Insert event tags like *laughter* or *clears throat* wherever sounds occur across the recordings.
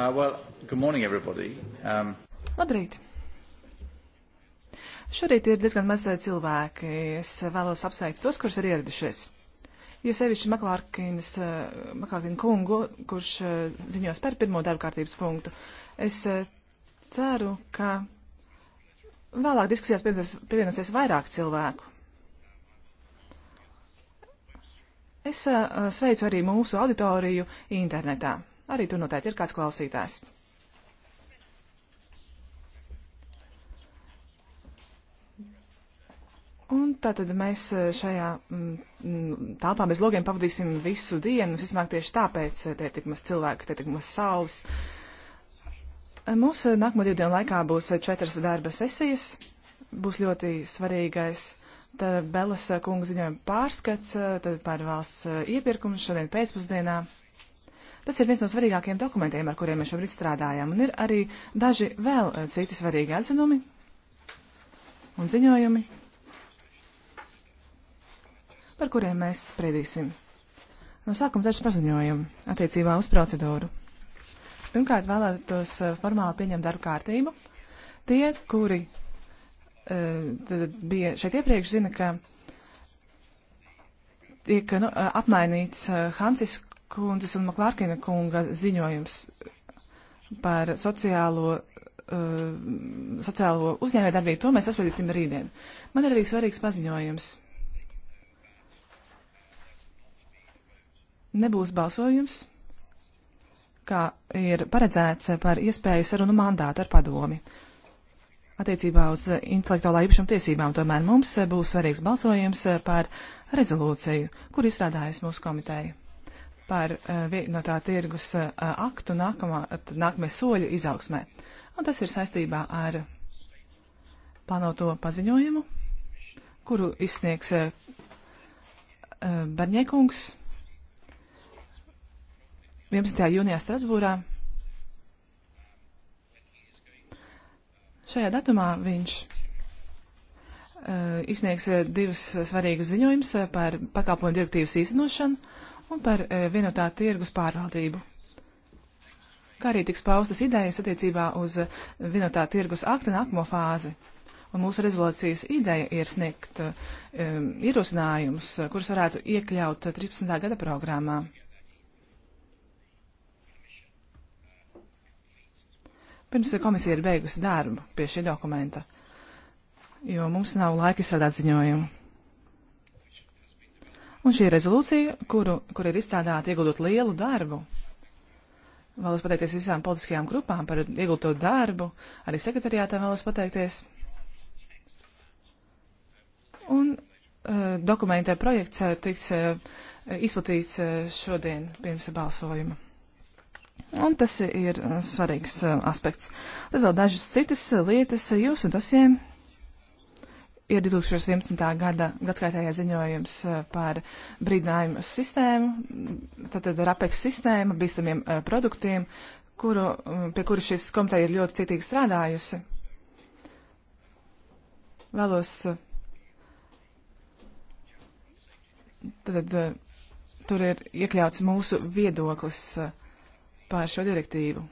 Uh, well, good morning, everybody. Um... Labrīt! Šorīt ir diezgan maz uh, cilvēki. Es uh, vēlos apsveikt tos, kurus ir ieradušies. Jo sevišķi Maklārkīnas, uh, Maklārkīna kungu, kurš ziņos par pirmo darba kārtības punktu. Es ceru, ka vēlāk diskusijās pievienosies vairāk cilvēku. Es sveicu arī mūsu auditoriju internetā. Arī tur noteikti ir kāds klausītājs. Un tātad mēs eh, šajā mm, telpā bez logiem pavadīsim visu dienu, vismaz tieši tāpēc, eh, te ir tik maz cilvēku, te ir tik maz saules. Eh, mūsu nākamo divu dienu laikā būs četras darba sesijas. Būs ļoti svarīgais Belas kunga ziņojuma pārskats par valsts iepirkumu šodien pēcpusdienā. Tas ir viens no svarīgākajiem dokumentiem, ar kuriem mēs šobrīd strādājam, un ir arī daži vēl eh, citi svarīgi atzinumi un ziņojumi, par kuriem mēs spriedīsim. No sākuma daži paziņojumi attiecībā uz procedūru. Pirmkārt, vēlētos eh, formāli pieņemt darbu kārtību. Tie, kuri uh, bija šeit iepriekš, zina, ka tiek nu, apmainīts uh, Hansis kundzes un Maklārkina kunga ziņojums par sociālo, uh, sociālo uzņēmē darbību. To mēs apspriedīsim rītdien. Man ir arī svarīgs paziņojums. Nebūs balsojums, kā ir paredzēts par iespēju sarunu mandātu ar padomi. Attiecībā uz intelektuālā īpašuma tiesībām tomēr mums būs svarīgs balsojums par rezolūciju, kur izstrādājas mūsu komiteja par eh, vienotā no tirgus eh, aktu nākamā, nākamie soļi izaugsmē. Un tas ir saistībā ar plānoto paziņojumu, kuru izsniegs eh, Barņēkungs 11. jūnijā Strasbūrā. Šajā datumā viņš izsniegs divus svarīgus ziņojumus par pakalpojumu direktīvas īstenošanu un par eh, vienotā tirgus pārvaldību. Kā arī tiks paustas idejas attiecībā uz eh, vienotā tirgus akta nākamo fāzi. Un mūsu rezolūcijas ideja ir sniegt um, ierosinājumus, kurus varētu iekļaut 13. gada programmā. Pirms komisija ir beigusi darbu pie šī dokumenta, jo mums nav laika izstrādāt ziņojumu. Un šī rezolūcija, kuru, kur ir izstrādāta ieguldot lielu darbu, vēlos pateikties visām politiskajām grupām par ieguldot darbu, arī sekretariātā vēlos pateikties. Un uh, eh, dokumenta projekts uh, tiks uh, izplatīts uh, šodien pirms balsojuma. Un tas ir uh, svarīgs uh, aspekts. Tad vēl dažas citas lietas jūsu dosiem ir 2011. gada gadskaitējā ziņojums eh, par brīdinājumu sistēmu, tātad ar apeks sistēmu, bīstamiem eh, produktiem, kuru, mm, pie kura šis komiteja ir ļoti citīgi strādājusi. Vēlos tātad eh, tur ir iekļauts mūsu viedoklis pār šo direktīvu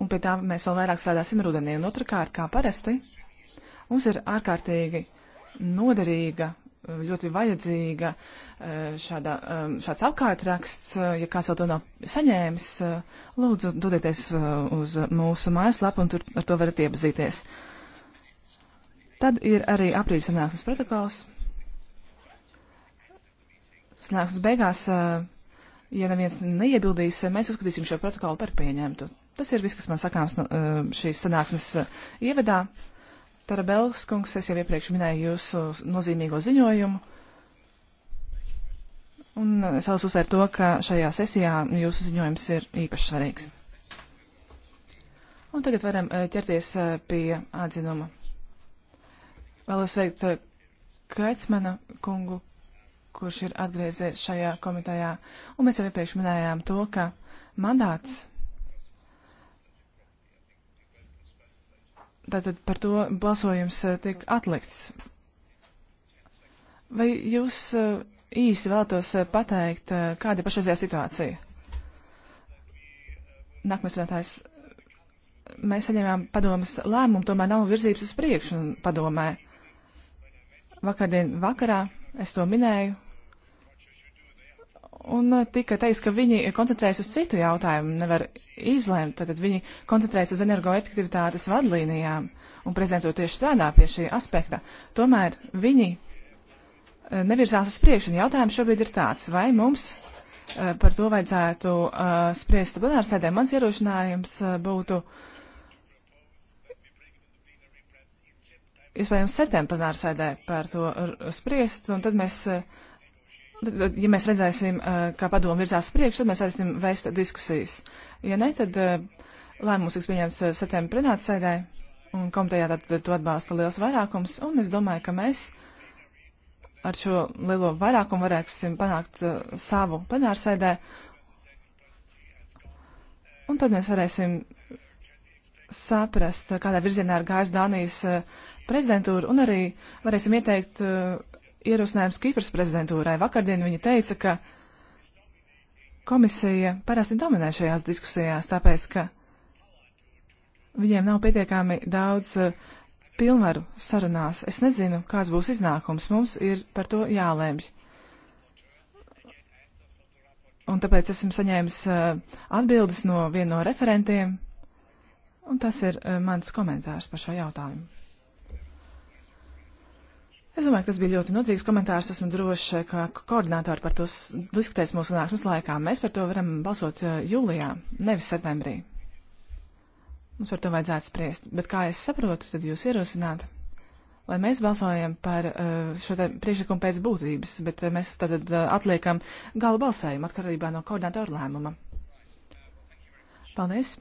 un pie tā mēs vēl vairāk strādāsim rudenī. Un otrkārt, kā parasti, Mums ir ārkārtīgi noderīga, ļoti vajadzīga eh, šādā, eh, šāds apkārtraksts. Eh, ja kāds vēl to nav saņēmis, lūdzu dodieties uz mūsu mājaslapu un tur ar to varat iepazīties. Tad ir arī aprīļa sanāksmes protokols. Sanāksmes beigās, ja neviens neiebildīs, mēs uzskatīsim šo protokolu par pieņemtu. Tas ir viss, kas man sakāms no šīs sanāksmes ievadā. Tarabels kungs, es jau iepriekš minēju jūsu nozīmīgo ziņojumu. Un es vēlos uzsvērt to, ka šajā sesijā jūsu ziņojums ir īpaši svarīgs. Un tagad varam eh, ķerties eh, pie atzinuma. Vēlos sveikt eh, Kreitsmana kungu, kurš ir atgriezies šajā komitejā. Un mēs jau iepriekš minējām to, ka mandāts Tātad par to balsojums eh, tiek atlikts. Vai jūs eh, īsi vēlētos eh, pateikt, kāda ir pašreizējā situācija? Nākamais runātājs. Mēs saņēmām padomas lēmumu, tomēr nav virzības uz priekšu padomē. Vakardien vakarā es to minēju, Un eh, tika teiks, ka viņi koncentrējas uz citu jautājumu, nevar izlēmt, tad viņi koncentrējas uz energoefektivitātes vadlīnijām un prezidentūra tieši strādā pie šī aspekta. Tomēr viņi eh, nevirzās uz priekšu, un jautājums šobrīd ir tāds, vai mums eh, par to vajadzētu spriest plenārsēdē. Mans ierošinājums būtu iespējams septembrī plenārsēdē par to spriest, un tad mēs uh, ja mēs redzēsim, eh, kā padomu virzās priekš, tad mēs varēsim vēst diskusijas. Ja ne, tad eh, lēmums tiks pieņems eh, septembra plenātsēdē, un komitejā tad to atbalsta liels vairākums, un es domāju, ka mēs ar šo lielo vairākumu varēsim panākt savu plenārsēdē, un tad mēs varēsim saprast, kādā virzienā ir gājis Dānijas prezidentūra, un arī varēsim ieteikt uh, ierosinājums Kipras prezidentūrai. Vakardien viņa teica, ka komisija parasti dominē šajās diskusijās, tāpēc, ka viņiem nav pietiekami daudz uh, pilnvaru sarunās. Es nezinu, kāds būs iznākums. Mums ir par to jālēmj. Un tāpēc esmu saņēmis uh, atbildes no viena no referentiem, un tas ir uh, mans komentārs par šo jautājumu. Es domāju, ka tas bija ļoti noderīgs komentārs. Esmu droši, ka koordinātori par to diskutēs mūsu nāksmes laikā. Mēs par to varam balsot eh, jūlijā, nevis septembrī. Mums par to vajadzētu spriest. Bet kā es saprotu, tad jūs ierosināt, lai mēs balsojam par eh, šo priekšlikumu pēc būtības, bet eh, mēs tad atliekam gala balsējumu atkarībā no koordinātoru lēmuma. Paldies!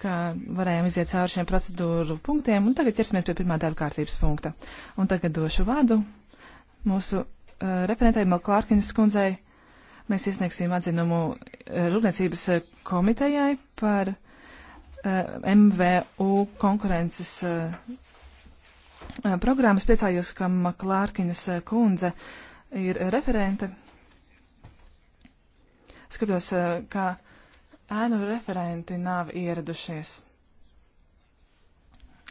ka varējām iziet cauri šiem procedūru punktiem, un tagad ķersimies pie pirmā darba kārtības punkta. Un tagad došu vārdu mūsu uh, referentei Melklārkinas skundzei. Mēs iesniegsim atzinumu uh, Rūpniecības eh, komitejai par uh, MVU konkurences uh, programmas. Priecājos, ka Maklārkinas kundze ir referente. Skatos, uh, kā. Ka ēnu referenti nav ieradušies,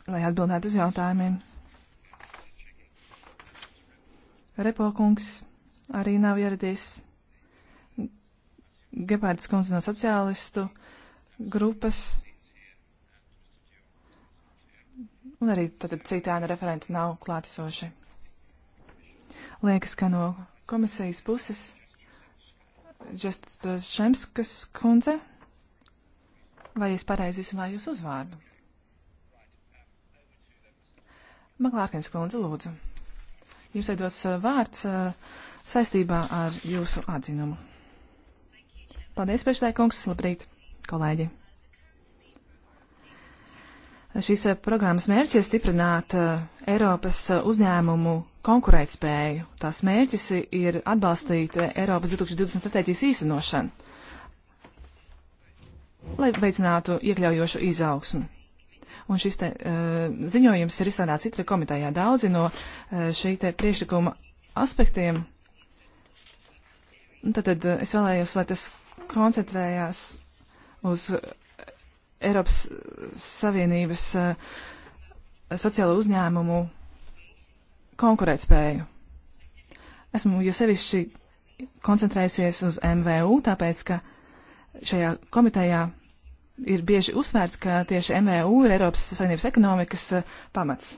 lai atbildētu uz jautājumiem. Repokungs arī nav ieradies. Gepārds kundze no sociālistu grupas. Un arī tad citi ēnu referenti nav klātesoši. Liekas, ka no komisijas puses Justas uh, Šemskas kundze Vai es pareizi izrunāju jūsu uzvārdu? Maklārkins kundze, lūdzu. Jums ir dos uh, vārds uh, saistībā ar jūsu atzinumu. Paldies, priekšstājkungs, labrīt, kolēģi. Šīs uh, programmas mērķis ir stiprināt Eiropas uzņēmumu konkurētspēju. Tās mērķis ir atbalstīt Eiropas 2020 stratēģijas īstenošanu lai veicinātu iekļaujošu izaugsmu. Un šis te, uh, ziņojums ir izstrādāts citra komitējā. Daudzi no uh, šī te priekšlikuma aspektiem. Tad, tad uh, es vēlējos, lai tas koncentrējās uz Eiropas Savienības uh, sociālo uzņēmumu konkurētspēju. Esmu jo sevišķi koncentrējusies uz MVU, tāpēc, ka šajā komitejā ir bieži uzsvērts, ka tieši MEU ir Eiropas Savienības ekonomikas eh, pamats.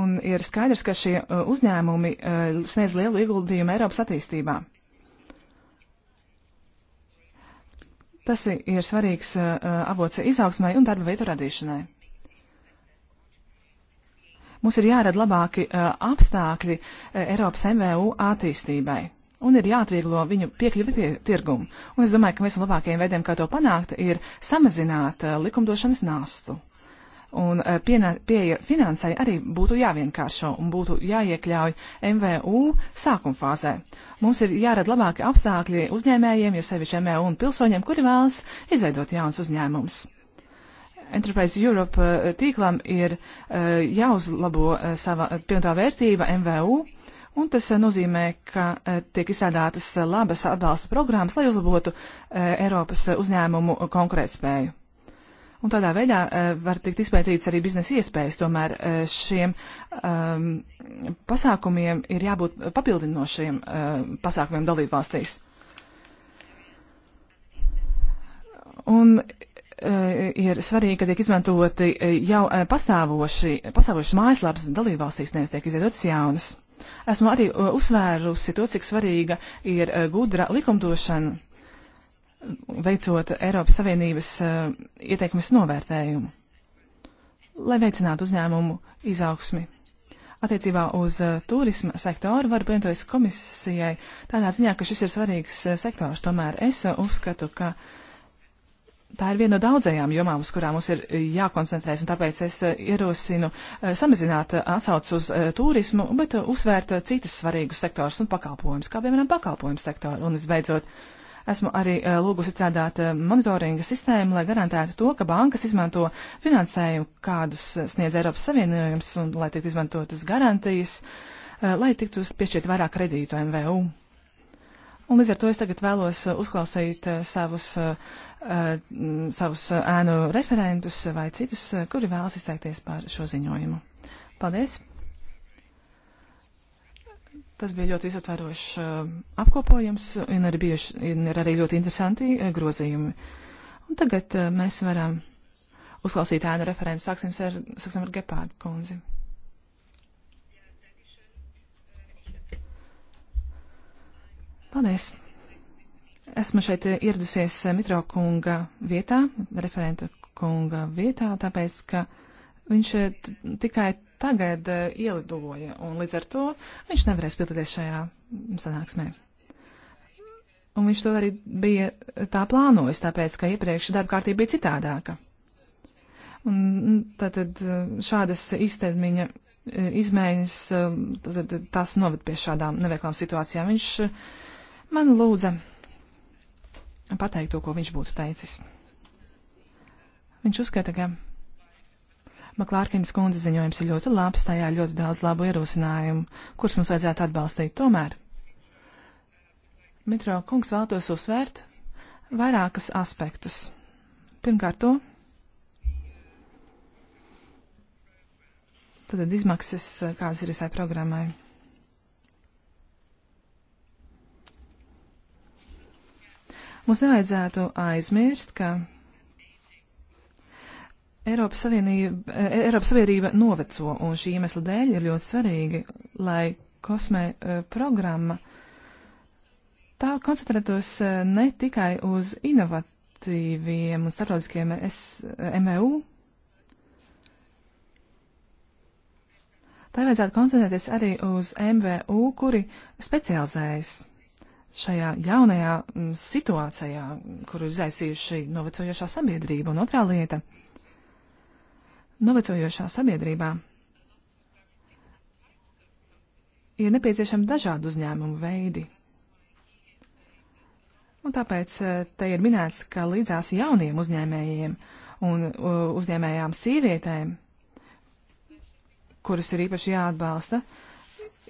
Un ir skaidrs, ka šie eh, uzņēmumi eh, sniedz lielu ieguldījumu Eiropas attīstībā. Tas ir svarīgs avots izaugsmai un darba vietu radīšanai. Mums ir jārada labāki apstākļi Eiropas MVU e attīstībai un ir jāatvieglo viņu piekļuvi tirgumu. Un es domāju, ka viens no labākajiem veidiem, kā to panākt, ir samazināt uh, likumdošanas nastu. Un uh, pieeja pie finansai arī būtu jāvienkāršo un būtu jāiekļauj MVU sākuma fāzē. Mums ir jārada labāki apstākļi uzņēmējiem, jo sevišķi MVU un pilsoņiem, kuri vēlas izveidot jauns uzņēmums. Enterprise Europe eh, tīklam ir uh, jāuzlabo uh, sava pievienotā vērtība MVU, Un tas eh, nozīmē, ka eh, tiek izstrādātas eh, labas atbalsta programmas, lai uzlabotu Eiropas uzņēmumu konkurētspēju. Un tādā veidā var tikt izpētīts arī biznesa iespējas. Tomēr šiem um, pasākumiem ir jābūt papildinošiem um, pasākumiem dalībvalstīs. Un ir svarīgi, ka tiek izmantoti jau pastāvoši, pastāvošas mājaslapas dalībvalstīs, nevis tiek izveidotas jaunas. Esmu arī uh, uzsvērusi to, cik svarīga ir uh, gudra likumdošana, veicot Eiropas Savienības uh, ieteikumas novērtējumu, lai veicinātu uzņēmumu izaugsmi. Attiecībā uz turisma sektoru var pientojas komisijai tādā ziņā, ka šis ir svarīgs sektors. Tomēr es uzskatu, ka uh, tā ir viena no daudzajām jomām, uz kurām mums ir eh, jākoncentrēs, un tāpēc es eh, ierosinu eh, samazināt atsaucu uz turismu, bet uzsvērt citus svarīgus sektors un pakalpojumus, kā piemēram pakalpojumu sektoru. Un visbeidzot, esmu arī lūgusi strādāt monitoringa sistēmu, lai garantētu to, ka bankas izmanto finansējumu, kādus sniedz Eiropas Savienojums, un lai tiktu izmantotas garantijas, lai tiktu piešķirt vairāk kredītu MVU. Un līdz ar to es tagad vēlos uzklausīt savus uh, Eh, savus eh, ēnu referentus vai citus, eh, kuri vēlas izteikties par šo ziņojumu. Paldies! Tas bija ļoti izatvērošs apkopojums un arī, bieži, ir arī ļoti interesanti grozījumi. Un tagad mēs varam uzklausīt ēnu referentu. Sāksim ar, sāksim ar Gepārdu kundzi. Paldies! Esmu šeit ieradusies eh, Mitro kunga vietā, referenta kunga vietā, tāpēc, ka viņš eh, tikai tagad eh, ielidoja, un līdz ar to viņš nevarēs piedalīties šajā sanāksmē. Un viņš to arī bija tā plānojis, tāpēc, ka iepriekš darba kārtība bija citādāka. Un tātad mm, šādas īstermiņa izmaiņas, tātad tās noved pie šādām neveiklām situācijām. Viņš man lūdza pateikt to, ko viņš būtu teicis. Viņš uzskata, ka Maklārkins kundze ziņojums ir ļoti labs, tajā ļoti daudz labu ierosinājumu, kurus mums vajadzētu atbalstīt tomēr. Mitro kungs vēltos uzsvērt vairākus aspektus. Pirmkārt to, tad izmaksas, kādas ir visai programmai. Mums nevajadzētu aizmirst, ka Eiropas, Savienība, e, Eiropas Savienība noveco, un šī iemesla dēļ ir ļoti svarīgi, lai kosmē e, programma tā koncentrētos e, ne tikai uz inovatīviem un starptautiskiem MEU. Tā vajadzētu koncentrēties arī uz MVU, kuri specializējas šajā jaunajā mm, situācijā, kuru izraisījuši novecojošā sabiedrība. Un otrā lieta - novecojošā sabiedrībā ir nepieciešami dažādi uzņēmumu veidi. Un tāpēc eh, te ir minēts, ka līdzās jauniem uzņēmējiem un uzņēmējām sievietēm, kuras ir īpaši jāatbalsta, uh,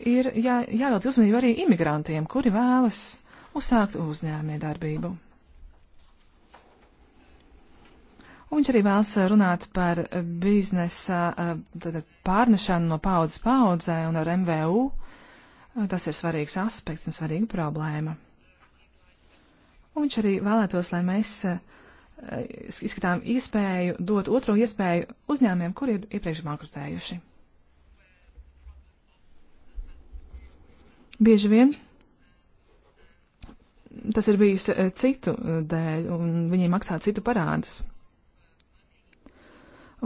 ir jā, jāvēlta uzmanība arī imigrantiem, kuri vēlas uzsākt uzņēmē darbību. Un viņš arī vēlas runāt par biznesa eh, pārnešanu no paudzes paudzē un ar MVU. Tas ir svarīgs aspekts un svarīga problēma. Un viņš arī vēlētos, lai mēs eh, izskatām iespēju dot otro iespēju uzņēmiem, kuri ir iepriekš bankrutējuši. Bieži vien tas ir bijis eh, citu eh, dēļ, un viņi maksā citu parādus.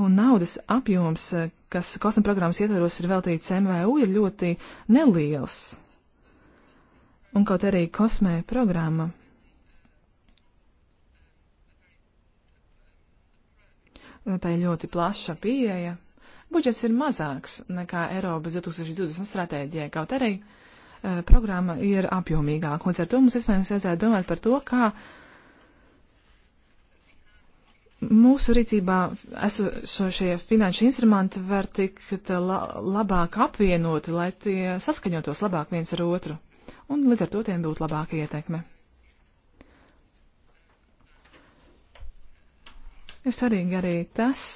Un naudas apjoms, eh, kas kosmēta programmas ietvaros ir veltīts MVU, ir ļoti neliels. Un kaut arī kosmē programma tā ir ļoti plaša pieeja. Budžets ir mazāks nekā Eiropas 2020 stratēģijai, kaut arī uh, Eh, programma ir apjomīgāka. Līdz ar to mums iespējams vajadzētu domāt par to, kā mūsu rīcībā esošie finanšu instrumenti var tikt la labāk apvienoti, lai tie saskaņotos labāk viens ar otru. Un līdz ar to tiem būtu labāka ietekme. Ir svarīgi arī tas,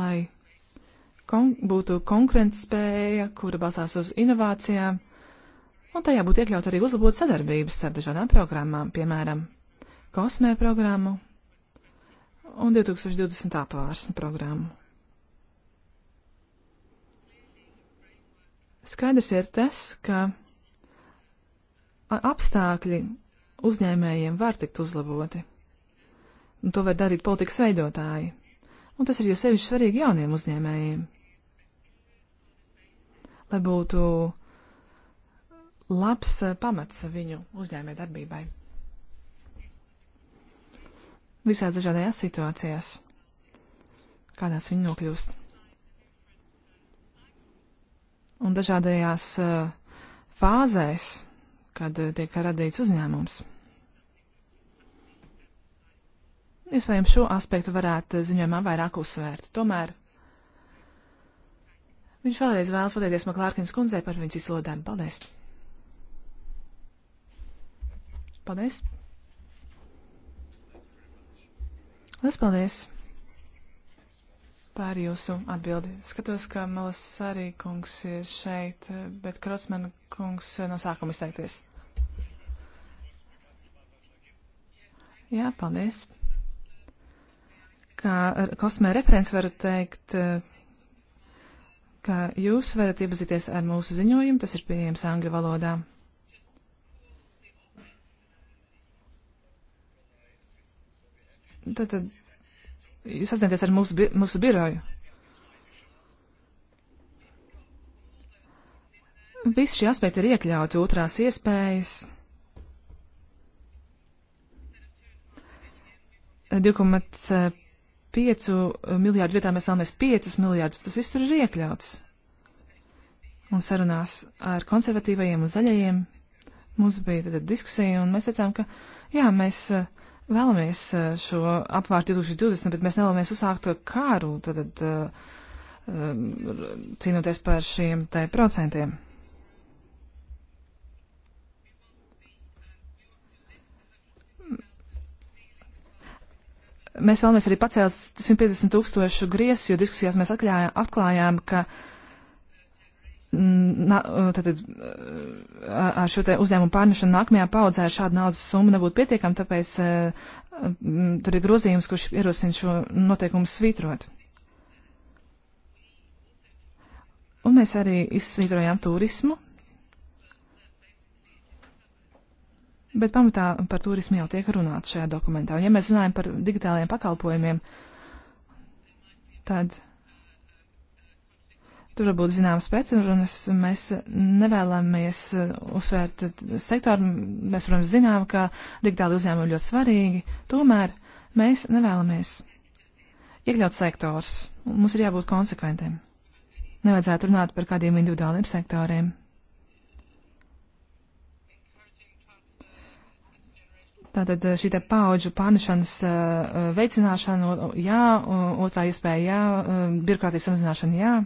lai kon būtu konkurence spēja, kura balstās uz inovācijām, un tajā būtu iekļaut arī uzlabot sadarbības starp dažādām programmām, piemēram, kosmē programmu un 2020. apvārsnu programmu. Skaidrs ir tas, ka apstākļi uzņēmējiem var tikt uzlaboti, un to var darīt politikas veidotāji, un tas ir jo sevišķi svarīgi jauniem uzņēmējiem. Lai būtu uh, labs eh, pamats viņu uzņēmē darbībai. Visās dažādajās situācijās, kādās viņi nokļūst. Un dažādajās eh, fāzēs, kad eh, tiek radīts uzņēmums. Iespējams, šo aspektu varētu ziņojumā vairāk uzsvērt. Tomēr viņš vēlreiz vēlas pateikties Maklārkins kundzei par viņas izlo darbu. Paldies! Paldies! Lielas paldies par jūsu atbildi. Skatos, ka Melas arī kungs ir šeit, bet Krocmanu kungs no sākuma izteikties. Jā, paldies. Kā kosmē referents varu teikt, ka jūs varat iepazīties ar mūsu ziņojumu, tas ir pieejams angļu valodā. tad, tad sazināties ar mūsu, bi mūsu biroju. Visi šie aspekti ir iekļauti otrās iespējas. 2,5 eh, miljārdu vietā mēs vēlamies 5 miljārdus. Tas viss tur ir iekļauts. Un sarunās ar konservatīvajiem un zaļajiem mums bija tad diskusija, un mēs teicām, ka jā, mēs uh, vēlamies eh, šo apvārtu 2020, bet mēs nevēlamies uzsākt kāru, tad, tad eh, cīnoties par šiem te procentiem. Mēs vēlamies arī pacelt 150 tūkstošu griezus, jo diskusijās mēs atklājām, atklājām ka uh, Mm, na, tātad, uh, uh, ar šo uzņēmumu pārnešanu nākamajā paudzē ar šādu naudas summu nebūtu pietiekama, tāpēc uh, mm, tur ir grozījums, kurš ierosina šo noteikumu svītrot. Un mēs arī izsvītrojām turismu, bet pamatā par turismu jau tiek runāts šajā dokumentā. Un ja mēs runājam par digitālajiem pakalpojumiem, tad. Tur var būt zināmas pretrunas, mēs nevēlamies uh, uzsvērt uh, sektoru, mēs, protams, zinām, ka digitāli uzņēmumi ļoti svarīgi, tomēr mēs nevēlamies iekļaut sektors, mums ir jābūt konsekventiem. Nevajadzētu runāt par kādiem individuāliem sektoriem. Tātad uh, šī te paudžu pārnešanas uh, veicināšana, jā, otrā iespēja, jā, birokrātijas samazināšana, jā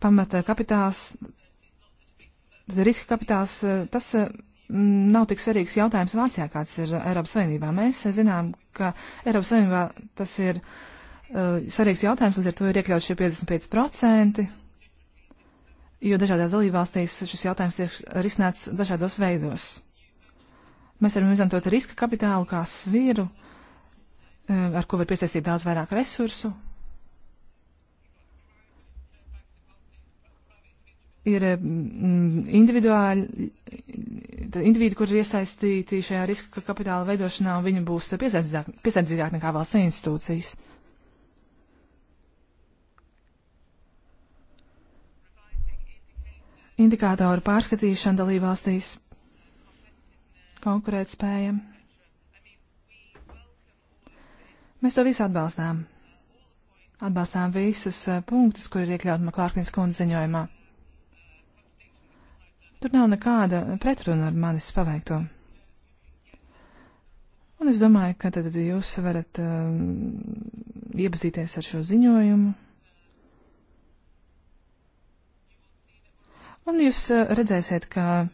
pamata kapitāls, riska kapitāls, tas eh, nav tik svarīgs jautājums Vācijā, kāds ir Eiropas Savienībā. Mēs zinām, ka Eiropas Savienībā tas ir uh, svarīgs jautājums, līdz ar to ir iekļauts šie 55%, jo dažādās dalībvalstīs šis jautājums tiek risināts dažādos veidos. Mēs varam izmantot riska kapitālu kā sviru, uh, ar ko var piesaistīt daudz vairāk resursu, ir mm, individuāli, individu, kur ir iesaistīti šajā riska kapitāla veidošanā, un viņi būs piesardzīgāk nekā valsts institūcijas. Indikātoru pārskatīšana dalībvalstīs konkurētspējam. Mēs to visu atbalstām. Atbalstām visus eh, punktus, kur ir iekļaut Maklārkins kundze ziņojumā. Tur nav nekāda pretruna ar manis paveikto. Un es domāju, ka tad jūs varat um, iepazīties ar šo ziņojumu. Un jūs uh, redzēsiet, ka um,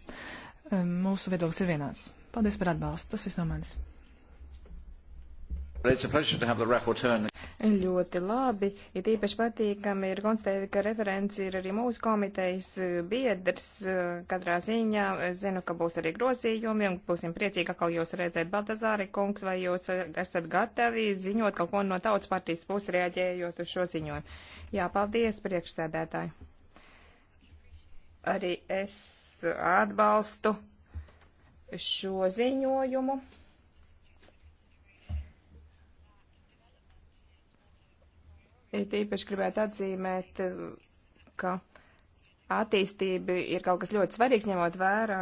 mūsu viedoklis ir vienāds. Paldies par atbalstu. Tas viss no manis. Ļoti labi. Ir īpaši patīkami ir konstatēt, ka referents ir arī mūsu komitejas e, biedrs. E, katrā ziņā es zinu, ka būs arī grozījumi un būsim priecīgi atkal jūs redzēt. Baltazāri kungs, vai jūs e, esat gatavi ziņot kaut ko no tautas partijas puses reaģējot uz šo ziņojumu? Jā, paldies, priekšsēdētāji. Arī es atbalstu šo ziņojumu. it īpaši gribētu atzīmēt, ka attīstība ir kaut kas ļoti svarīgs, ņemot vērā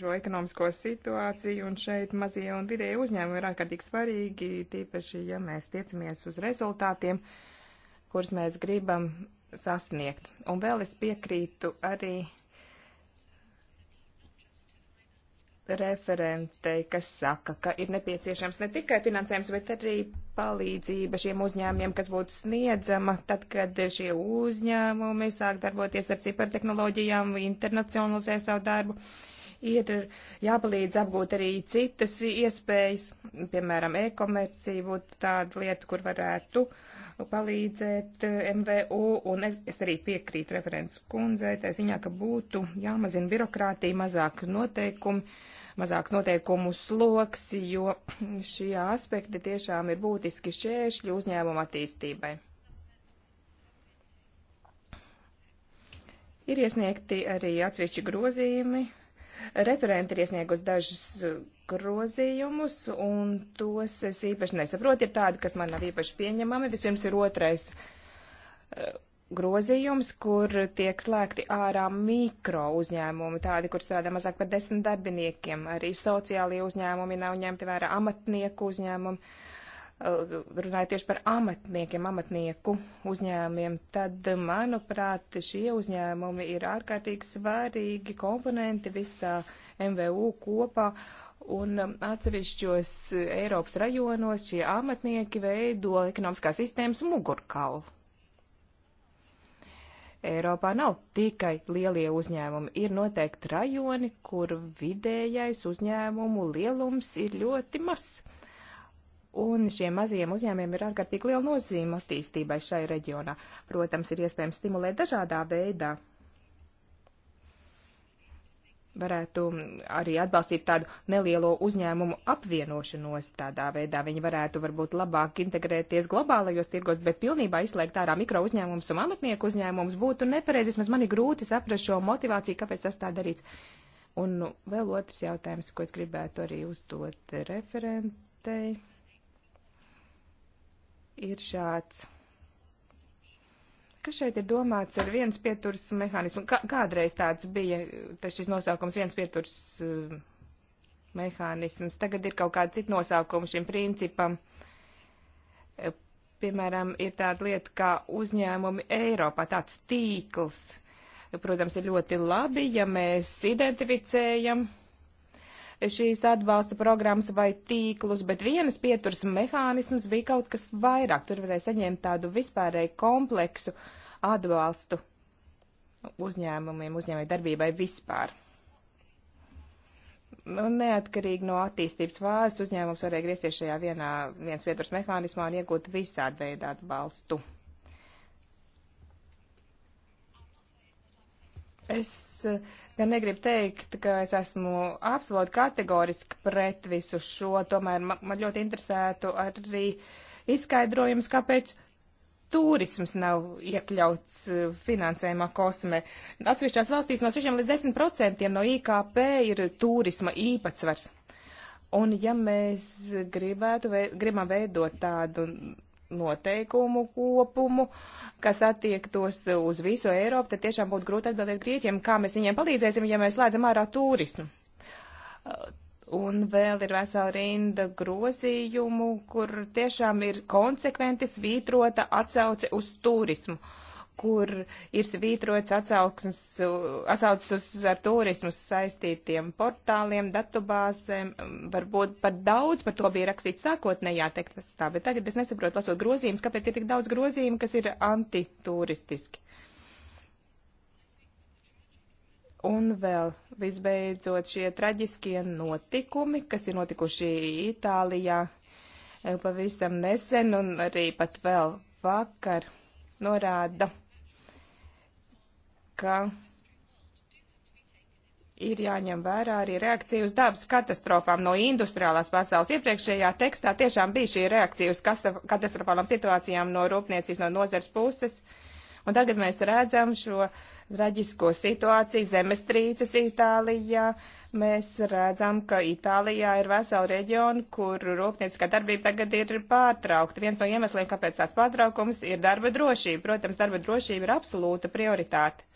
šo ekonomisko situāciju, un šeit mazie un vidēji uzņēmumi ir ārkārtīgi svarīgi, tīpaši, ja mēs tiecamies uz rezultātiem, kurus mēs gribam sasniegt. Un vēl es piekrītu arī referentei, kas saka, ka ir nepieciešams ne tikai finansējums, bet arī palīdzība šiem uzņēmumiem, kas būtu sniedzama tad, kad šie uzņēmumi sāk darboties ar cipartehnoloģijām, internacionalizē savu darbu. Ir jāpalīdz apgūt arī citas iespējas, piemēram, e-komercija būtu tāda lieta, kur varētu palīdzēt eh, MVU, un es, es arī piekrītu referents kundzei, tā ziņā, ka būtu jāmazina birokrātija, mazāk noteikumi, mazāks noteikumu sloks, jo šie aspekti tiešām ir būtiski šķēršļi uzņēmuma attīstībai. Ir iesniegti arī atsevišķi grozījumi. Referenti ir iesniegusi dažus grozījumus, un tos es īpaši nesaprotu. Ir tādi, kas man nav īpaši pieņemami. Vispirms ir otrais grozījums, kur tiek slēgti ārā mikro uzņēmumi, tādi, kur strādā mazāk par desmit darbiniekiem, arī sociālie uzņēmumi nav ņemti vērā amatnieku uzņēmumi. Eh, Runāju tieši par amatniekiem, amatnieku uzņēmumiem, tad, manuprāt, šie uzņēmumi ir ārkārtīgi svarīgi komponenti visā MVU kopā, un atsevišķos Eiropas rajonos šie amatnieki veido ekonomiskās sistēmas mugurkaulu Eiropā nav tikai lielie uzņēmumi, ir noteikti rajoni, kur vidējais uzņēmumu lielums ir ļoti mazs. Un šiem mazajiem uzņēmiem ir ārkārtīgi liela nozīme attīstībai šai reģionā. Protams, ir iespējams stimulēt dažādā veidā varētu arī atbalstīt tādu nelielo uzņēmumu apvienošanos. Tādā veidā viņi varētu varbūt labāk integrēties globālajos tirgos, bet pilnībā izslēgt ārā mikro uzņēmumus un amatnieku uzņēmumus būtu nepareizi. Vismaz man ir grūti saprast šo motivāciju, kāpēc tas tā darīts. Un nu, vēl otrs jautājums, ko es gribētu arī uzdot referentei, ir šāds ka šeit ir domāts ar viens pieturs mehānismu. Kā, kādreiz tāds bija tā šis nosaukums viens pieturs uh, mehānisms. Tagad ir kaut kāda cita nosaukuma šim principam. Eh, piemēram, ir tāda lieta kā uzņēmumi Eiropā, tāds tīkls. Protams, ir ļoti labi, ja mēs identificējam šīs atbalsta programmas vai tīklus, bet vienas pieturas mehānisms bija kaut kas vairāk. Tur varēja saņemt tādu vispārēju kompleksu atbalstu uzņēmumiem, uzņēmēju darbībai vispār nu, neatkarīgi no attīstības fāzes uzņēmums varēja griezties šajā vienā, viens pieturas mehānismā un iegūt visādi veidu atbalstu. Es gan negribu teikt, ka es esmu absolūti kategoriski pret visu šo, tomēr man, man ļoti interesētu arī izskaidrojums, kāpēc turisms nav iekļauts eh, finansējumā kosmē. Atsevišķās valstīs no 6 līdz 10 procentiem no IKP ir turisma īpatsvars. Un ja mēs gribētu, gribam veidot tādu noteikumu kopumu, kas attiektos uz visu Eiropu, tad tiešām būtu grūti atbildēt Grieķiem, kā mēs viņiem palīdzēsim, ja mēs slēdzam ārā turismu. Uh, un vēl ir vesela rinda grozījumu, kur tiešām ir konsekventi svītrota atsauce uz turismu. Uh, kur ir svītrots atsaucas uz ar turismu saistītiem portāliem, datubāzēm. Varbūt pat daudz par to bija rakstīts sākotnējā tekstā, bet tagad es nesaprotu, lasot grozījumus, kāpēc ir tik daudz grozījumu, kas ir antituristiski. Un vēl visbeidzot šie traģiskie notikumi, kas ir notikuši Itālijā eh, pavisam nesen un arī pat vēl vakar norāda ka ir jāņem vērā arī reakcija uz dabas katastrofām no industriālās pasaules. Iepriekšējā tekstā tiešām bija šī reakcija uz katastrofālām situācijām no rūpniecības, no nozars puses. Un tagad mēs redzam šo traģisko situāciju, zemestrīces Itālijā. Mēs redzam, ka Itālijā ir vesela reģiona, kur rūpnieciskā darbība tagad ir pārtraukta. Viens no iemesliem, kāpēc tāds pārtraukums, ir darba drošība. Protams, darba drošība ir absolūta prioritāte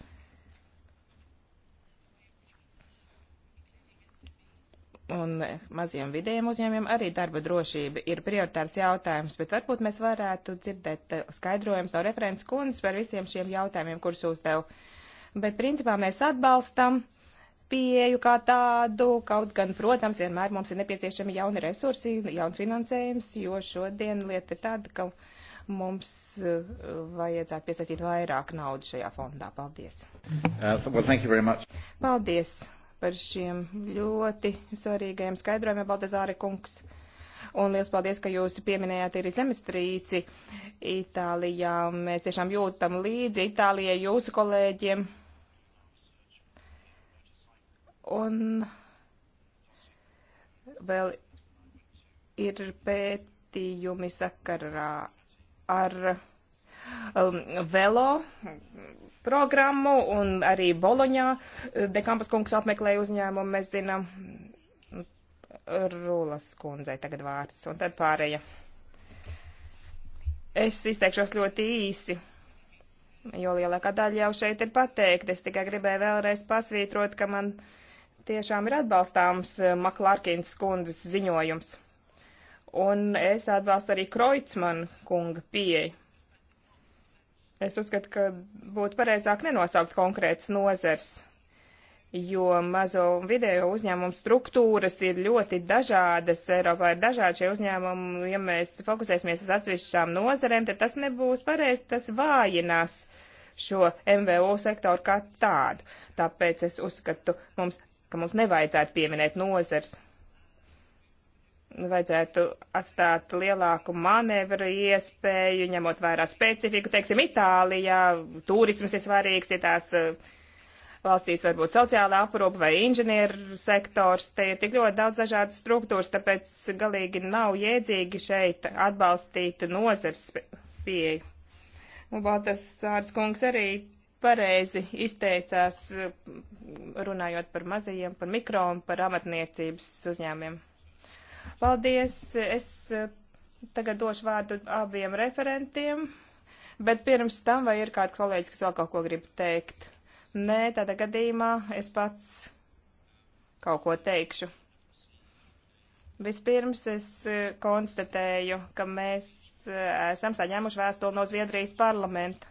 un maziem vidējiem uzņēmiem arī darba drošība ir prioritārs jautājums, bet varbūt mēs varētu dzirdēt eh, skaidrojumus no referents kundzes par visiem šiem jautājumiem, kurus uzdev. Bet principā mēs atbalstam pieeju kā tādu, kaut gan, protams, vienmēr mums ir nepieciešami jauni resursi, jauns finansējums, jo šodien lieta ir tāda, ka mums eh, vajadzētu piesaistīt vairāk naudas šajā fondā. Paldies! Uh, well, Paldies! par šiem ļoti svarīgajiem skaidrojumiem, Baldezāri kungs. Un liels paldies, ka jūs pieminējāt arī zemestrīci Itālijā. Mēs tiešām jūtam līdzi Itālijai jūsu kolēģiem. Un vēl ir pētījumi sakarā ar um, velo programmu, un arī Boloņā uh, Dekampas kungs apmeklēja uzņēmumu, mēs zinām, Rūlas kundzei tagad vārds, un tad pārēja. Es izteikšos ļoti īsi, jo lielākā daļa jau šeit ir pateikta. Es tikai gribēju vēlreiz pasvītrot, ka man tiešām ir atbalstāms uh, Maklārkins kundzes ziņojums. Un es atbalstu arī Kreutzmann kunga pieeju Es uzskatu, ka būtu pareizāk nenosaukt konkrētas nozars, jo mazo un vidējo uzņēmumu struktūras ir ļoti dažādas. Eiropā ir dažādi šie uzņēmumi. Ja mēs fokusēsimies uz atsevišķām nozarēm, tad tas nebūs pareizi, tas vājinās šo MVO sektoru kā tādu. Tāpēc es uzskatu, mums, ka mums nevajadzētu pieminēt nozars vajadzētu atstāt lielāku manevru iespēju, ņemot vairāk specifiku. Teiksim, Itālijā turisms ir svarīgs, citās eh, valstīs varbūt sociāla aprūpa vai inženieru sektors. Te ir tik ļoti daudz dažādas struktūras, tāpēc galīgi nav jēdzīgi šeit atbalstīt nozars pieeju. Un Baltas Sārs kungs arī pareizi izteicās runājot par mazajiem, par mikro un par amatniecības uzņēmiem. Paldies! Es eh, tagad došu vārdu abiem referentiem, bet pirms tam vai ir kāds kolēģis, kas vēl kaut ko grib teikt? Nē, tādā gadījumā es pats kaut ko teikšu. Vispirms es eh, konstatēju, ka mēs eh, esam saņēmuši vēstuli no Zviedrijas parlamenta.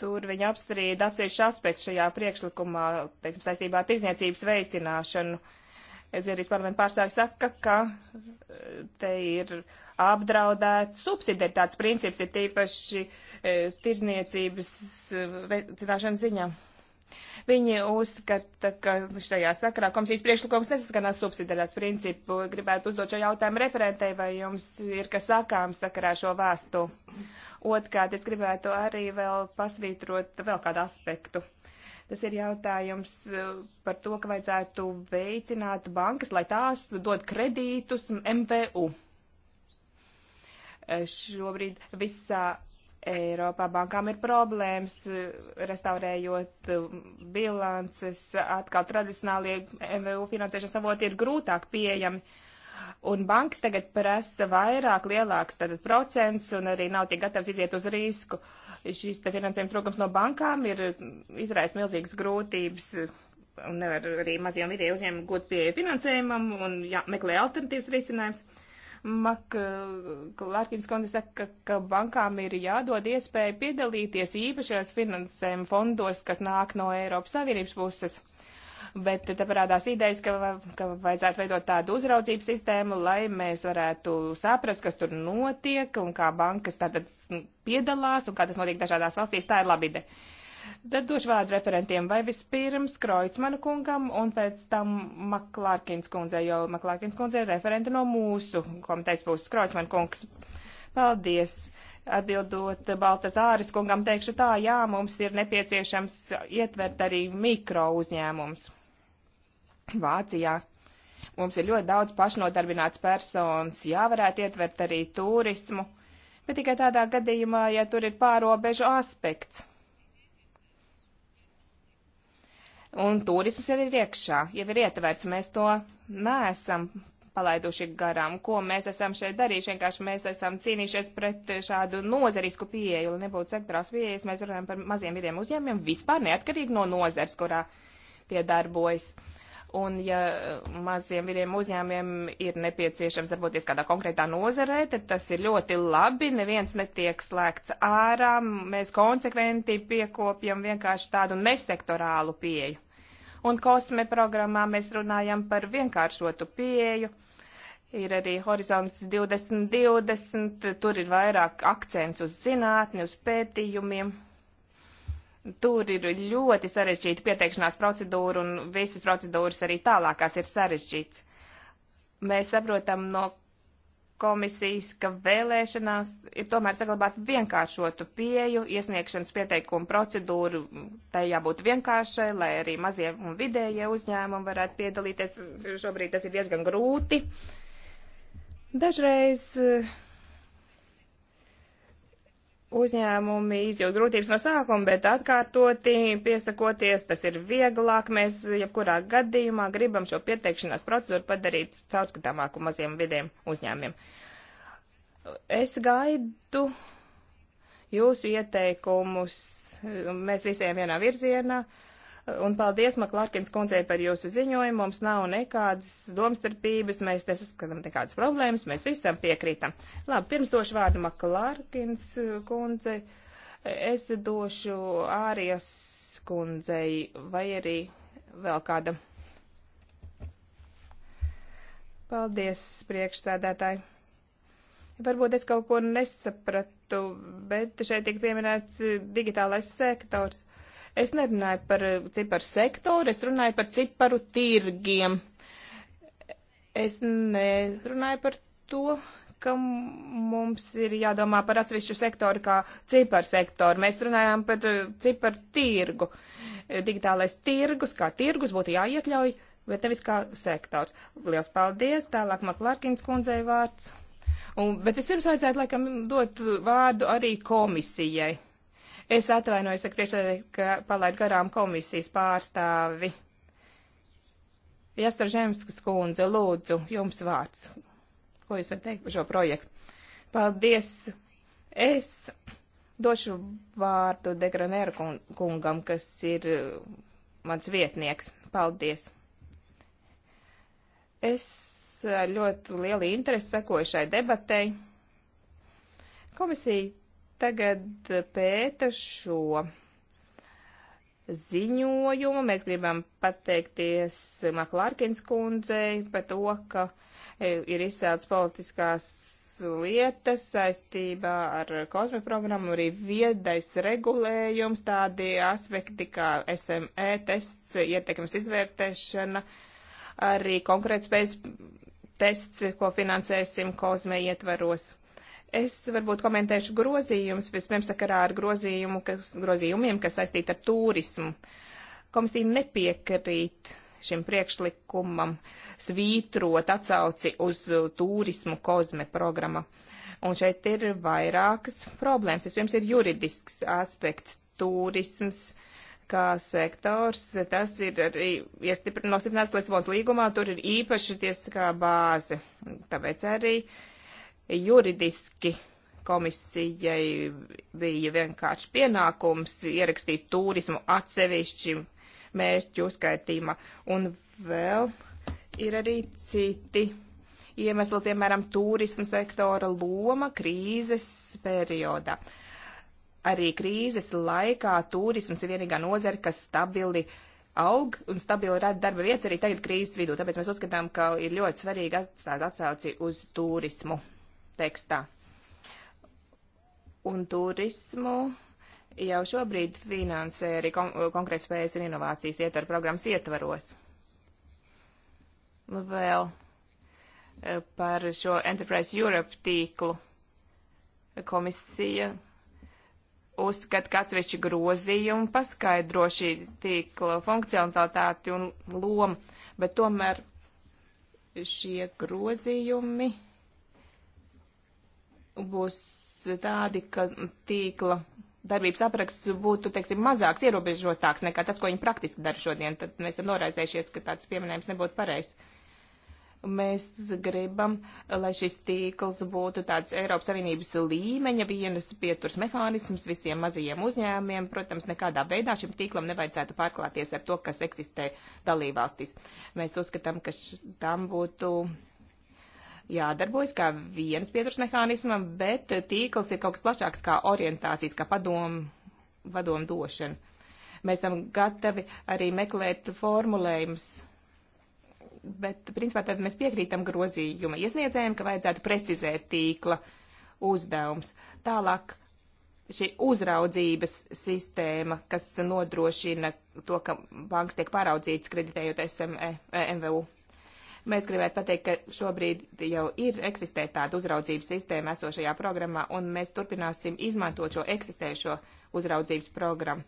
Tur viņi apstrīd atsevišķu aspektu šajā priekšlikumā, teiksim, saistībā ar tirzniecības veicināšanu. Uh, Zviedrijas parlamenta pārstāvis saka, ka eh, te ir apdraudēts subsidiaritātes princips, ir tīpaši e, tirzniecības eh, veicināšanas ziņā. Viņi uzskata, ka šajā sakarā komisijas priekšlikums nesaskanās subsidiaritātes principu. Gribētu uzdot šo jautājumu referentei, vai jums ir kas sakāms sakarā šo vēstu. Otkārt, es gribētu arī vēl pasvītrot vēl kādu aspektu. Uh, Tas ir jautājums eh, par to, ka vajadzētu veicināt bankas, lai tās dod kredītus MVU. Eh, šobrīd visā Eiropā bankām ir problēmas, eh, restaurējot bilances, atkal tradicionālie MVU finansēšanas avoti ir grūtāk pieejami. Uh, Un bankas tagad prasa vairāk, lielāks tātad procents, un arī nav tik gatavs iziet uz risku. Šis te finansējuma trūkums no bankām ir izraisa milzīgas grūtības, un nevar arī maziem vidēju uzņēmumu gūt pieeja finansējumam, un jā, meklē alternatīvas risinājums. Mak Lārkins kundze saka, ka bankām ir jādod iespēja piedalīties īpašajos finansējuma fondos, kas nāk no Eiropas Savienības puses bet te parādās idejas, ka, ka vajadzētu veidot tādu uzraudzību sistēmu, lai mēs varētu saprast, kas tur notiek un kā bankas tātad piedalās un kā tas notiek dažādās valstīs. Tā ir laba ideja. Tad došu vārdu referentiem vai vispirms Kreutzmanu kungam un pēc tam Maklārkins kundzei, jo Maklārkins kundze ir referente no mūsu komitejas puses. Kreutzmanu kungs, paldies! Atbildot Baltazāris kungam, teikšu tā, jā, mums ir nepieciešams ietvert arī mikro uzņēmums. Vācijā. Mums ir ļoti daudz pašnodarbināts personas, jā, varētu ietvert arī turismu, bet tikai tādā gadījumā, ja tur ir pārobežu aspekts. Un turisms jau ir iekšā, jau ir ietverts, mēs to neesam palaiduši garām, ko mēs esam šeit darījuši. Vienkārši mēs esam cīnījušies pret šādu nozerisku pieeju, lai nebūtu sektorās pieejas. Mēs runājam par maziem vidiem uzņēmumiem, vispār neatkarīgi no nozars, kurā tie darbojas. Un ja maziem vidiem uzņēmiem ir nepieciešams darboties kādā konkrētā nozarē, tad tas ir ļoti labi. Neviens netiek slēgts ārā. Mēs konsekventi piekopjam vienkārši tādu nesektorālu pieeju. Un kosme programmā mēs runājam par vienkāršotu pieeju. Ir arī horizonts 2020, tur ir vairāk akcents uz zinātni, uz pētījumiem. Tur ir ļoti sarežģīta pieteikšanās procedūra, un visas procedūras arī tālākās ir sarežģītas. Mēs saprotam no komisijas, ka vēlēšanās ir tomēr saglabāt vienkāršotu pieju, iesniegšanas pieteikumu procedūru, tai jābūt vienkāršai, lai arī mazie un vidējie uzņēmumi varētu piedalīties. Šobrīd tas ir diezgan grūti. Dažreiz uh, uzņēmumi izjūt grūtības no sākuma, bet atkārtoti piesakoties, tas ir vieglāk. Mēs jebkurā gadījumā gribam šo pieteikšanās procedūru padarīt caurskatāmāku maziem vidiem uzņēmiem. Es gaidu jūsu ieteikumus. Mēs visiem vienā virzienā. Uh, Un paldies Maklārkins kundzei par jūsu ziņojumu. Mums nav nekādas domstarpības, mēs nesaskatām nekādas problēmas, mēs visam piekrītam. Labi, pirms došu vārdu Maklārkins kundzei. Es došu Ārijas kundzei vai arī vēl kāda. Paldies, priekšsēdētāji. Varbūt es kaut ko nesapratu, bet šeit tika pieminēts digitālais sektors Es nerunāju par eh, ciparu sektoru, es runāju par ciparu tirgiem. Es nerunāju par to, ka mums ir jādomā par atsevišķu sektoru kā ciparu sektoru. Mēs runājām par eh, ciparu tirgu. Digitālais tirgus kā tirgus būtu jāiekļauj, bet nevis kā sektors. Liels paldies! Tālāk Maklārkins kundzei vārds. Un, bet vispirms vajadzētu laikam dot vārdu arī komisijai. Es atvainojos, ka priekšsēdētājs, ka palaid garām komisijas pārstāvi. Jāsar Žemskas kundze, lūdzu, jums vārds. Ko jūs varat teikt par šo projektu? Paldies. Es došu vārdu Degranēra kungam, kas ir uh, mans vietnieks. Paldies. Es uh, ļoti lieli interesi sekoju šai debatei. Komisija tagad eh, pēta šo ziņojumu. Mēs gribam pateikties Maklārkins kundzei par to, ka eh, ir izsēlts politiskās lietas saistībā ar kosmi programmu, arī viedais regulējums, tādi aspekti kā SME tests, ietekmes izvērtēšana, arī konkrētspējas tests, ko finansēsim kosmē ietvaros. Es varbūt komentēšu grozījumus, vispirms sakarā ar grozījumu, kas, grozījumiem, kas saistīti ar turismu. Komisija nepiekrīt šim priekšlikumam svītrot atsauci uz turismu kozme programma. Un šeit ir vairākas problēmas. Vispirms ir juridisks aspekts turisms kā sektors. Tas ir arī nostiprināts Lisbonas līgumā, tur ir īpaši tiesiskā bāze. Tāpēc arī uh, juridiski komisijai bija vienkārši pienākums ierakstīt turismu atsevišķi mērķu uzskaitījumā. Un vēl ir arī citi iemesli, piemēram, turismu sektora loma krīzes periodā. Arī krīzes laikā turisms ir vienīgā nozara, kas stabili aug un stabili rada darba vietas arī tagad krīzes vidū. Tāpēc mēs uzskatām, ka ir ļoti svarīgi atstāt atsauci uz turismu tekstā. Un turismu jau šobrīd finansē arī kon konkrētspējas un inovācijas ietver programmas ietvaros. Vēl eh, par šo Enterprise Europe tīklu komisija uzskata, ka atsevišķi grozījumi paskaidro šī tīkla funkcionalitāti un lomu, bet tomēr šie grozījumi būs tādi, ka tīkla darbības apraksts būtu, teiksim, mazāks, ierobežotāks nekā tas, ko viņi praktiski dara šodien, tad mēs esam noraizējušies, ka tāds pieminējums nebūtu pareizs. Mēs gribam, lai šis tīkls būtu tāds Eiropas Savienības līmeņa vienas pieturs mehānisms visiem mazajiem uzņēmiem. Protams, nekādā veidā šim tīklam nevajadzētu pārklāties ar to, kas eksistē dalībvalstīs. Mēs uzskatām, ka tam būtu jādarbojas kā viens pieturas mehānismam, bet tīkls ir kaut kas plašāks kā orientācijas, kā padomu, padomu došana. Mēs esam gatavi arī meklēt formulējumus bet principā tad mēs piekrītam grozījuma iesniedzējiem, ka vajadzētu precizēt tīkla uzdevums. Tālāk šī uzraudzības sistēma, kas nodrošina to, ka banks tiek pāraudzīts kreditējot SME, e, MVU. Mēs gribētu pateikt, ka šobrīd jau ir eksistē tāda uzraudzības sistēma esošajā programmā, un mēs turpināsim izmantot šo eksistējošo uzraudzības programmu.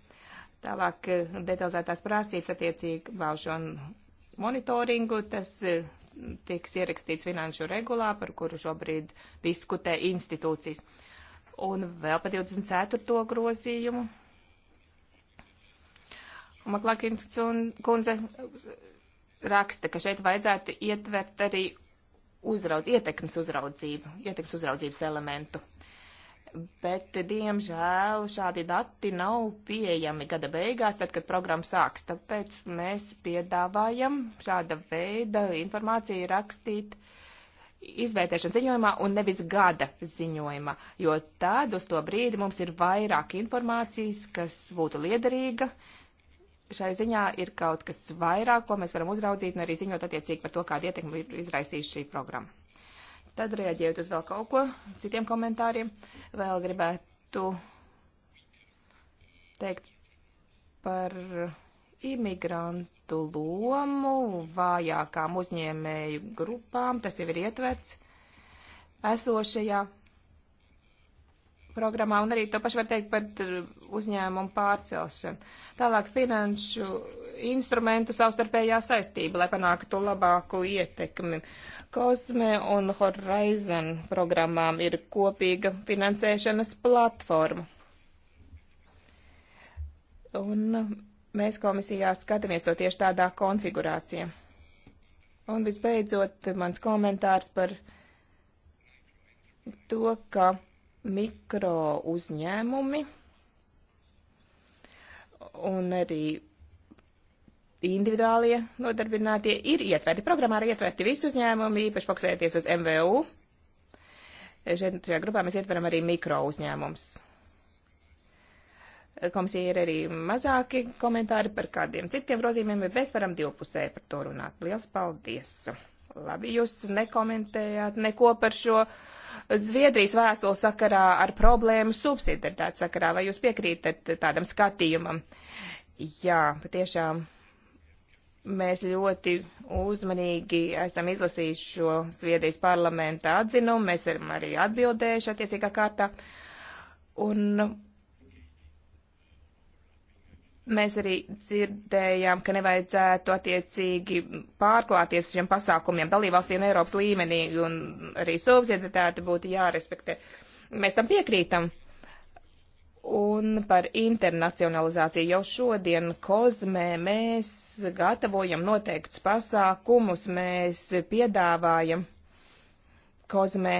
Tālāk eh, detalizētās prasības attiecībā uz šo monitoringu, tas eh, tiks ierakstīts finanšu regulā, par kuru šobrīd diskutē institūcijas. Un vēl par 24. grozījumu. Maklakins kundze raksta, ka šeit vajadzētu ietvert arī uzraud, ietekmes uzraudzību, ietekmes uzraudzības elementu. Bet, diemžēl, šādi dati nav pieejami gada beigās, tad, kad programma sāks. Tāpēc mēs piedāvājam šāda veida informāciju rakstīt izvērtēšanas ziņojumā un nevis gada ziņojumā, jo tad uz to brīdi mums ir vairāk informācijas, kas būtu liederīga, šai ziņā ir kaut kas vairāk, ko mēs varam uzraudzīt un arī ziņot attiecīgi par to, kādu ietekmi ir izraisījusi šī programma. Tad reaģējot uz vēl kaut ko, citiem komentāriem, vēl gribētu teikt par imigrantu lomu vājākām uzņēmēju grupām, tas jau ir ietverts esošajā programmā, un arī to pašu var teikt par eh, uzņēmumu pārcelšanu. Tālāk finanšu instrumentu savstarpējā saistība, lai panāktu labāku ietekmi. Kozme un Horizon programmām ir kopīga finansēšanas platforma. Un mēs komisijā skatāmies to tieši tādā konfigurācijā. Un visbeidzot, mans komentārs par to, ka mikro uzņēmumi un arī individuālie nodarbinātie ir ietverti. Programmā ir ietverti visi uzņēmumi, īpaši fokusēties uz MVU. Šeit šajā grupā mēs ietveram arī mikro uzņēmums. Komisija ir arī mazāki komentāri par kādiem citiem grozījumiem, bet mēs varam divpusē par to runāt. Liels paldies! Labi, jūs nekomentējāt neko par šo Zviedrijas vēstuli sakarā ar problēmu subsidiaritātes sakarā. Vai jūs piekrītat tādam skatījumam? Jā, patiešām mēs ļoti uzmanīgi esam izlasījuši šo Zviedrijas parlamenta atzinumu, mēs esam arī atbildējuši attiecīgā kārtā. Un Mēs arī dzirdējām, ka nevajadzētu attiecīgi pārklāties šiem pasākumiem dalībvalstīm Eiropas līmenī, un arī subsidiatāte būtu jārespektē. Mēs tam piekrītam. Un par internacionalizāciju jau šodien kozmē mēs gatavojam noteiktus pasākumus, mēs piedāvājam kozmē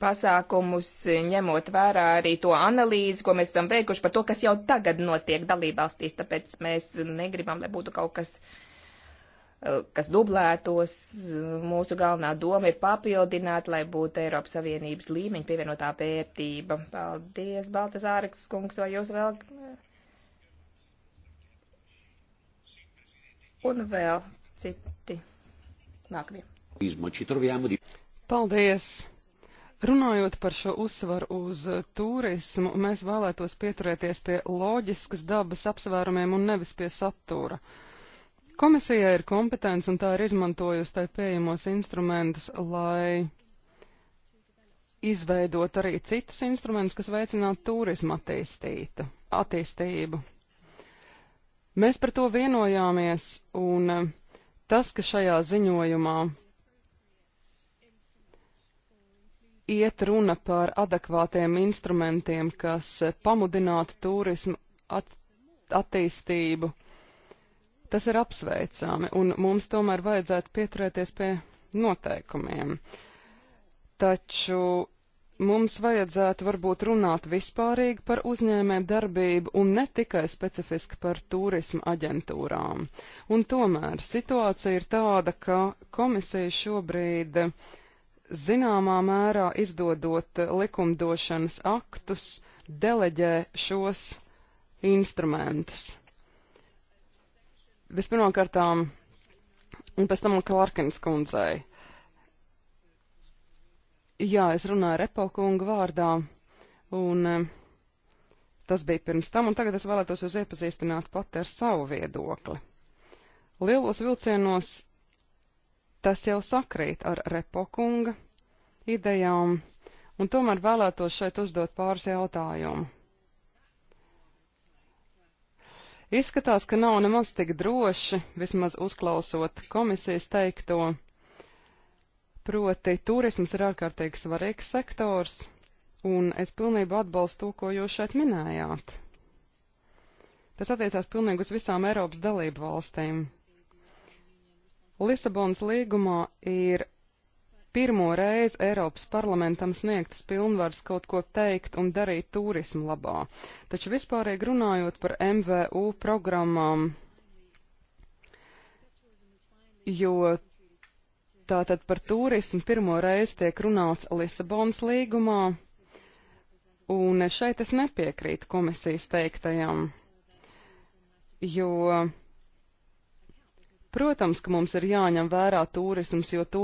pasākumus, ņemot vērā arī to analīzi, ko mēs esam veikuši par to, kas jau tagad notiek dalībvalstīs, tāpēc mēs negribam, lai būtu kaut kas, eh, kas dublētos. Mūsu galvenā doma ir papildināt, lai būtu Eiropas Savienības līmeņa pievienotā vērtība. Paldies, Baltas Āraks kungs, vai jūs vēl? Un vēl citi nākamie. Paldies! Runājot par šo uzsvaru uz turismu, mēs vēlētos pieturēties pie loģiskas dabas apsvērumiem un nevis pie satura. Komisijai ir kompetence un tā ir izmantojusi tai pieejamos instrumentus, lai izveidot arī citus instrumentus, kas veicinātu turismu attīstītu, attīstību. Mēs par to vienojāmies, un tas, ka šajā ziņojumā iet runa par adekvātiem instrumentiem, kas pamudinātu turismu at attīstību, tas ir apsveicami, un mums tomēr vajadzētu pieturēties pie noteikumiem. Taču mums vajadzētu varbūt runāt vispārīgi par uzņēmē darbību un ne tikai specifiski par turismu aģentūrām. Un tomēr situācija ir tāda, ka komisija šobrīd uh, zināmā mērā izdodot likumdošanas aktus, deleģē šos instrumentus. Vispirmkārtām, un pēc tam Klarkins kundzei. Jā, es runāju Repo kunga vārdā, un eh, tas bija pirms tam, un tagad es vēlētos jūs iepazīstināt pat ar savu viedokli. Lielos vilcienos Tas jau sakrīt ar repokunga idejām, un tomēr vēlētos šeit uzdot pāris jautājumu. Izskatās, ka nav nemaz tik droši, vismaz uzklausot komisijas teikto, proti turisms ir ārkārtīgi svarīgs sektors, un es pilnībā atbalstu to, ko jūs šeit minējāt. Tas attiecās pilnīgi uz visām Eiropas dalību valstīm. Lisabonas līgumā ir pirmo reizi Eiropas parlamentam sniegtas pilnvaras kaut ko teikt un darīt turismu labā. Taču vispārīgi runājot par MVU programmām, jo tātad par turismu pirmo reizi tiek runāts Lisabonas līgumā, un šeit es nepiekrītu komisijas teiktajam, jo Protams, ka mums ir jāņem vērā turisms, jo to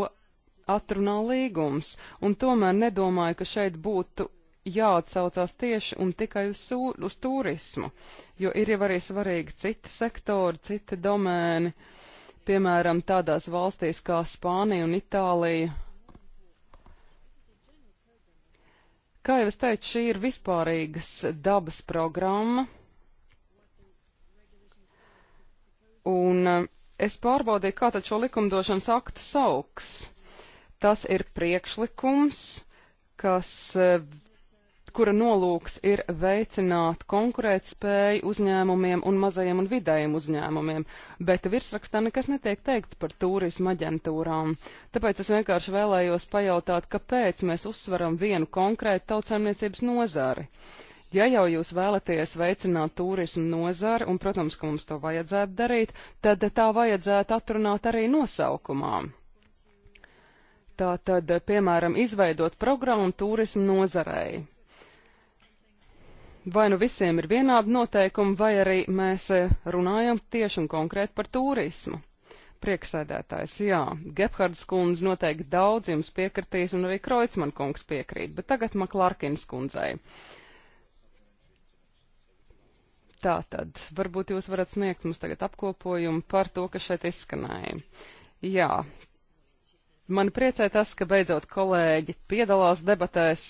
atrunā līgums, un tomēr nedomāju, ka šeit būtu jāatsaucās tieši un tikai uz, sū, uz turismu, jo ir jau arī svarīgi citi sektori, citi domēni, piemēram, tādās valstīs kā Spānija un Itālija. Kā jau es teicu, šī ir vispārīgas dabas programma, un uh, Es pārbaudīju, kā tad šo likumdošanas aktu sauks. Tas ir priekšlikums, kas e, kura nolūks ir veicināt konkurētspēju uzņēmumiem un mazajiem un vidējiem uzņēmumiem, bet virsrakstā nekas netiek teikts par turisma aģentūrām. Tāpēc es vienkārši vēlējos pajautāt, kāpēc mēs uzsveram vienu konkrētu tautsēmniecības nozari. Uh, Ja jau jūs vēlaties veicināt turismu nozari, un, protams, ka mums to vajadzētu darīt, tad tā vajadzētu atrunāt arī nosaukumā. Tā tad, piemēram, izveidot programmu turismu nozarei. Vai nu visiem ir vienādi noteikumi, vai arī mēs runājam tieši un konkrēti par turismu priekšsēdētājs, jā, Gebhards kundze noteikti daudz jums piekritīs, un arī Kreutzmann kungs piekrīt, bet tagad Maklārkins kundzei. Tātad, varbūt jūs varat sniegt mums tagad apkopojumu par to, kas šeit izskanēja. Jā, man priecē tas, ka beidzot kolēģi piedalās debatēs.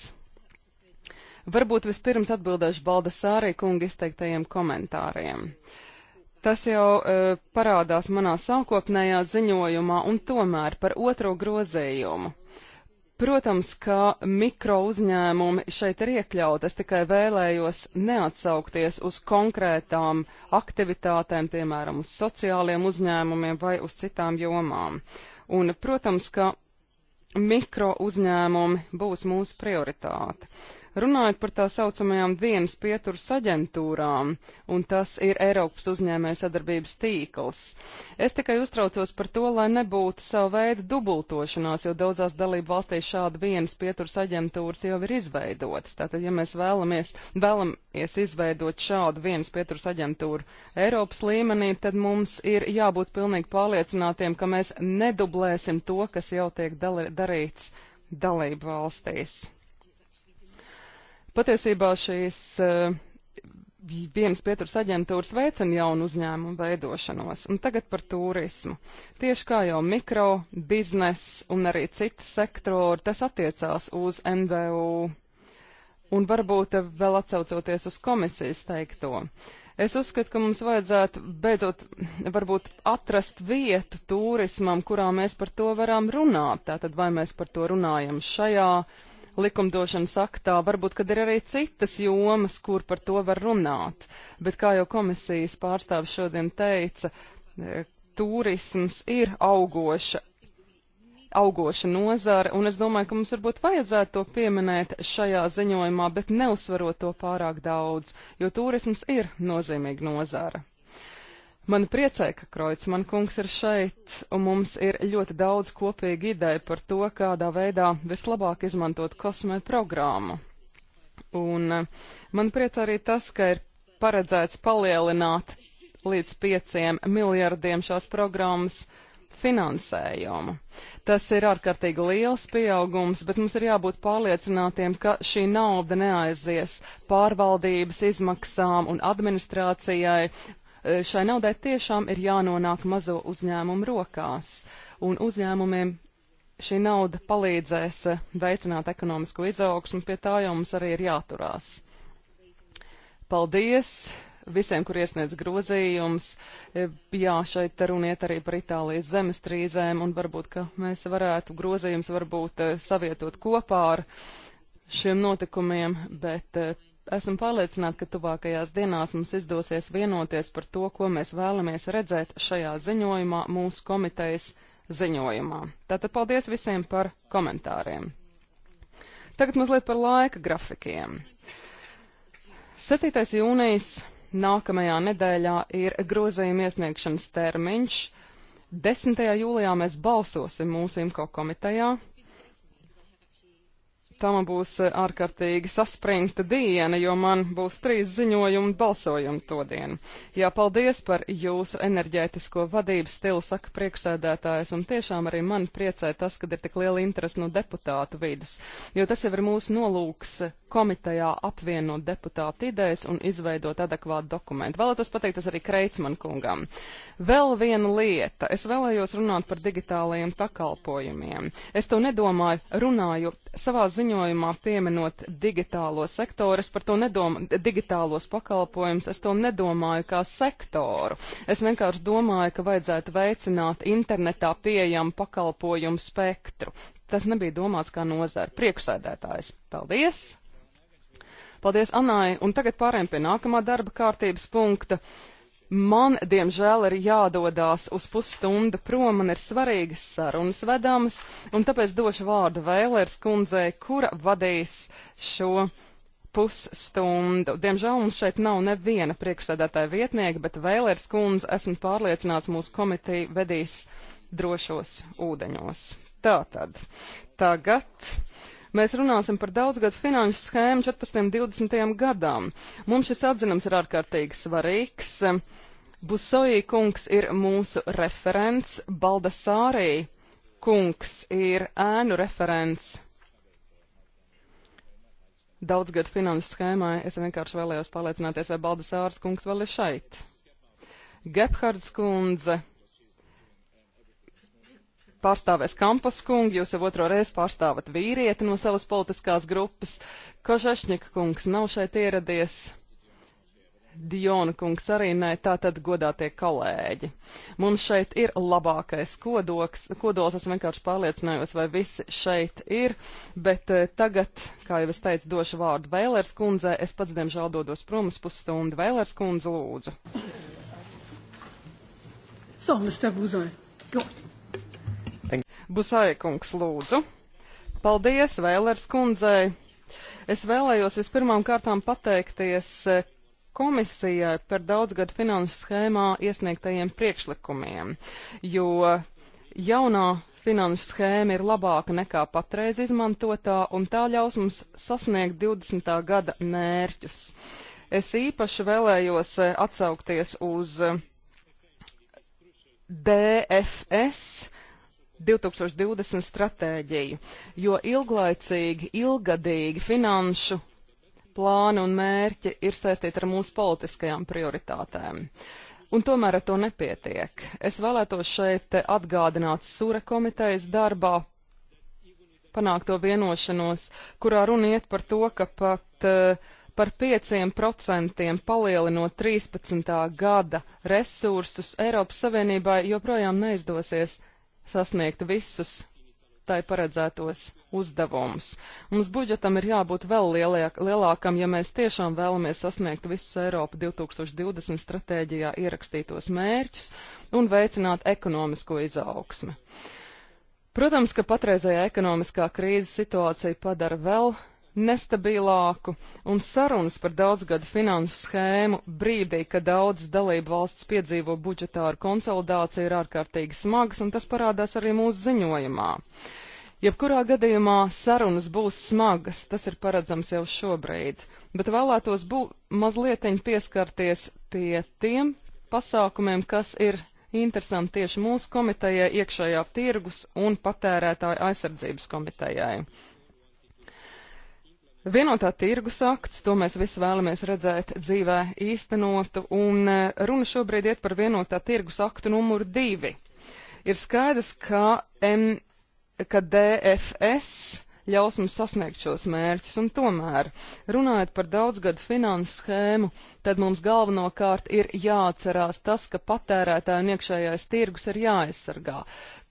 Varbūt vispirms atbildēšu Baldasārī kunga izteiktajiem komentāriem. Tas jau e, parādās manā sākotnējā ziņojumā un tomēr par otro grozījumu. Protams, ka mikro uzņēmumi šeit ir iekļauti. Es tikai vēlējos neatsaukties uz konkrētām aktivitātēm, piemēram, uz sociāliem uzņēmumiem vai uz citām jomām. Un, protams, ka mikro uzņēmumi būs mūsu prioritāte. Runājot par tā saucamajām dienas pieturas aģentūrām, un tas ir Eiropas uzņēmēja sadarbības tīkls. Es tikai uztraucos par to, lai nebūtu savu veidu dubultošanās, jo daudzās dalību valstīs šāda vienas pieturas aģentūras jau ir izveidotas. Tātad, ja mēs vēlamies, vēlamies izveidot šādu vienas pieturas aģentūru Eiropas līmenī, tad mums ir jābūt pilnīgi pārliecinātiem, ka mēs nedublēsim to, kas jau tiek darīts dalību valstīs. Patiesībā šīs eh, vienas pieturas aģentūras veicina jaunu uzņēmumu veidošanos. Un tagad par turismu. Tieši kā jau mikro, biznes un arī citi sektori, tas attiecās uz MVU. Un varbūt vēl atcaucoties uz komisijas teikto. Es uzskatu, ka mums vajadzētu beidzot varbūt atrast vietu turismam, kurā mēs par to varam runāt. Tātad vai mēs par to runājam šajā likumdošanas aktā, varbūt, kad ir arī citas jomas, kur par to var runāt. Bet, kā jau komisijas pārstāvis šodien teica, e, turisms ir augoša augoša nozara, un es domāju, ka mums varbūt vajadzētu to pieminēt šajā ziņojumā, bet neuzsvarot to pārāk daudz, jo turisms ir nozīmīga nozara. Mani priecē, ka Kreutzmann kungs ir šeit, un mums ir ļoti daudz kopīgi ideja par to, kādā veidā vislabāk izmantot kosmē programmu. Un eh, man priecē arī tas, ka ir paredzēts palielināt līdz 5 miljardiem šās programmas finansējumu. Tas ir ārkārtīgi liels pieaugums, bet mums ir jābūt pārliecinātiem, ka šī nauda neaizies pārvaldības izmaksām un administrācijai, Eh, šai naudai tiešām ir jānonāk mazo uzņēmumu rokās, un uzņēmumiem šī nauda palīdzēs eh, veicināt ekonomisko izaugsmu, pie tā jau mums arī ir jāturās. Paldies! visiem, kur iesniedz grozījums. Eh, jā, šeit runiet arī par Itālijas zemestrīzēm, un varbūt, ka mēs varētu grozījums varbūt savietot kopā ar šiem notikumiem, bet esmu pārliecināta, ka tuvākajās dienās mums izdosies vienoties par to, ko mēs vēlamies redzēt šajā ziņojumā, mūsu komitejas ziņojumā. Tātad paldies visiem par komentāriem. Tagad mazliet par laika grafikiem. 7. jūnijas nākamajā nedēļā ir grozījuma iesniegšanas termiņš. 10. jūlijā mēs balsosim mūsu IMCO komitejā, Tā man būs eh, ārkārtīgi saspringta diena, jo man būs trīs ziņojumi balsojumi to dienu. Jā, paldies par jūsu enerģētisko vadības stilu, saka priekšsēdētājs, un tiešām arī man priecē tas, kad ir tik liela interese no deputātu vidus, jo tas jau ir mūsu nolūks eh, komitejā apvienot deputātu idejas un izveidot adekvātu dokumentu. Vēlētos pateikties arī Kreitsman kungam. Vēl viena lieta. Es vēlējos runāt par digitālajiem pakalpojumiem. Es to nedomāju, runāju savā ziņā ziņojumā pieminot digitālo sektoru, es par to nedomāju, digitālos pakalpojumus, es to nedomāju kā sektoru. Es vienkārši domāju, ka vajadzētu veicināt internetā pieejamu pakalpojumu spektru. Tas nebija domāts kā nozara. Priekšsēdētājs, paldies! Paldies Anai, un tagad pārējiem pie nākamā darba kārtības punkta. Uh, Man, diemžēl, ir jādodās uz pusstundu prom, man ir svarīgas sarunas vedamas, un tāpēc došu vārdu Vēlērs kundzei, kura vadīs šo pusstundu. Diemžēl mums šeit nav neviena priekšsēdētāja vietnieka, bet Vēlērs kundze, esmu pārliecināts, mūsu komiteja vedīs drošos ūdeņos. Tātad, tagad Mēs runāsim par daudzgadu finanšu schēmu 14.20. gadam. Mums šis atzinums ir ārkārtīgi svarīgs. Busoji kungs ir mūsu referents, Baldasārī kungs ir ēnu referents. Daudzgadu finanšu schēmai es vienkārši vēlējos pārliecināties, vai Baldasārs kungs vēl ir šeit. Gebhards kundze pārstāvēs Kampas kungu, jūs jau otro reizi pārstāvat vīrieti no savas politiskās grupas. Kožešņika kungs nav šeit ieradies. Diona kungs arī nē, tā tad godātie kolēģi. Mums šeit ir labākais kodoks, kodols, es vienkārši pārliecinājos, vai visi šeit ir, bet eh, tagad, kā jau es teicu, došu vārdu Vēlērs kundzē, es pats diemžēl dodos prom uz pusstundu. Vēlērs kundze, lūdzu. So, Mr. Buzai, go. Busaikungs, lūdzu. Paldies Vēlers kundzei. Es vēlējos vispirmām kārtām pateikties eh, komisijai par daudzgadu finanšu schēmā iesniegtajiem priekšlikumiem, jo jaunā finanšu schēma ir labāka nekā patreiz izmantotā, un tā ļaus mums sasniegt 20. gada mērķus. Es īpaši vēlējos eh, atsaukties uz eh, DFS, 2020 stratēģiju, jo ilglaicīgi, ilgadīgi finanšu plāni un mērķi ir saistīti ar mūsu politiskajām prioritātēm. Un tomēr ar to nepietiek. Es vēlētos šeit atgādināt Sura komitejas darbā panākto vienošanos, kurā runa iet par to, ka pat uh, par 5% palielinot 13. gada resursus Eiropas Savienībai joprojām neizdosies sasniegt visus tai paredzētos uzdevumus. Mums budžetam ir jābūt vēl lielāk, lielākam, ja mēs tiešām vēlamies sasniegt visus Eiropa 2020 stratēģijā ierakstītos mērķus un veicināt ekonomisko izaugsmi. Protams, ka patreizējā ekonomiskā krīzes situācija padara vēl nestabilāku, un sarunas par daudzgadu finansu schēmu brīdī, kad daudzas dalību valsts piedzīvo budžetāru konsolidāciju, ir ārkārtīgi smagas, un tas parādās arī mūsu ziņojumā. Jebkurā gadījumā sarunas būs smagas, tas ir paredzams jau šobrīd, bet vēlētos mazliet pieskarties pie tiem pasākumiem, kas ir interesanti tieši mūsu komitejai, iekšējā tirgus un patērētāju aizsardzības komitejai. Vienotā tirgus akts, to mēs visi vēlamies redzēt dzīvē īstenotu, un e, runa šobrīd iet par vienotā tirgus aktu numuru divi. Ir skaidrs, ka, M, ka DFS ļaus mums sasniegt šos mērķus, un tomēr, runājot par daudzgadu finansu schēmu, tad mums galvenokārt ir jāatcerās tas, ka patērētāju un iekšējais tirgus ir jāaizsargā.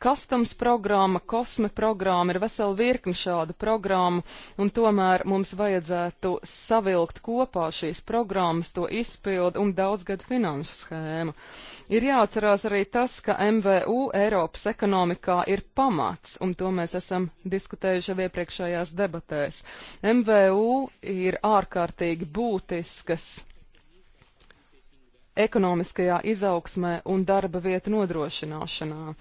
Kastums programma, kosme programma, ir vesela virkni šādu programmu, un tomēr mums vajadzētu savilkt kopā šīs programmas, to izpildu un daudzgadu finanšu schēmu. Ir jāatcerās arī tas, ka MVU Eiropas ekonomikā ir pamats, un to mēs esam diskutējuši jau iepriekšējās debatēs. MVU ir ārkārtīgi būtiskas ekonomiskajā izaugsmē un darba vietu nodrošināšanā.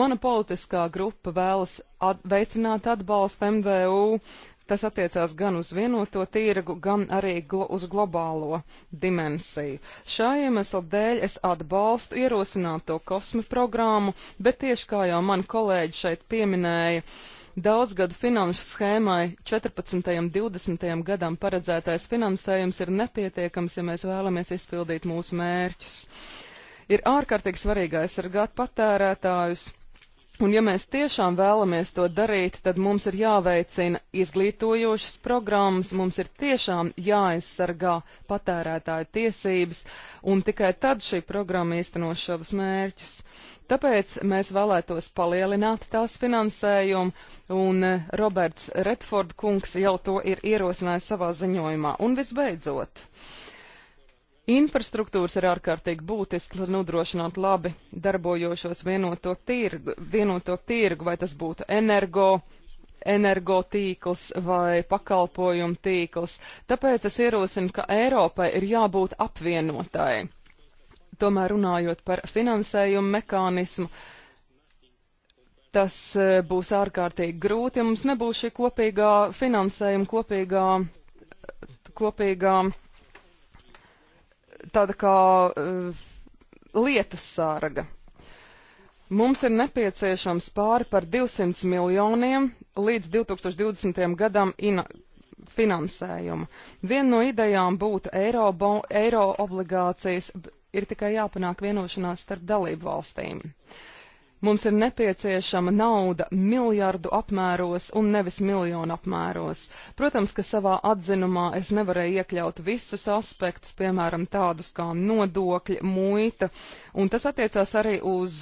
Mana politiskā grupa vēlas at veicināt atbalstu MVU. Tas attiecās gan uz vienoto tirgu, gan arī glo uz globālo dimensiju. Šā iemesla dēļ es atbalstu ierosināto kosmu programmu, bet tieši kā jau man kolēģi šeit pieminēja, uh, Daudzgadu finanšu schēmai 14. un 20. gadam paredzētais finansējums ir nepietiekams, ja mēs vēlamies izpildīt mūsu mērķus. Ir ārkārtīgi svarīgi aizsargāt patērētājus, Un, ja mēs tiešām vēlamies to darīt, tad mums ir jāveicina izglītojošas programmas, mums ir tiešām jāaizsargā patērētāju tiesības, un tikai tad šī programma īstenos savus mērķus. Tāpēc mēs vēlētos palielināt tās finansējumu, un eh, Roberts Redford kungs jau to ir ierosinājis savā ziņojumā. Un visbeidzot. Infrastruktūras ir ārkārtīgi būtiski, lai nodrošinātu labi darbojošos vienoto tirgu, vienoto tirgu, vai tas būtu energo, energotīkls vai pakalpojumu tīkls. Tāpēc es ierosinu, ka Eiropai ir jābūt apvienotai. Tomēr runājot par finansējumu mekānismu, tas e, būs ārkārtīgi grūti, ja mums nebūs šī kopīgā finansējuma, kopīgā, kopīgā tāda kā uh, lietas sārga. Mums ir nepieciešams pāri par 200 miljoniem līdz 2020. gadam finansējumu. Viena no idejām būtu eiro, eiro obligācijas, ir tikai jāpanāk vienošanās starp dalību valstīm. Mums ir nepieciešama nauda miljardu apmēros un nevis miljonu apmēros. Protams, ka savā atzinumā es nevarēju iekļaut visus aspektus, piemēram, tādus kā nodokļi, muita, un tas attiecās arī uz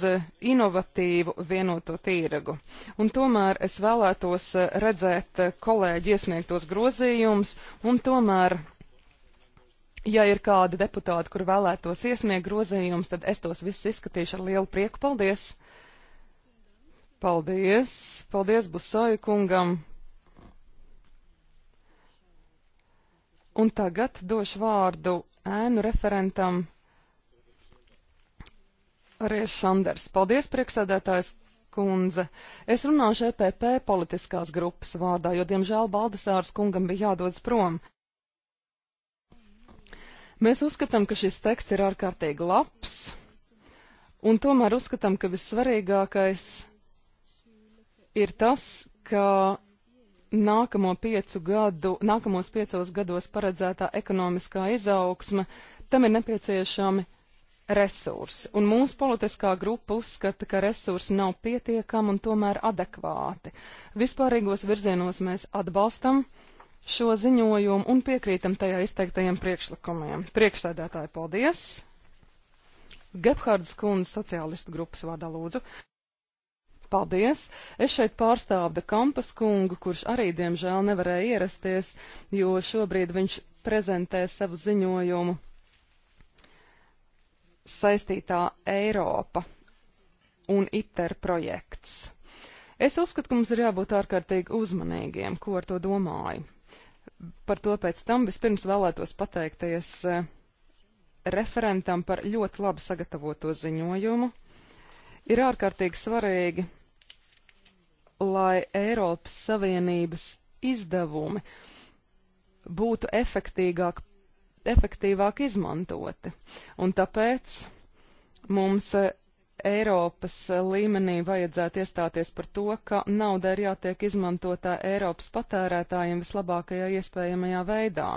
inovatīvu vienoto tīragu. Un tomēr es vēlētos redzēt kolēģi iesniegtos grozījumus, un tomēr Ja ir kādi deputāti, kur vēlētos iesniegt grozījumus, tad es tos visus izskatīšu ar lielu prieku. Paldies! Paldies! Paldies Busoju kungam! Un tagad došu vārdu ēnu referentam Ries Šanders. Paldies, priekšsēdētājs kundze. Es runāšu EPP politiskās grupas vārdā, jo, diemžēl, Baldasārs kungam bija jādodas prom. Mēs uzskatām, ka šis teksts ir ārkārtīgi labs, un tomēr uzskatām, ka vissvarīgākais ir tas, ka nākamo piecu gadu, nākamos piecos gados paredzētā ekonomiskā izaugsme, tam ir nepieciešami resursi. Un mūsu politiskā grupa uzskata, ka resursi nav pietiekami un tomēr adekvāti. Vispārīgos virzienos mēs atbalstam šo ziņojumu un piekrītam tajā izteiktajiem priekšlikumiem. Priekšsēdētāji, paldies! Gebhards kundze, sociālistu grupas vārdā lūdzu. Paldies! Es šeit pārstāvu Kampas kungu, kurš arī, diemžēl, nevarēja ierasties, jo šobrīd viņš prezentē savu ziņojumu saistītā Eiropa un ITER projekts. Es uzskatu, ka mums ir jābūt ārkārtīgi uzmanīgiem, ko ar to domāju par to pēc tam. Vispirms vēlētos pateikties e, referentam par ļoti labi sagatavoto ziņojumu. Ir ārkārtīgi svarīgi, lai Eiropas Savienības izdevumi būtu efektīgāk, efektīvāk izmantoti. Un tāpēc mums e, Eiropas līmenī vajadzētu iestāties par to, ka nauda ir jātiek izmantotā Eiropas patērētājiem vislabākajā iespējamajā veidā.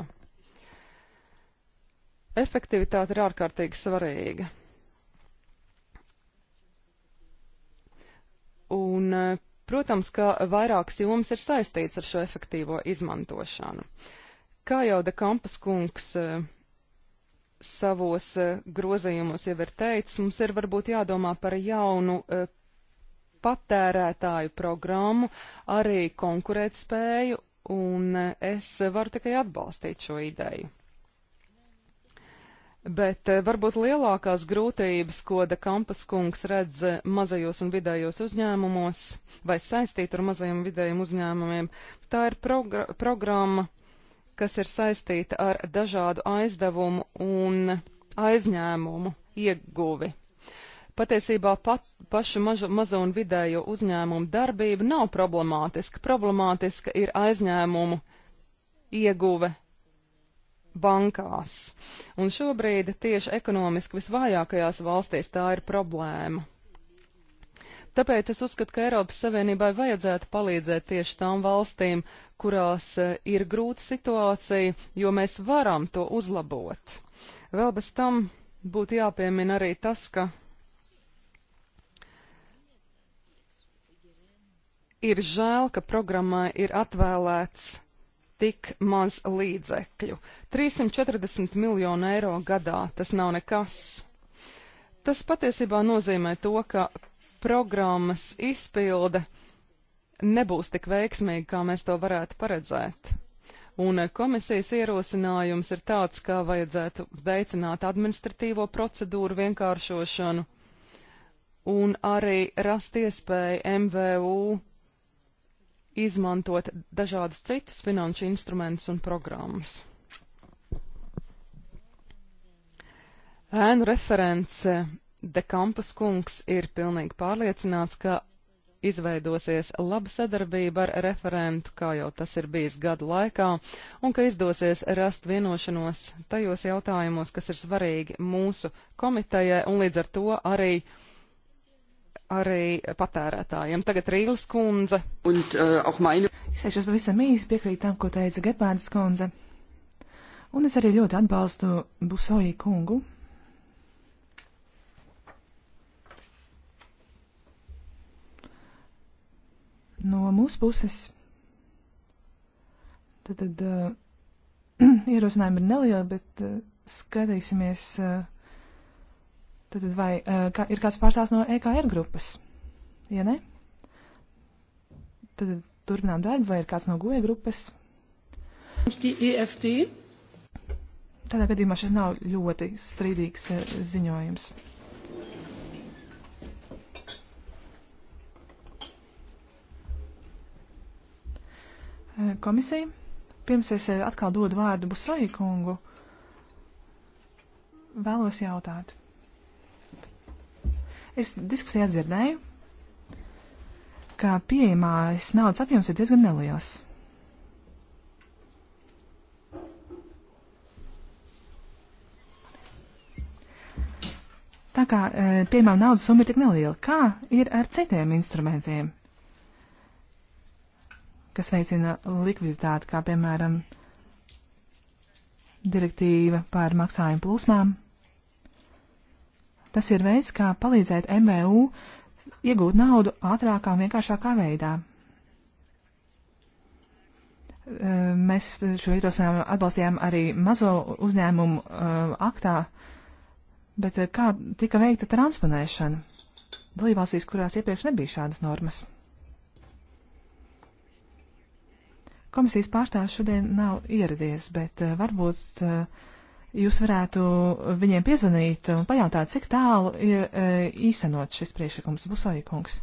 Efektivitāte ir ārkārtīgi svarīga. Un, protams, ka vairākas jomas ir saistīts ar šo efektīvo izmantošanu. Kā jau De Kampas kungs uh, savos eh, grozījumos jau ir teicis, mums ir varbūt jādomā par jaunu eh, patērētāju programmu, arī konkurētspēju, un eh, es varu tikai atbalstīt šo ideju. Bet varbūt lielākās grūtības, ko da Kampas kungs redz mazajos un vidējos uzņēmumos vai saistīt ar mazajiem un vidējiem uzņēmumiem, tā ir progr programma kas ir saistīta ar dažādu aizdevumu un aizņēmumu ieguvi. Patiesībā pat, pašu mažu, mazo un vidējo uzņēmumu darbība nav problemātiska. Problemātiska ir aizņēmumu ieguve bankās. Un šobrīd tieši ekonomiski visvājākajās valstīs tā ir problēma. Tāpēc es uzskatu, ka Eiropas Savienībai vajadzētu palīdzēt tieši tām valstīm, kurās e, ir grūta situācija, jo mēs varam to uzlabot. Vēl bez tam būtu jāpiemina arī tas, ka ir žēl, ka programmai ir atvēlēts tik maz līdzekļu. 340 miljonu eiro gadā tas nav nekas. Tas patiesībā nozīmē to, ka programmas izpilde nebūs tik veiksmīgi, kā mēs to varētu paredzēt. Un eh, komisijas ierosinājums ir tāds, kā vajadzētu veicināt administratīvo procedūru vienkāršošanu un arī rast iespēju MVU izmantot dažādus citus finanšu instrumentus un programmas. Ēnu reference De Kampas kungs ir pilnīgi pārliecināts, ka izveidosies laba sadarbība ar referentu, kā jau tas ir bijis gadu laikā, un ka izdosies rast vienošanos tajos jautājumos, kas ir svarīgi mūsu komitejai un līdz ar to arī arī patērētājiem. Tagad Rīgas kundze. Un, uh, meine... Es teikšu pavisam īsi piekrītu tam, ko teica Gepārdas kundze. Un es arī ļoti atbalstu Busoju kungu no mūsu puses tad, tad uh, *clears throat* ierosinājumi ir nelieli, bet uh, skatīsimies, uh, tad, tad vai uh, kā, ir kāds pārstāvs no EKR grupas. Ja ne, tad, tad turpinām darbu, vai ir kāds no GUE grupas. EFT. Tādā gadījumā šis nav ļoti strīdīgs uh, ziņojums. Eh, komisija. Pirms es eh, atkal dodu vārdu Busoju kungu, vēlos jautāt. Es diskusijā dzirdēju, ka pieejamās naudas apjoms ir diezgan neliels. Tā kā eh, pieejamā naudas summa ir tik neliela, kā ir ar citiem instrumentiem? kas veicina likviditāti, kā piemēram direktīva par maksājumu plūsmām. Tas ir veids, kā palīdzēt MVU iegūt naudu ātrākā un vienkāršākā veidā. Mēs šo ierosinājumu atbalstījām arī mazo uzņēmumu uh, aktā, bet kā tika veikta transponēšana dalībvalstīs, kurās iepriekš nebija šādas normas? Komisijas pārstāvis šodien nav ieradies, bet eh, varbūt eh, jūs varētu viņiem piezvanīt un pajautāt, cik tālu ir eh, īstenot šis priekšlikums Busoja kungs.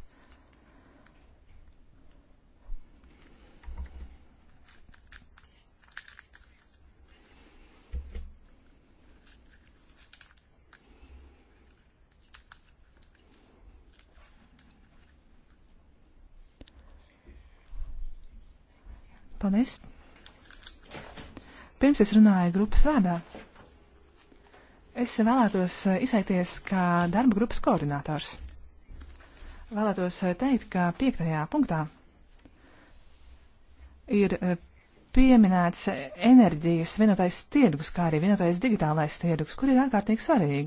Paldies! Pirms es runāju grupas vārdā, es vēlētos eh, izteikties kā darba grupas koordinators. Vēlētos eh, teikt, ka piektajā punktā ir eh, pieminēts enerģijas vienotais tirgus, kā arī vienotais digitālais tirgus, kur ir ārkārtīgi svarīgi.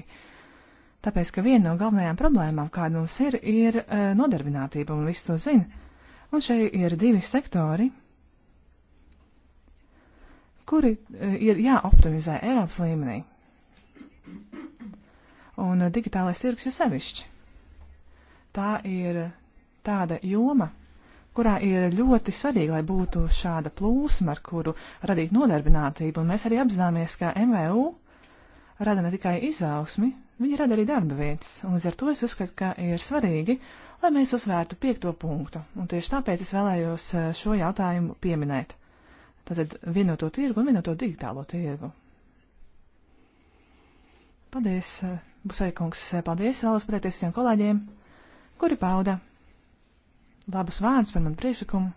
Tāpēc, ka viena no galvenajām problēmām, kāda mums ir, ir nodarbinātība, un viss to zina. Un šeit ir divi sektori, kuri eh, ir jāoptimizē Eiropas līmenī. Un eh, digitālais tirgus ir sevišķi. Tā ir tāda joma, kurā ir ļoti svarīgi, lai būtu šāda plūsma, ar kuru radīt nodarbinātību. Un mēs arī apzināmies, ka MVU rada ne tikai izaugsmi, viņi rada arī darba vietas. Un līdz ar to es uzskatu, ka ir svarīgi, lai mēs uzsvērtu piekto punktu. Un tieši tāpēc es vēlējos eh, šo jautājumu pieminēt. Tātad vienoto tirgu un vienoto digitālo tirgu. Paldies, eh, Busaikungs, eh, paldies, vēlos pateikties visiem kolēģiem, kuri pauda labus vārdus par manu priekšlikumu.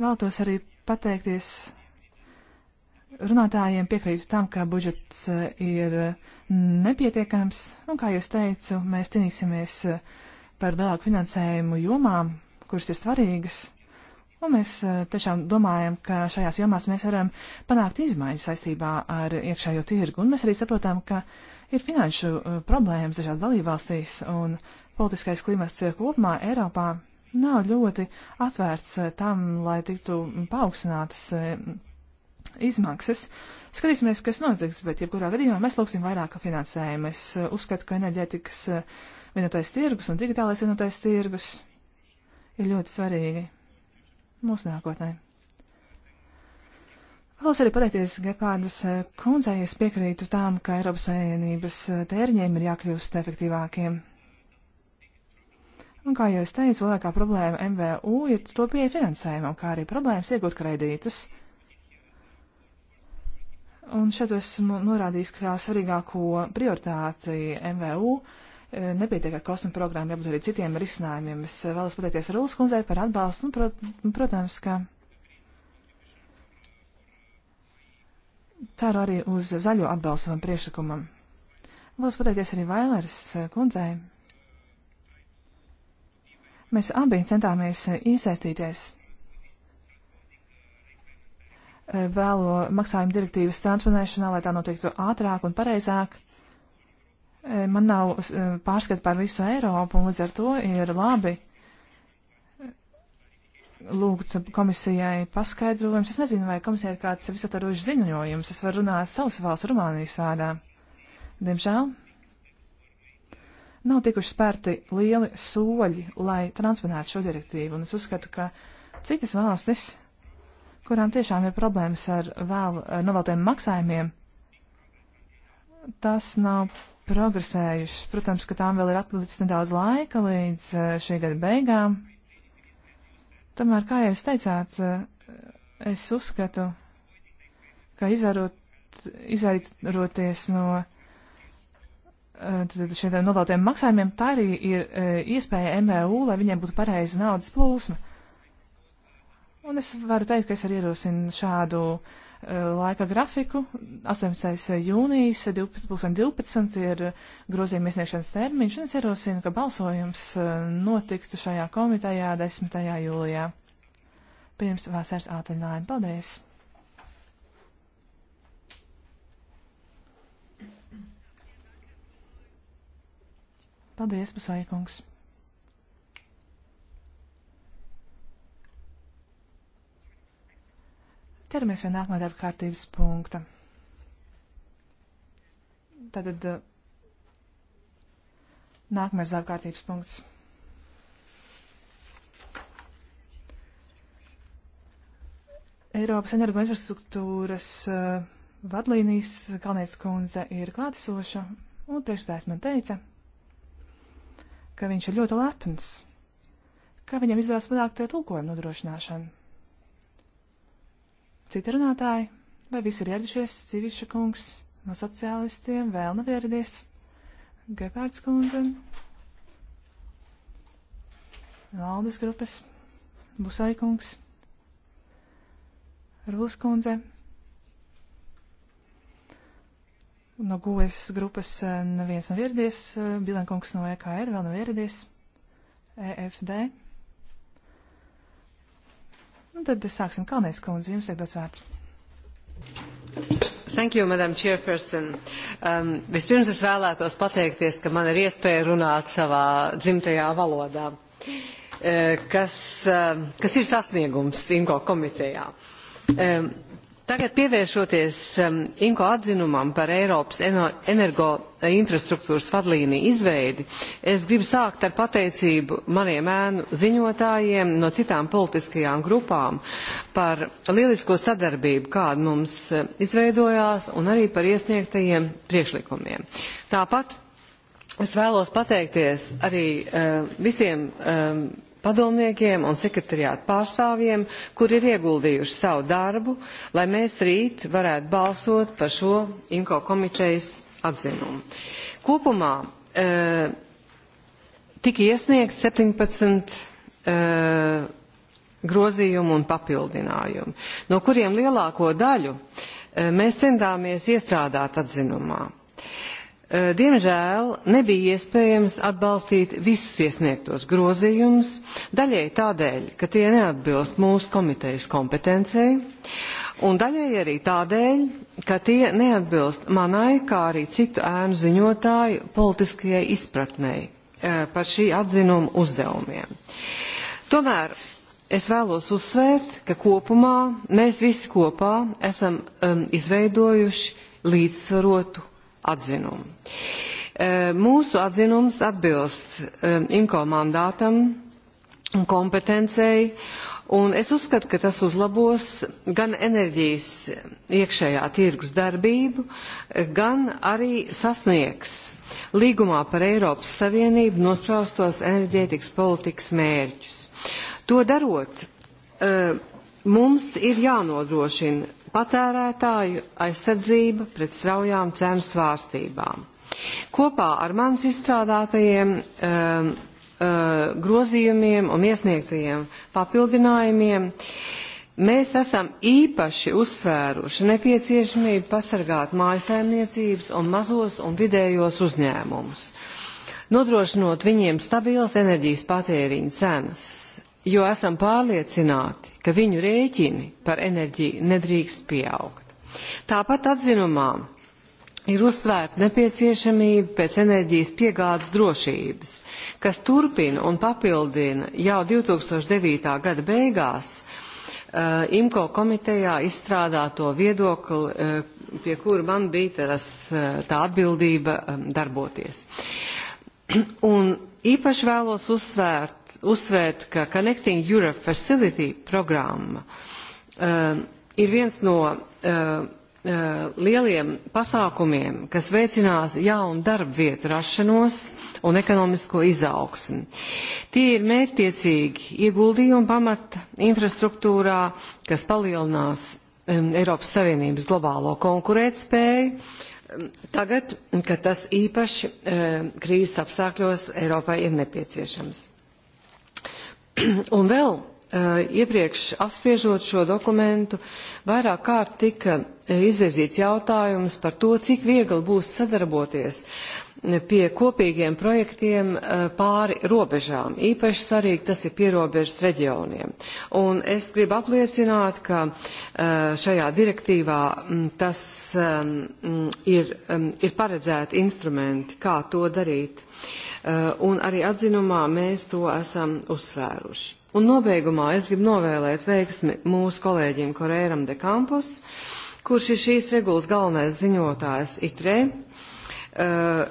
Vēlos arī pateikties runātājiem, piekrītu tam, ka budžets eh, ir nepietiekams, un, kā jūs teicu, mēs cīnīsimies par lielāku finansējumu jomām, kuras ir svarīgas Un mēs eh, tiešām domājam, ka šajās jomās mēs varam panākt izmaiņas saistībā ar iekšējo tirgu. Un mēs arī saprotam, ka ir finanšu eh, problēmas dažās dalībvalstīs un politiskais klimats kopumā Eiropā nav ļoti atvērts eh, tam, lai tiktu paaugstinātas izmaksas. Skatīsimies, kas notiks, bet jebkurā gadījumā mēs lūgsim vairāk finansējumu. Es uzskatu, ka enerģētikas vienotais tirgus un digitālais vienotais tirgus ir ļoti svarīgi mūsu nākotnē. Vēlos arī pateikties Gepārdas eh, kundzei, es piekrītu tām, ka Eiropas Savienības eh, tēriņiem ir jākļūst efektīvākiem. Un, kā jau es teicu, lielākā problēma MVU ir to pieeja finansējumam, kā arī problēmas iegūt kredītus. Un šeit esmu norādījis kā svarīgāko prioritāti MVU. Uh, Eh, nepietiek ar kosmu programmu, jābūt arī citiem risinājumiem. Es eh, vēlos pateikties Rūlas kundzei par atbalstu, un, prot, protams, ka ceru arī uz zaļo atbalstu savam priekšlikumam. Vēlos pateikties arī Vailers eh, kundzei. Mēs abi centāmies iesaistīties vēlo maksājumu direktīvas transponēšanā, lai tā notiktu ātrāk un pareizāk Eh, man nav eh, pārskata par visu Eiropu, un līdz ar to ir labi eh, lūgt komisijai paskaidrojums. Es nezinu, vai komisija ir kāds visatvarošs ziņojums. Es varu runāt savas valsts Rumānijas vārdā. Diemžēl nav tikuši spērti lieli soļi, lai transponētu šo direktīvu, un es uzskatu, ka citas valstis, kurām tiešām ir problēmas ar vēl noveltiem maksājumiem, tas nav progresējušas. Protams, ka tām vēl ir atlicis nedaudz laika līdz eh, šī gada beigām. Tomēr, kā jau jūs teicāt, eh, es uzskatu, ka izvērot, izvairoties no eh, šiem noveltiem maksājumiem, tā arī ir iespēja MEU, lai viņiem būtu pareiza naudas plūsma. Un es varu teikt, ka es arī ierosinu šādu uh, laika grafiku. 18. jūnijas 2012 ir grozījuma iesniegšanas termiņš, un es ierosinu, ka balsojums e, notiktu šajā komitejā 10. jūlijā. Pirms vasaras atvaļinājuma. Paldies! Paldies, Pasaikungs! Ķeramies pie nākamā darba kārtības punkta. Tātad eh, nākamais darba kārtības punkts. Eiropas energoinfrastruktūras uh, vadlīnijas Kalnietes kundze ir klātesoša, un priekšstājs man teica, ka viņš ir ļoti lepns, ka viņam izdevās panākt eh, tulkojumu nodrošināšanu. Citi runātāji, vai visi ir ieradušies? Civiša kungs no sociālistiem vēl nav ieradies. Gepārds kundze. Valdes grupas. Busai kungs. Rūs kundze. No GUS grupas eh, neviens nav ieradies. Eh, Bilankungs no EKR vēl nav ieradies. EFD. Un nu, tad sāksim Kalnēs kundze, jums ir dots vārds. Thank you, Madam Chairperson. Um, vispirms es vēlētos pateikties, ka man ir iespēja runāt savā dzimtajā valodā, eh, kas, um, kas ir sasniegums IMCO komitejā. Um, Tagad pievēršoties um, IMCO atzinumam par Eiropas energoinfrastruktūras eh, vadlīniju izveidi, es gribu sākt ar pateicību maniem ēnu ziņotājiem no citām politiskajām grupām par lielisko sadarbību, kāda mums uh, izveidojās, un arī par iesniegtajiem priekšlikumiem. Tāpat es vēlos pateikties arī uh, visiem um, padomniekiem un sekretariātu pārstāvjiem, kur ir ieguldījuši savu darbu, lai mēs rīt varētu balsot par šo IMCO komitejas atzinumu. Kopumā e, tika iesniegt 17 e, grozījumu un papildinājumu, no kuriem lielāko daļu e, mēs centāmies iestrādāt atzinumā. E, Eh, diemžēl nebija iespējams atbalstīt visus iesniegtos grozījumus, daļai tādēļ, ka tie neatbilst mūsu komitejas kompetencijai, un daļai arī tādēļ, ka tie neatbilst manai, kā arī citu ēnu ziņotāju politiskajai izpratnei eh, par šī atzinuma uzdevumiem. Tomēr Es vēlos uzsvērt, ka kopumā mēs visi kopā esam um, izveidojuši līdzsvarotu atzinumu. E, mūsu atzinums atbilst e, IMCO mandātam un kompetencei, un es uzskatu, ka tas uzlabos gan enerģijas iekšējā tirgus darbību, gan arī sasniegs līgumā par Eiropas Savienību nospraustos enerģētikas politikas mērķus. To darot, e, mums ir jānodrošina patērētāju aizsardzība pret straujām cenu svārstībām. Kopā ar manis izstrādātajiem um, uh, grozījumiem un iesniegtajiem papildinājumiem mēs esam īpaši uzsvēruši nepieciešamību pasargāt mājasēmniecības un mazos un vidējos uzņēmumus, nodrošinot viņiem stabilas enerģijas patēriņa cenas jo esam pārliecināti, ka viņu rēķini par enerģiju nedrīkst pieaugt. Tāpat atzinumā ir uzsvērta nepieciešamība pēc enerģijas piegādes drošības, kas turpina un papildina jau 2009. gada beigās uh, IMCO komitejā izstrādāto viedokli, uh, pie kura man bija tas, uh, tā atbildība um, darboties. Uh, *clears throat* Un īpaši vēlos uzsvērt, uzsvērt ka Connecting Europe Facility programma uh, ir viens no uh, uh, lieliem pasākumiem, kas veicinās jaunu darba vietu rašanos un ekonomisko izaugsmi. Tie ir mērķtiecīgi ieguldījumi pamata infrastruktūrā, kas palielinās um, Eiropas Savienības globālo konkurētspēju, uh, Ehm, tagad, kad tas īpaši ehm, krīzes apstākļos Eiropai ir nepieciešams. *clears throat* Un vēl ehm, iepriekš apspriežot šo dokumentu, vairāk kārt tika izvirzīts jautājums par to, cik viegli būs sadarboties pie kopīgiem projektiem eh, pāri robežām. Īpaši svarīgi tas ir pierobežas reģioniem. Un es gribu apliecināt, ka eh, šajā direktīvā mm, tas mm, ir, mm, ir paredzēti instrumenti, kā to darīt. Eh, un arī atzinumā mēs to esam uzsvēruši. Un nobeigumā es gribu novēlēt veiksmi mūsu kolēģim Korēram de Campus, kurš ir šīs regulas galvenais ziņotājs ITRE. Uh,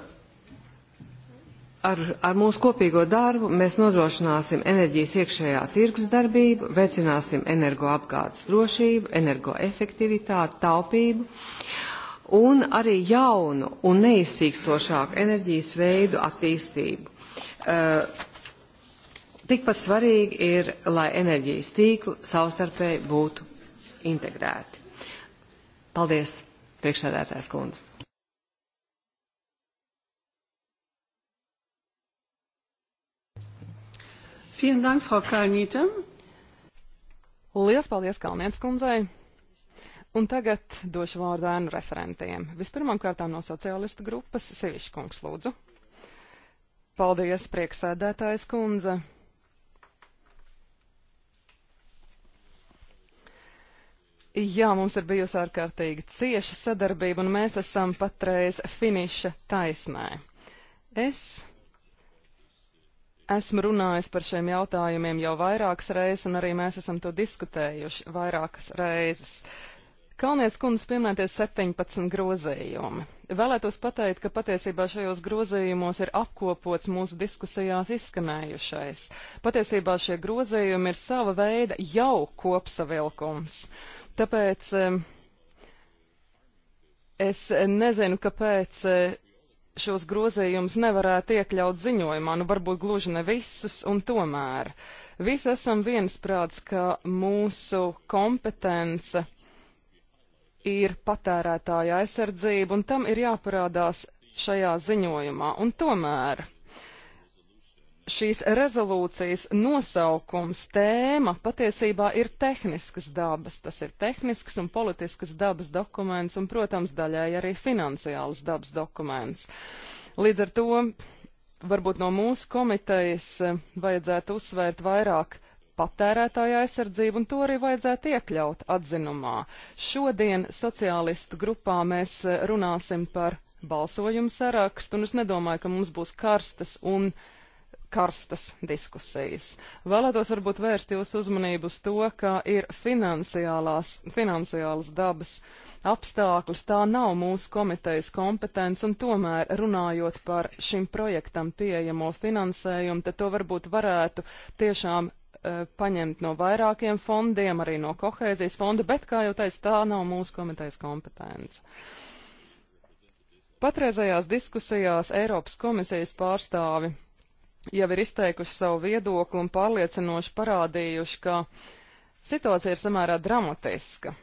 Ar, ar mūsu kopīgo darbu mēs nodrošināsim enerģijas iekšējā tirgus darbību, veicināsim energoapgādes drošību, energoefektivitāti, taupību un arī jaunu un neizsīkstošāku enerģijas veidu attīstību. Uh, tikpat svarīgi ir, lai enerģijas tīkli savstarpēji būtu integrēti. Paldies, priekšsēdētājs kundze. Vielen Dank, Frau Kalnīte. Lielas paldies Kalnietes kundzei. Un tagad došu vārdu ēnu referentiem. Vispirmām kārtām no sociālistu grupas Sevišķkungs lūdzu. Paldies, prieksēdētājs kundze. Jā, mums ir bijusi ārkārtīgi cieša sadarbība, un mēs esam patreiz finiša taisnē. Es Esmu runājis par šiem jautājumiem jau vairākas reizes, un arī mēs esam to diskutējuši vairākas reizes. Kalnies kundze pieminēties 17 grozījumi. Vēlētos pateikt, ka patiesībā šajos grozījumos ir apkopots mūsu diskusijās izskanējušais. Patiesībā šie grozījumi ir sava veida jau kopsavilkums. Tāpēc eh, es nezinu, kāpēc eh, šos grozījumus nevarētu iekļaut ziņojumā, nu varbūt gluži ne visus, un tomēr visi esam viensprāts, ka mūsu kompetence ir patērētāja aizsardzība, un tam ir jāparādās šajā ziņojumā. Un tomēr šīs rezolūcijas nosaukums, tēma patiesībā ir tehniskas dabas. Tas ir tehnisks un politiskas dabas dokuments un, protams, daļēji arī finansiāls dabas dokuments. Līdz ar to varbūt no mūsu komitejas eh, vajadzētu uzsvērt vairāk patērētāja aizsardzību, un to arī vajadzētu iekļaut atzinumā. Šodien sociālistu grupā mēs eh, runāsim par balsojumu sarakstu, un es nedomāju, ka mums būs karstas un uh, karstas diskusijas. Vēlētos varbūt vērst jūsu uzmanību uz to, ka ir finansiālas dabas apstākļus, tā nav mūsu komitejas kompetence, un tomēr runājot par šim projektam pieejamo finansējumu, tad to varbūt varētu tiešām e, paņemt no vairākiem fondiem, arī no kohēzijas fonda, bet, kā jau teicu, tā nav mūsu komitejas kompetence. Patreizējās diskusijās Eiropas komisijas pārstāvi jau ir izteikuši savu viedokli un pārliecinoši parādījuši, ka situācija ir samērā dramatiska.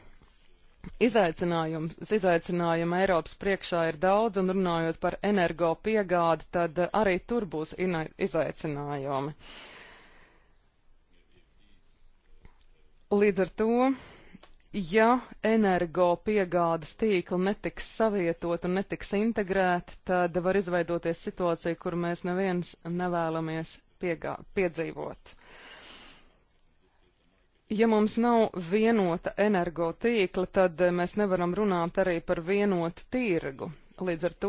Izaicinājums, izaicinājuma Eiropas priekšā ir daudz, un runājot par energo piegādi, tad arī tur būs izaicinājumi. Līdz ar to ja energo piegādes tīkli netiks savietot un netiks integrēti, tad var izveidoties situācija, kur mēs neviens nevēlamies piegā, piedzīvot. Ja mums nav vienota energo tīkla, tad mēs nevaram runāt arī par vienotu tirgu. Līdz ar to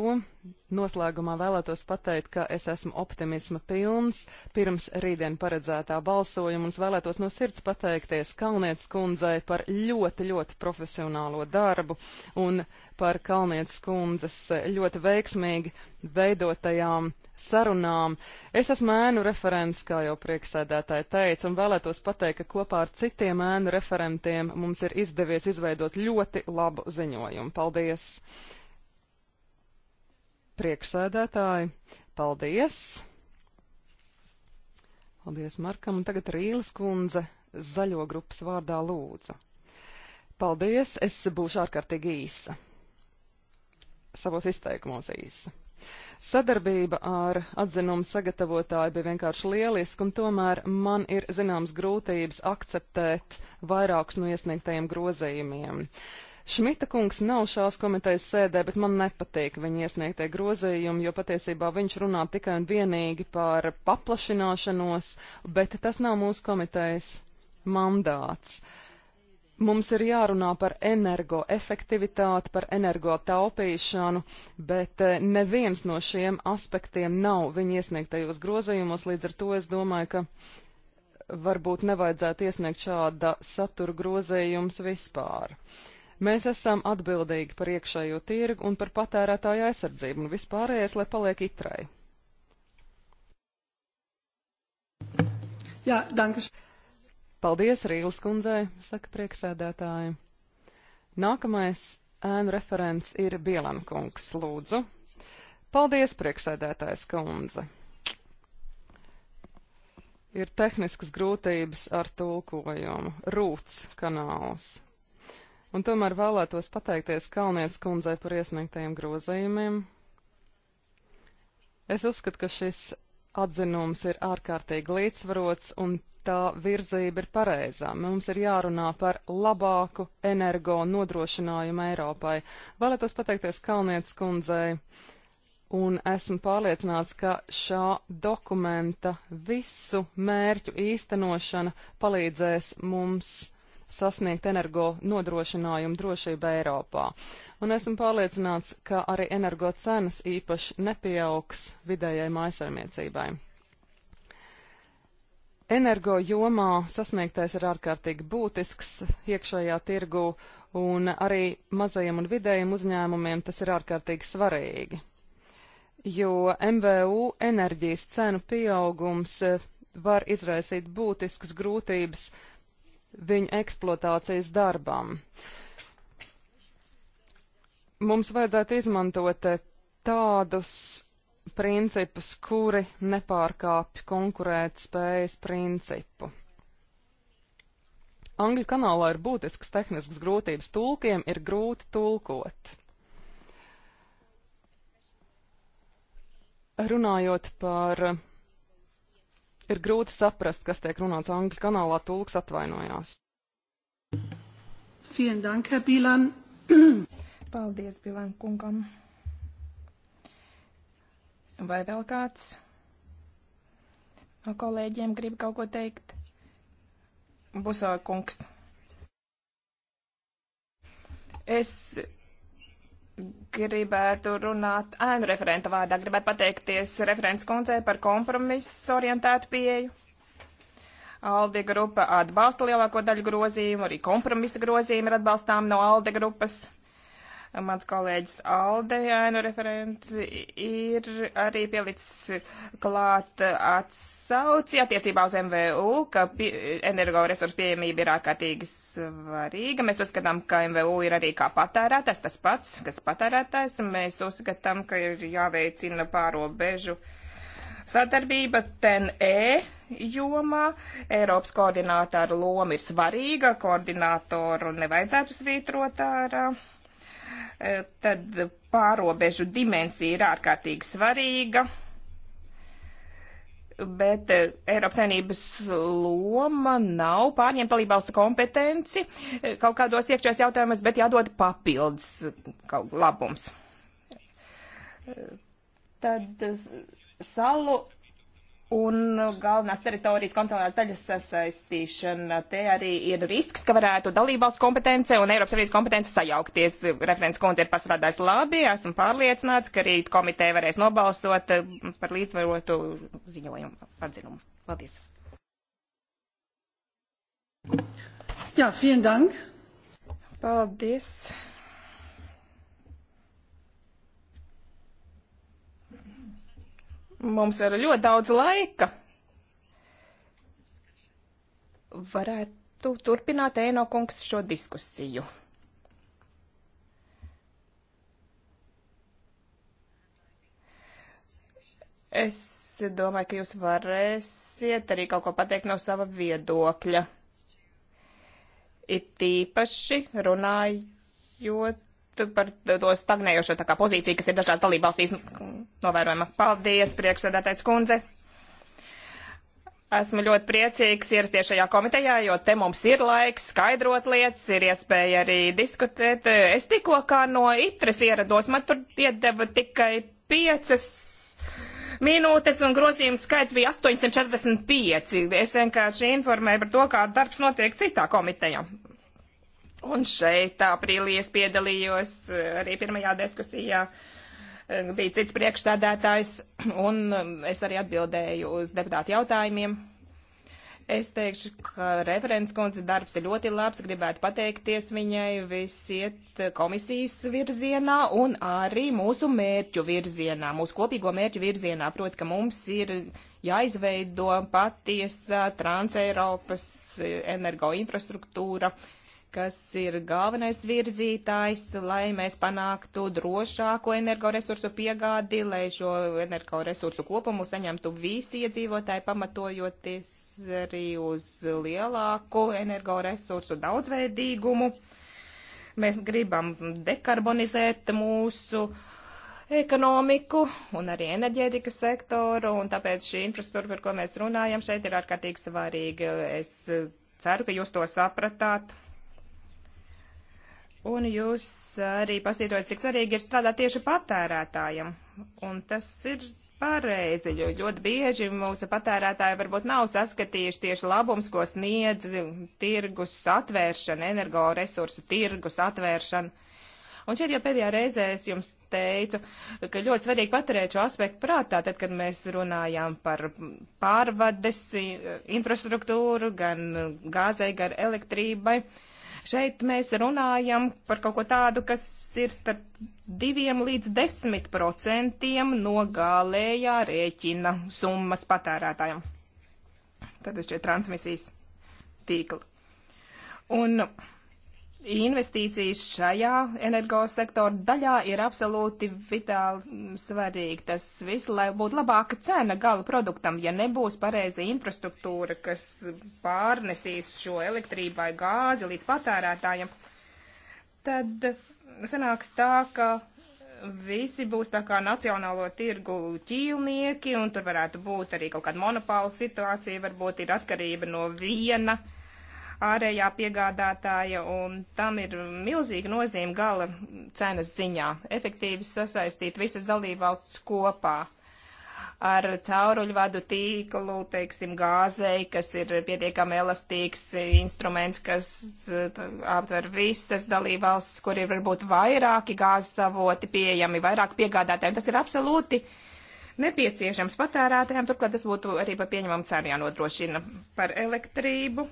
noslēgumā vēlētos pateikt, ka es esmu optimisma pilns pirms rītdien paredzētā balsojuma un vēlētos no sirds pateikties Kalnietes kundzei par ļoti, ļoti profesionālo darbu un par Kalnietes kundzes ļoti veiksmīgi veidotajām sarunām. Es esmu ēnu referents, kā jau prieksēdētāji teica, un vēlētos pateikt, ka kopā ar citiem ēnu referentiem mums ir izdevies izveidot ļoti labu ziņojumu. Paldies! Prieksēdētāji, paldies! Paldies Markam, un tagad Rīles kundze zaļo grupas vārdā lūdzu. Paldies, es būšu ārkārtīgi īsa. Savos izteikumos īsa. Sadarbība ar atzinumu sagatavotāju bija vienkārši lieliska, un tomēr man ir zināms grūtības akceptēt vairākus no iesniegtajiem grozījumiem. Uh, Šmita kungs nav šās komitejas sēdē, bet man nepatīk viņa iesniegtie grozījumi, jo patiesībā viņš runā tikai un vienīgi par paplašināšanos, bet tas nav mūsu komitejas mandāts. Mums ir jārunā par energoefektivitāti, par energotaupīšanu, bet eh, neviens no šiem aspektiem nav viņa iesniegtajos grozījumos, līdz ar to es domāju, ka varbūt nevajadzētu iesniegt šāda satura grozījums vispār. Uh, Mēs esam atbildīgi par iekšējo tirgu un par patērētāju aizsardzību un vispārējais, lai paliek itrai. Jā, dankas. Paldies Rīles kundzei, saka prieksēdētāji. Nākamais ēnu referents ir Bielan kungs, lūdzu. Paldies, prieksēdētājs kundze. Ir tehniskas grūtības ar tulkojumu. Rūts kanāls un tomēr vēlētos pateikties Kalnietes kundzei par iesniegtajiem grozījumiem. Es uzskatu, ka šis atzinums ir ārkārtīgi līdzsvarots un tā virzība ir pareizā. Mums ir jārunā par labāku energo nodrošinājumu Eiropai. Vēlētos pateikties Kalnietes kundzei. Un esmu pārliecināts, ka šā dokumenta visu mērķu īstenošana palīdzēs mums sasniegt energo nodrošinājumu drošību Eiropā. Un esmu pārliecināts, ka arī energo cenas īpaši nepieaugs vidējai maisaimniecībai. Energo jomā sasniegtais ir ārkārtīgi būtisks iekšējā tirgu, un arī mazajiem un vidējiem uzņēmumiem tas ir ārkārtīgi svarīgi. Jo MVU enerģijas cenu pieaugums var izraisīt būtiskas grūtības viņu eksploatācijas darbam. Mums vajadzētu izmantot eh, tādus principus, kuri nepārkāpj konkurēt spējas principu. Angļu kanālā ir būtisks tehnisks grūtības tulkiem, ir grūti tulkot. Runājot par ir grūti saprast, kas tiek runāts angļu kanālā, tulks atvainojās. Vielen Dank, Herr Bilan. *clears throat* Paldies, Bilan kungam. Vai vēl kāds no kolēģiem grib kaut ko teikt? Busā kungs. Es gribētu runāt ēnu referenta vārdā. Gribētu pateikties referents kundzei par kompromisu orientētu pieeju. Alde grupa atbalsta lielāko daļu grozījumu, arī kompromisa grozījumi ir atbalstām no Alde grupas. Mans kolēģis Alde, ēnu referents, ir arī pielicis klāt atsauci attiecībā uz MVU, ka energoresursu pieejamība ir ārkārtīgi svarīga. Mēs uzskatām, ka MVU ir arī kā patērētājs, tas pats, kas patērētājs. Mēs uzskatām, ka ir jāveicina pārobežu sadarbība TNE jomā. Eiropas koordinātāra loma ir svarīga, koordinātoru nevajadzētu svītrot ar. Uh, Eh, tad pārobežu dimensija ir ārkārtīgi svarīga. Bet eh, Eiropas Savienības loma nav pārņemt dalībvalstu kompetenci eh, kaut kādos iekšējos jautājumos, bet jādod papildus kaut labums. Tad salu un galvenās teritorijas kontrolās daļas sasaistīšana. Te arī ir risks, ka varētu dalībvalsts kompetence un Eiropas Savienības kompetence sajaukties. Referents kundze ir pastrādājis labi, esmu pārliecināts, ka rīt komiteja varēs nobalsot par līdzvarotu ziņojumu atzinumu. Paldies. Jā, vielen dank. Paldies. mums ir ļoti daudz laika. Varētu turpināt Ēnokungs šo diskusiju. Es domāju, ka jūs varēsiet arī kaut ko pateikt no sava viedokļa. Ir tīpaši runājot par to stagnējošo tā kā pozīciju, kas ir dažās dalībvalstīs novērojama. Paldies, priekšsēdētais kundze. Esmu ļoti priecīgs ierasties šajā komitejā, jo te mums ir laiks skaidrot lietas, ir iespēja arī diskutēt. Es tikko kā no Itras ierados, man tur iedeva tikai piecas minūtes un grozījums skaits bija 845. Es vienkārši informēju par to, kā darbs notiek citā komitejā. Un šeit aprīlī es piedalījos eh, arī pirmajā diskusijā. Eh, bija cits priekšstādētājs, *clears throat* un um, es arī atbildēju uz deputātu jautājumiem. Es teikšu, ka referents kundze darbs ir ļoti labs, gribētu pateikties viņai, viss iet komisijas virzienā un arī mūsu mērķu virzienā, mūsu kopīgo mērķu virzienā, proti, ka mums ir jāizveido patiesa transeiropas eh, energoinfrastruktūra. infrastruktūra kas ir galvenais virzītājs, lai mēs panāktu drošāko energoresursu piegādi, lai šo energoresursu kopumu saņemtu visi iedzīvotāji, pamatojoties arī uz lielāku energoresursu daudzveidīgumu. Mēs gribam dekarbonizēt mūsu ekonomiku un arī enerģētikas sektoru, un tāpēc šī infrastruktūra, par ko mēs runājam, šeit ir ārkārtīgi svarīga. Es ceru, ka jūs to sapratāt. Un jūs arī pasītojat, cik svarīgi ir strādāt tieši patērētājiem. Un tas ir pareizi, jo ļoti bieži mūsu patērētāji varbūt nav saskatījuši tieši labums, ko sniedz tirgus atvēršana, energoresursu tirgus atvēršana. Un šeit jau pēdējā reizē es jums teicu, ka ļoti svarīgi paturēt šo aspektu prātā, tad, kad mēs runājām par pārvades infrastruktūru, gan gāzei, gan elektrībai. Uh, Šeit mēs runājam par kaut ko tādu, kas ir starp 2 līdz 10 procentiem no galējā rēķina summas patērētājiem. Tad šie transmisijas tīkli. Un investīcijas šajā energosektora daļā ir absolūti vitāli svarīgi. Tas viss, lai būtu labāka cena gala produktam, ja nebūs pareiza infrastruktūra, kas pārnesīs šo elektrību vai gāzi līdz patērētājiem, tad sanāks tā, ka visi būs tā kā nacionālo tirgu ķīlnieki, un tur varētu būt arī kaut kāda monopāla situācija, varbūt ir atkarība no viena ārējā piegādātāja, un tam ir milzīga nozīme gala cenas ziņā. Efektīvi sasaistīt visas dalībvalsts kopā ar cauruļvadu tīklu, teiksim, gāzei, kas ir pietiekami elastīgs instruments, kas uh, aptver visas dalībvalstis, kur ir varbūt vairāki gāzes avoti pieejami, vairāk piegādātājiem. Tas ir absolūti nepieciešams patērētājiem, turklāt tas būtu arī par pieņemamu cenu jānodrošina par elektrību.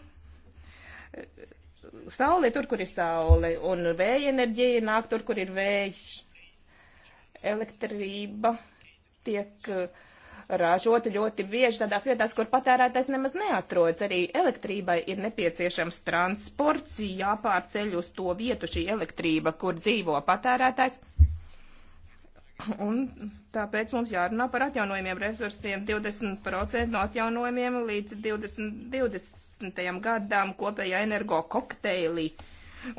Saule tur, kur ir saule, un vēja enerģija nāk tur, kur ir vējš. Elektrība tiek uh, ražota ļoti bieži tādās vietās, kur patērētājs nemaz neatrodas. Arī elektrībai ir nepieciešams transports, jāpārceļ uz to vietu šī elektrība, kur dzīvo patērētājs. Un tāpēc mums jārunā par atjaunojumiem resursiem. 20% no atjaunojumiem līdz 2020 2030. gadam kopējā energo kokteilī.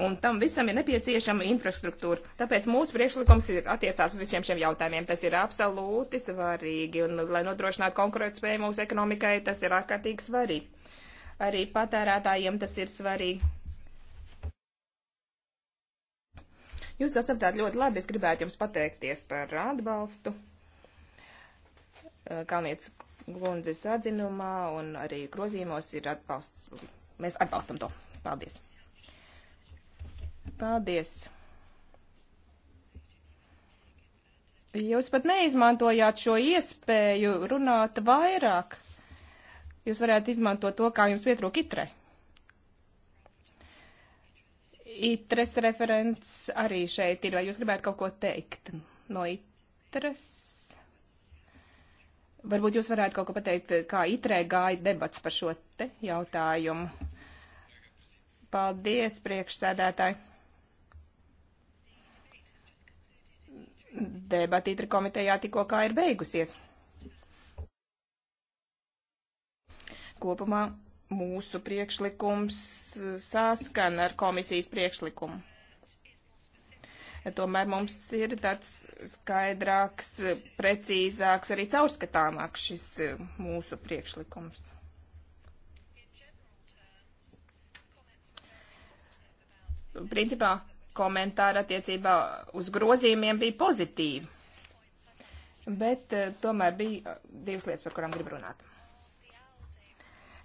Un tam visam ir nepieciešama infrastruktūra. Tāpēc mūsu priekšlikums ir attiecās uz visiem šiem jautājumiem. Tas ir absolūti svarīgi. Un, lai nodrošinātu konkurētspēju mūsu ekonomikai, tas ir ārkārtīgi svarīgi. Arī patērētājiem tas ir svarīgi. Jūs to saprotat ļoti labi. Es gribētu jums pateikties par atbalstu. Kalnietis Glundzes atzinumā un arī grozījumos ir atbalsts. Mēs atbalstam to. Paldies. Paldies. Jūs pat neizmantojāt šo iespēju runāt vairāk. Jūs varētu izmantot to, kā jums pietrūk itre. Itres referents arī šeit ir. Vai jūs gribētu kaut ko teikt no itres? Varbūt jūs varētu kaut ko pateikt, kā itrē gāja debats par šo te jautājumu. Paldies, priekšsēdētāji. Debati itra komitejā tikko kā ir beigusies. Kopumā mūsu priekšlikums saskan ar komisijas priekšlikumu. Tomēr mums ir tāds skaidrāks, precīzāks, arī caurskatāmāks šis eh, mūsu priekšlikums. Principā komentāri attiecībā uz grozījumiem bija pozitīvi, bet eh, tomēr bija eh, divas lietas, par kurām gribu runāt.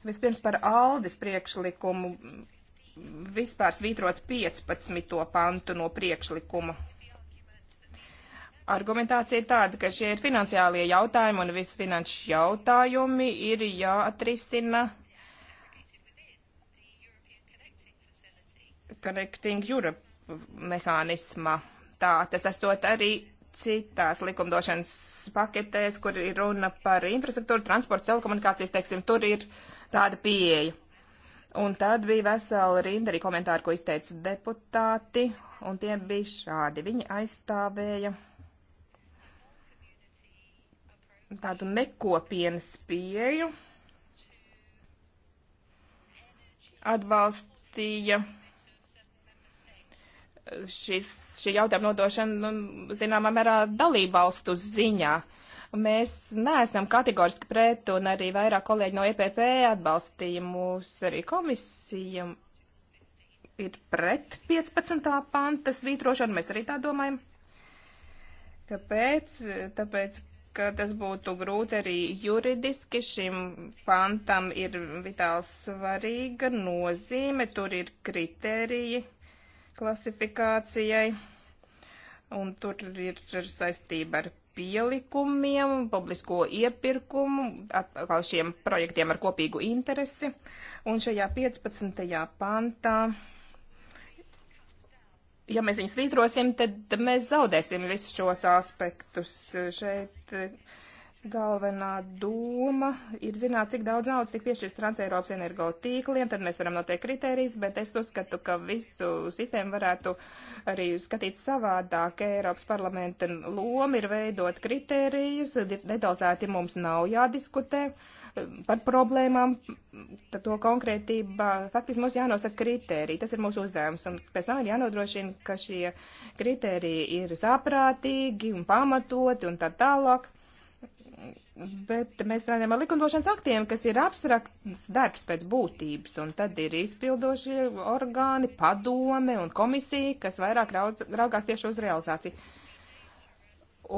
Vispirms par Aldis priekšlikumu vispār svītrot 15. pantu no priekšlikuma. Argumentācija ir tāda, ka šie ir finansiālie jautājumi un visi finanšu jautājumi ir jāatrisina Connecting Europe mehānisma. Tā tas esot arī citās likumdošanas paketēs, kur ir runa par infrastruktūru, transportu, telekomunikācijas, teiksim, tur ir tāda pieeja. Un tad bija vesela rinda arī komentāru, ko izteica deputāti, un tie bija šādi. Viņi aizstāvēja tādu nekopienas pieju, atbalstīja šis, šī jautājuma nodošana, nu, zināmā mērā, dalībvalstu ziņā. Uh, Mēs neesam kategoriski pret, un arī vairāk kolēģi no EPP atbalstīja mūs arī komisija ir pret 15. panta svītrošanu. Mēs arī tā domājam. Kāpēc? Tāpēc, ka tas būtu grūti arī juridiski. Šim pantam ir vitāli svarīga nozīme, tur ir kriteriji klasifikācijai, un tur ir, ir saistība ar pielikumiem, publisko iepirkumu, atkal šiem projektiem ar kopīgu interesi. Un šajā 15. pantā, ja mēs viņus svītrosim, tad mēs zaudēsim visus šos aspektus. Šeit galvenā doma ir zināt, cik daudz naudas tik piešķirs Transeiropas energo tīkliem, tad mēs varam noteikt kriterijus, bet es uzskatu, ka visu sistēmu varētu arī skatīt savādāk. Eiropas parlamenta loma ir veidot kriterijus, detalizēti mums nav jādiskutē um, par problēmām, tad to konkrētībā faktiski mums jānosaka kriteriji, tas ir mūsu uzdevums, un pēc tam ir jānodrošina, ka šie kriteriji ir saprātīgi un pamatoti un tā tālāk bet mēs strādājam ar likumdošanas aktiem, kas ir abstrakts darbs pēc būtības, un tad ir izpildošie orgāni, padome un komisija, kas vairāk raudz, raugās tieši uz realizāciju.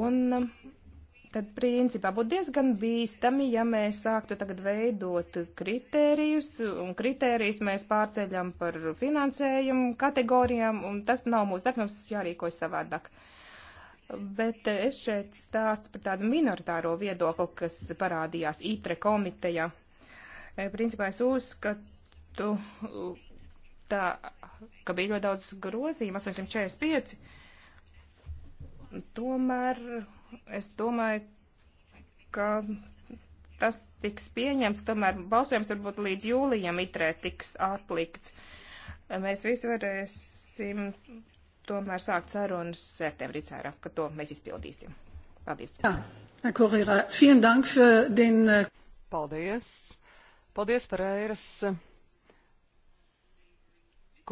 Un um, tad principā būtu diezgan bīstami, ja mēs sāktu tagad veidot kritērijus, un kritērijus mēs pārceļam par finansējumu kategorijām, un tas nav mūsu darbs, mums jārīkojas savādāk. Uh, bet es šeit stāstu par tādu minoritāro viedokli, kas parādījās ITRE komitejā. E, principā es uzskatu, tā, ka bija ļoti daudz grozījumu, 845. Tomēr es domāju, ka tas tiks pieņemts, tomēr balsojums varbūt līdz jūlijam ITRE tiks atlikts. Mēs visi varēsim tomēr sākt sarunas septembrī ceram, ka to mēs izpildīsim. Paldies. Jā, Korīrā, vielen dank für den. Eh, Paldies. Paldies par Eiras eh,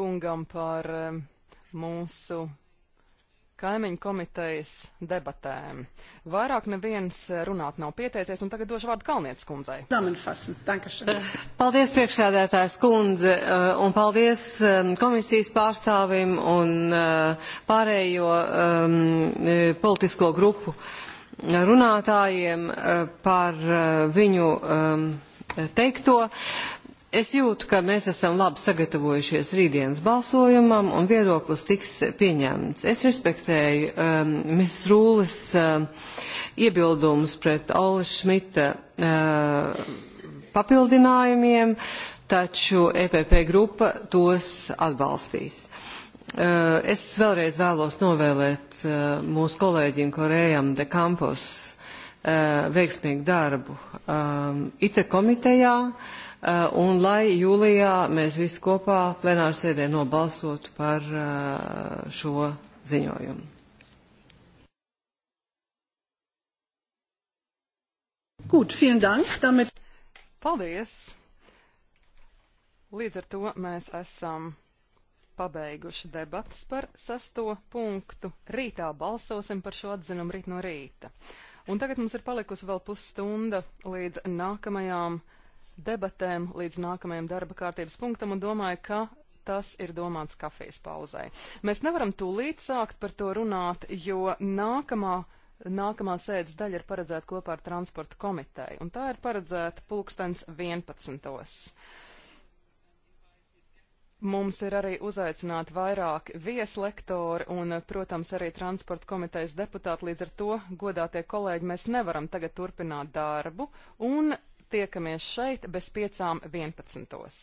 kungam par eh, mūsu kaimiņu komitejas debatēm. Vairāk neviens runāt nav pieteicies, un tagad došu vārdu Kalnietes kundzei. Eh, paldies priekšsēdētājs kundze, eh, un paldies ehm, komisijas pārstāvim un eh, pārējo um, politisko grupu runātājiem par viņu um, teikto. Es jūtu, ka mēs esam labi sagatavojušies rītdienas balsojumam un viedoklis tiks pieņemts. Es respektēju um, Ms. Rūles um, iebildumus pret Ola Šmita uh, papildinājumiem, taču EPP grupa tos atbalstīs. Uh, es vēlreiz vēlos novēlēt uh, mūsu kolēģim Korejam de Campos uh, veiksmīgu darbu um, ITRE komitejā. Uh, Eh, un lai jūlijā mēs visi kopā plenārsēdē nobalsotu par eh, šo ziņojumu. Gut, vielen Dank. Damit... Paldies! Līdz ar to mēs esam pabeiguši debatas par sesto punktu. Rītā balsosim par šo atzinumu rīt no rīta. Un tagad mums ir palikusi vēl pusstunda līdz nākamajām debatēm līdz nākamajam darba kārtības punktam un domāju, ka tas ir domāts kafijas pauzai. Mēs nevaram tūlīt sākt par to runāt, jo nākamā, nākamā sēdes daļa ir paredzēta kopā ar transporta komiteju, un tā ir paredzēta pulkstens 11. Mums ir arī uzaicināti vairāk vieslektori un, protams, arī transporta komitejas deputāti. Līdz ar to, godātie kolēģi, mēs nevaram tagad turpināt darbu, un Tiekamies šeit bez piecām vienpadsmitos.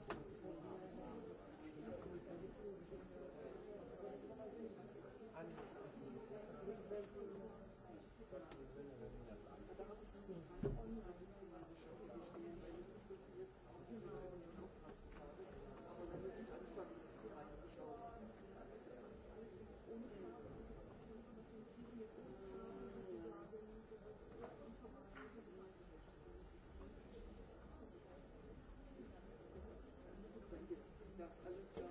klar, alles klar.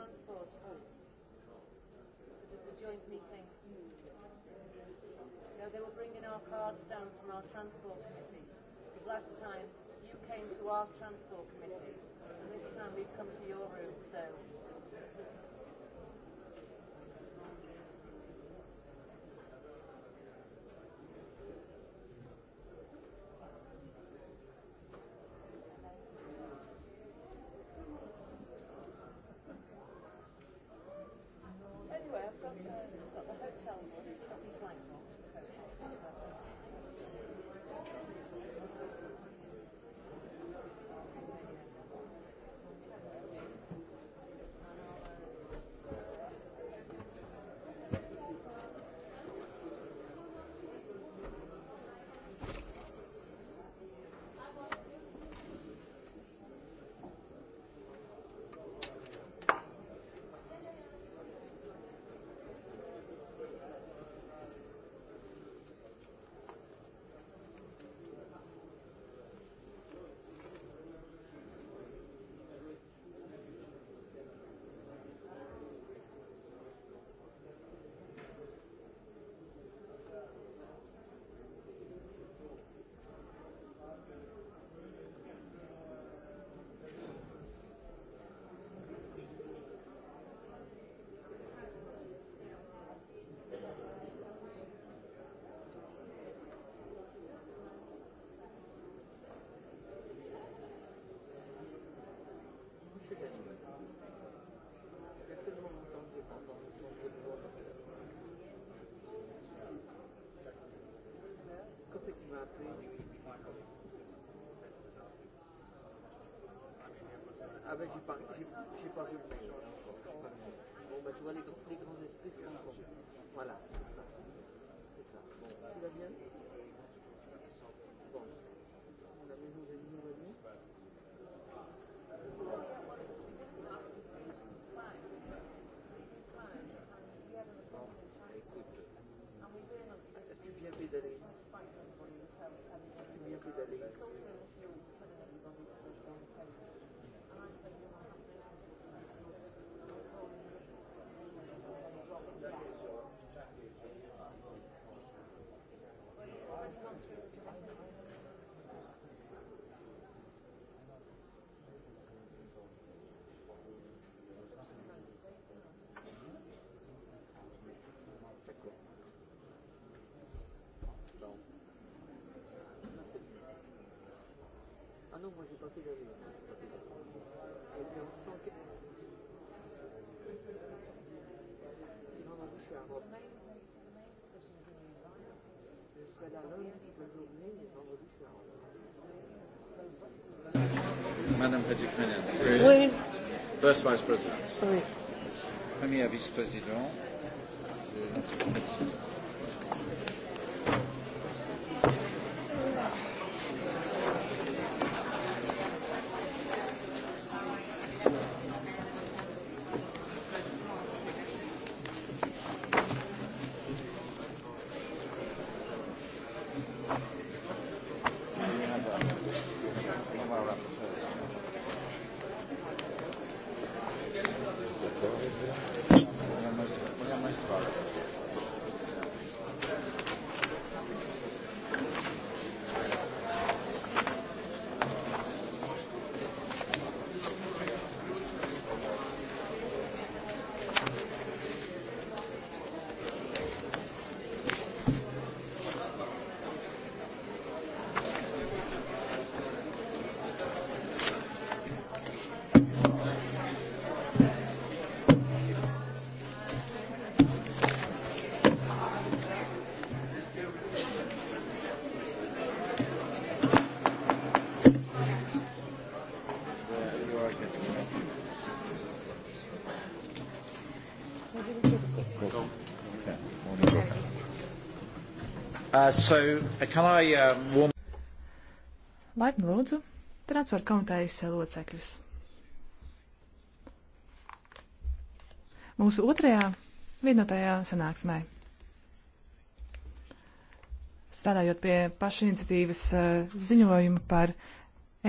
Transport Group. Because it's a joint meeting. No, they were bringing our cards down from our Transport Committee. Because last time you came to our Transport Committee, and this time we've come to your room, so Ah ben j'ai pas, j'ai, j'ai pas vu le mail. Bon ben tu vois les, les grands esprits se rencontrent. Voilà, c'est ça. C'est ça. Bon, tu vas bien Music Finance. Oui. oui. First Vice President. Oui. Premier vice-président. Merci. Uh, so, uh, can I, uh, warm... Laipni lūdzu, transporta komitejas locekļus. Mūsu otrajā vienotajā sanāksmē. Strādājot pie pašiniciatīvas uh, ziņojuma par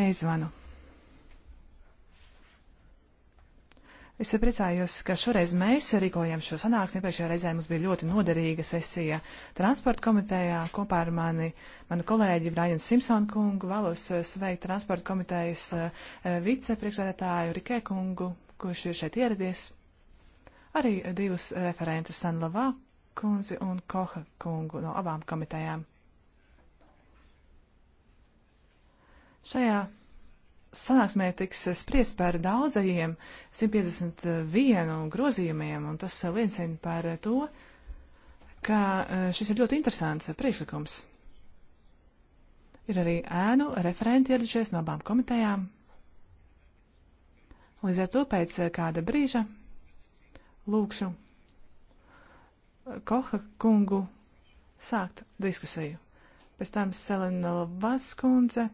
e-zvanu. Es priecājos, ka šoreiz mēs rīkojam šo sanāksmi. Pēdējā reizē mums bija ļoti noderīga sesija transporta komitejā kopā ar mani, manu kolēģi Brajanu Simpsonu kungu. Vēlos eh, sveikt transporta komitejas eh, vicepriekšsēdētāju Rikē kungu, kurš ir šeit ieradies. Arī divus referentus Sanlavā kundzi un Koha kungu no abām komitejām. Šajā sanāksmē tiks spriest par daudzajiem 151 grozījumiem, un tas liecina par to, ka e, šis ir ļoti interesants priekšlikums. Ir arī ēnu referenti ieradušies no abām komitejām. Līdz ar to pēc kāda brīža lūkšu Koha kungu sākt diskusiju. Pēc tam Selena Lavas kundze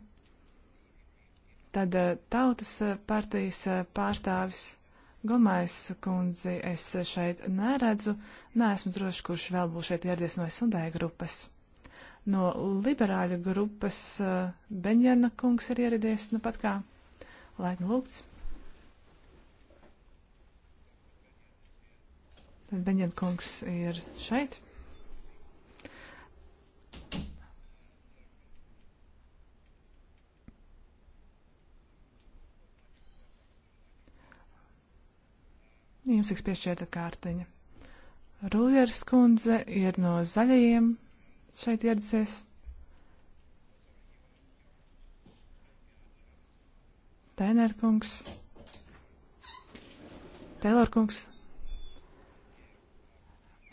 Tad eh, tautas eh, partijas eh, pārstāvis Gomais kundzi es šeit neredzu, neesmu droši, kurš vēl būs šeit ieradies no SUDAI grupas. No liberāļu grupas Benjana kungs ir ieradies, nu pat kā. Laipni lūgts. Benjana kungs ir šeit. Jums tiks piešķirta kārtiņa. Ruljeras kundze ir no zaļajiem šeit ieradusies. Tēnērkungs. Tēlorkungs.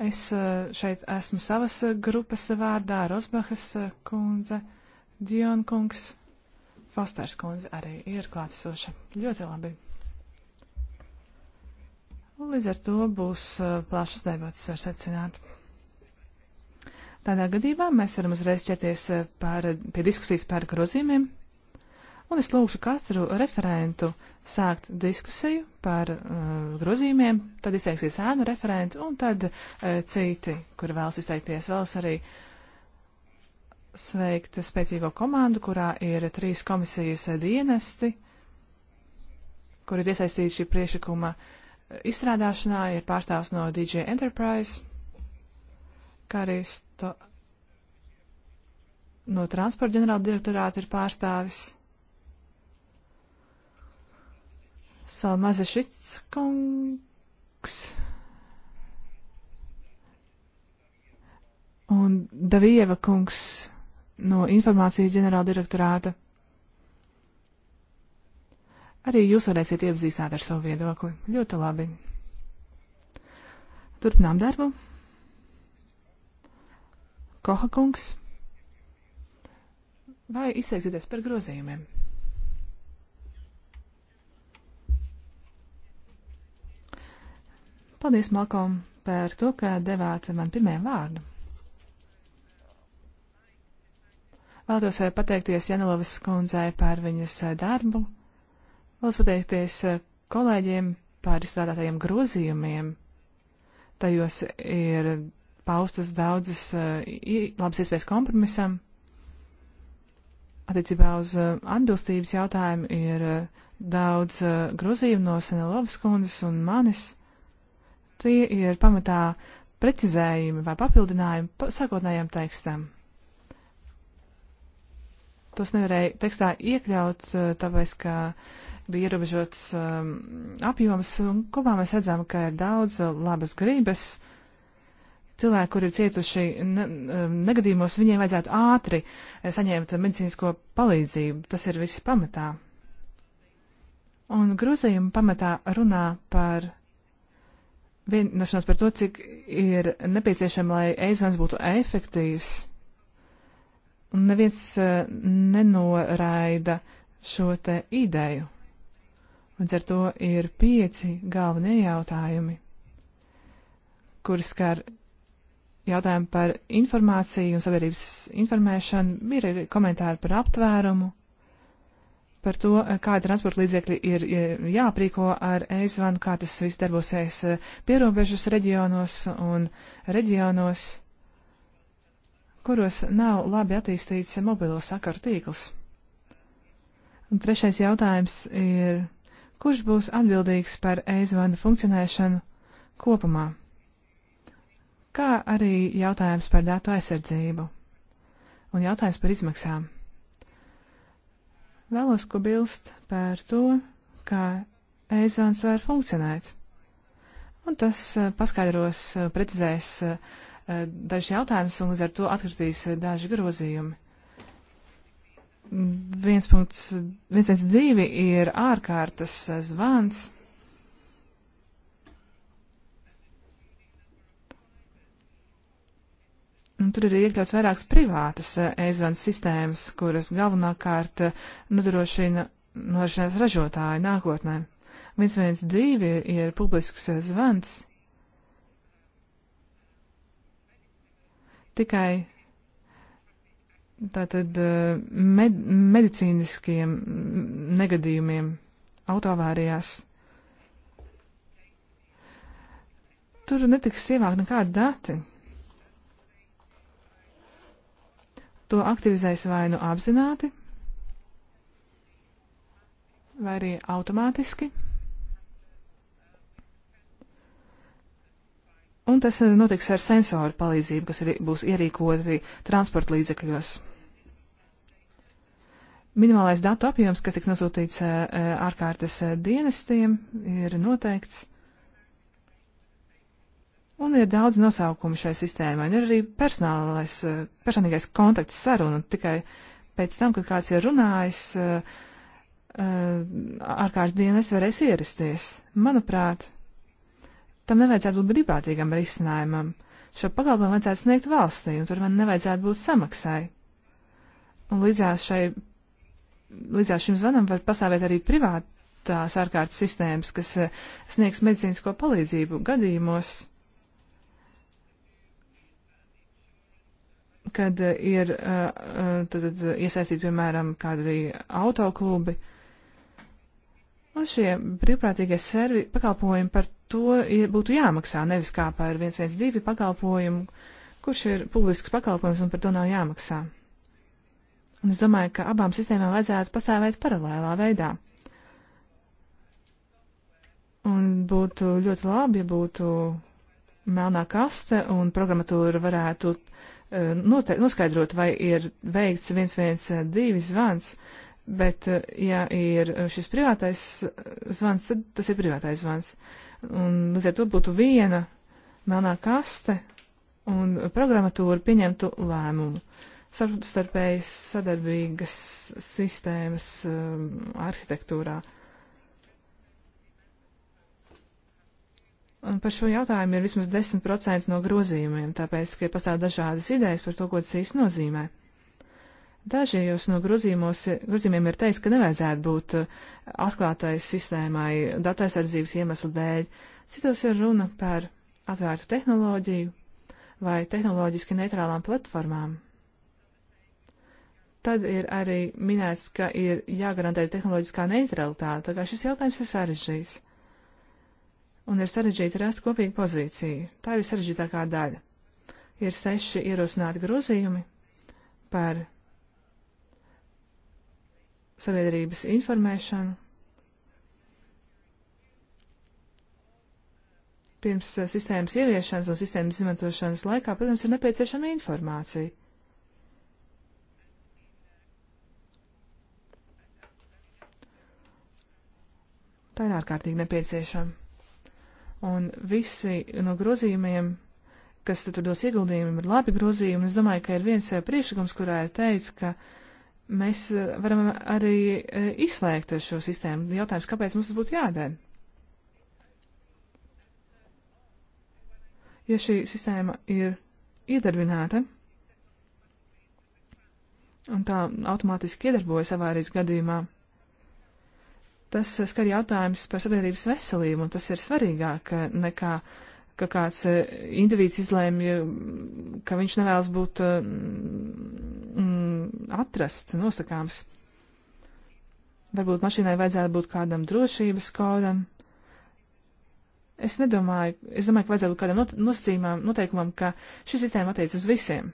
Es eh, šeit esmu savas eh, grupas vārdā, Rosbahas eh, kundze, Dionkungs, Fosters kundze arī ir klātesoša. Ļoti labi. Līdz ar to būs uh, plašas debatas, var secināt. Tādā gadījumā mēs varam uzreiz ķerties uh, par, pie diskusijas par grozījumiem, un es lūgšu katru referentu sākt diskusiju par uh, grozījumiem, tad izteiksies ēnu referenti un tad uh, citi, kuri vēlas izteikties, vēlas arī sveikt spēcīgo komandu, kurā ir trīs komisijas dienesti, kuri ir iesaistīti šī priešakuma uh, izstrādāšanā ir pārstāvs no DJ Enterprise, kā arī sto... no transporta ģenerāla direktorāta ir pārstāvis. Salmaze Šitskungs un Davieva kungs no informācijas ģenerāla direktorāta. Arī jūs varēsiet iepazīstināt ar savu viedokli. Ļoti labi. Turpinām darbu. Koha kungs, vai izteiksieties par grozījumiem? Paldies, Malkom, par to, ka devāt man pirmajam vārdu. Vēlētos eh, pateikties Janelovas kundzei par viņas eh, darbu Vēlos pateikties eh, kolēģiem par izstrādātajiem grozījumiem. Tajos ir paustas daudzas eh, labas iespējas kompromisam. Attiecībā uz eh, atbilstības jautājumu ir daudz grozījumu no Senelovas kundzes un manis. Tie ir pamatā precizējumi vai papildinājumi sākotnējam tekstam. Tos nevarēja tekstā iekļaut, tāpēc, ka uh, bija ierobežots um, apjoms, un kopā mēs redzam, ka ir daudz labas gribas. Cilvēki, kur ir cietuši ne, um, negadījumos, viņiem vajadzētu ātri eh, saņemt medicīnisko palīdzību. Tas ir viss pamatā. Un grozījuma pamatā runā par vienošanos par to, cik ir nepieciešama, lai eizvans būtu efektīvs. Un neviens uh, eh, nenoraida šo te ideju. Līdz ar to ir pieci galvenie jautājumi, kuri skar jautājumu par informāciju un sabiedrības informēšanu, ir arī komentāri par aptvērumu, par to, kādi transporta līdzekļi ir jāprīko ar e-zvanu, kā tas viss darbosies eh, pierobežas reģionos un reģionos, kuros nav labi attīstīts mobilo sakaru tīkls. Un trešais jautājums ir kurš būs atbildīgs par e-zvana funkcionēšanu kopumā, kā arī jautājums par datu aizsardzību un jautājums par izmaksām. Vēlos ko bilst par to, kā e-zvans var funkcionēt. Un tas eh, paskaidros, eh, precizēs eh, dažus jautājumus un līdz ar to atkritīs daži grozījumi. 112 ir ārkārtas zvans. Un tur ir iekļauts vairākas privātas eh, e-zvans sistēmas, kuras galvenokārt eh, nodrošina norisinās ražotāji nākotnē. 112 ir publisks eh, zvans tikai tātad eh, med, medicīniskiem negadījumiem autoavārijās. Tur netiks ievākt nekādi dati. To aktivizēs vai nu apzināti, vai arī automātiski. Un tas eh, notiks ar sensoru palīdzību, kas ir, būs ierīkoti transporta līdzekļos. Minimālais datu apjoms, kas tiks nosūtīts eh, eh, ārkārtas dienestiem, ir noteikts. Un ir daudz nosaukumu šai sistēmai, un ir arī personālais, personīgais kontakts saruna. Tikai pēc tam, kad kāds ir runājis, ārkārtas dienas varēs ierasties. Manuprāt, Tam nevajadzētu būt brīvprātīgam risinājumam. Šo pakalpojumu vajadzētu sniegt valstī, un tur man nevajadzētu būt samaksai. Un līdzās, šai, līdzās šim zvanam var pastāvēt arī privātās ārkārtas sistēmas, kas eh, sniegs medicīnisko palīdzību gadījumos, kad eh, ir eh, tad, tad, iesaistīti, piemēram, kādi autoklubi. Un šie brīvprātīgie servi pakalpojumi par to būtu jāmaksā, nevis kā par 112 pakalpojumu, kurš ir publisks pakalpojums un par to nav jāmaksā. Un es domāju, ka abām sistēmām vajadzētu pastāvēt paralēlā veidā. Un būtu ļoti labi, ja būtu melnā kaste un programmatūra varētu e, note, noskaidrot, vai ir veikts 112 zvans, bet e, ja ir šis privātais zvans, tad tas ir privātais zvans. Un līdz ar to būtu viena melnā kaste un programmatūra pieņemtu lēmumu. Starpējas sadarbīgas sistēmas um, arhitektūrā. Un par šo jautājumu ir vismaz 10% no grozījumiem, tāpēc, ka pastāv dažādas idejas par to, ko tas īsti nozīmē. Dažajos no grozījumiem ir teiks, ka nevajadzētu būt uh, atklātai sistēmai dataizsardzības iemeslu dēļ, citos ir runa par atvērtu tehnoloģiju vai tehnoloģiski neitrālām platformām. Tad ir arī minēts, ka ir jāgarantē tehnoloģiskā neutralitāte, tā kā šis jautājums ir sarežģīts. Un ir sarežģīti rast kopīgu pozīciju. Tā ir sarežģītākā daļa. Ir seši ierosināti grozījumi par sabiedrības informēšanu. Pirms eh, sistēmas ieviešanas un sistēmas izmantošanas laikā, protams, ir nepieciešama informācija. Tā ir ārkārtīgi nepieciešama. Un visi no grozījumiem, kas tur dos ieguldījumiem, ir labi grozījumi. Es domāju, ka ir viens eh, priekšlikums, kurā ir teicis, ka uh, mēs eh, varam arī eh, izslēgt šo sistēmu. Jautājums, kāpēc mums tas būtu jādara? Ja šī sistēma ir iedarbināta un tā automātiski iedarbojas avārijas gadījumā, tas eh, skar jautājums par sabiedrības veselību, un tas ir svarīgāk nekā uh, ka kāds eh, indivīds izlēmja, ka viņš nevēlas būt eh, mm, atrasts, nosakāms. Varbūt mašīnai vajadzētu būt kādam drošības kodam. Es nedomāju, es domāju, ka vajadzētu būt kādam nosacījumam, noteikumam, ka šī sistēma attiec uz visiem.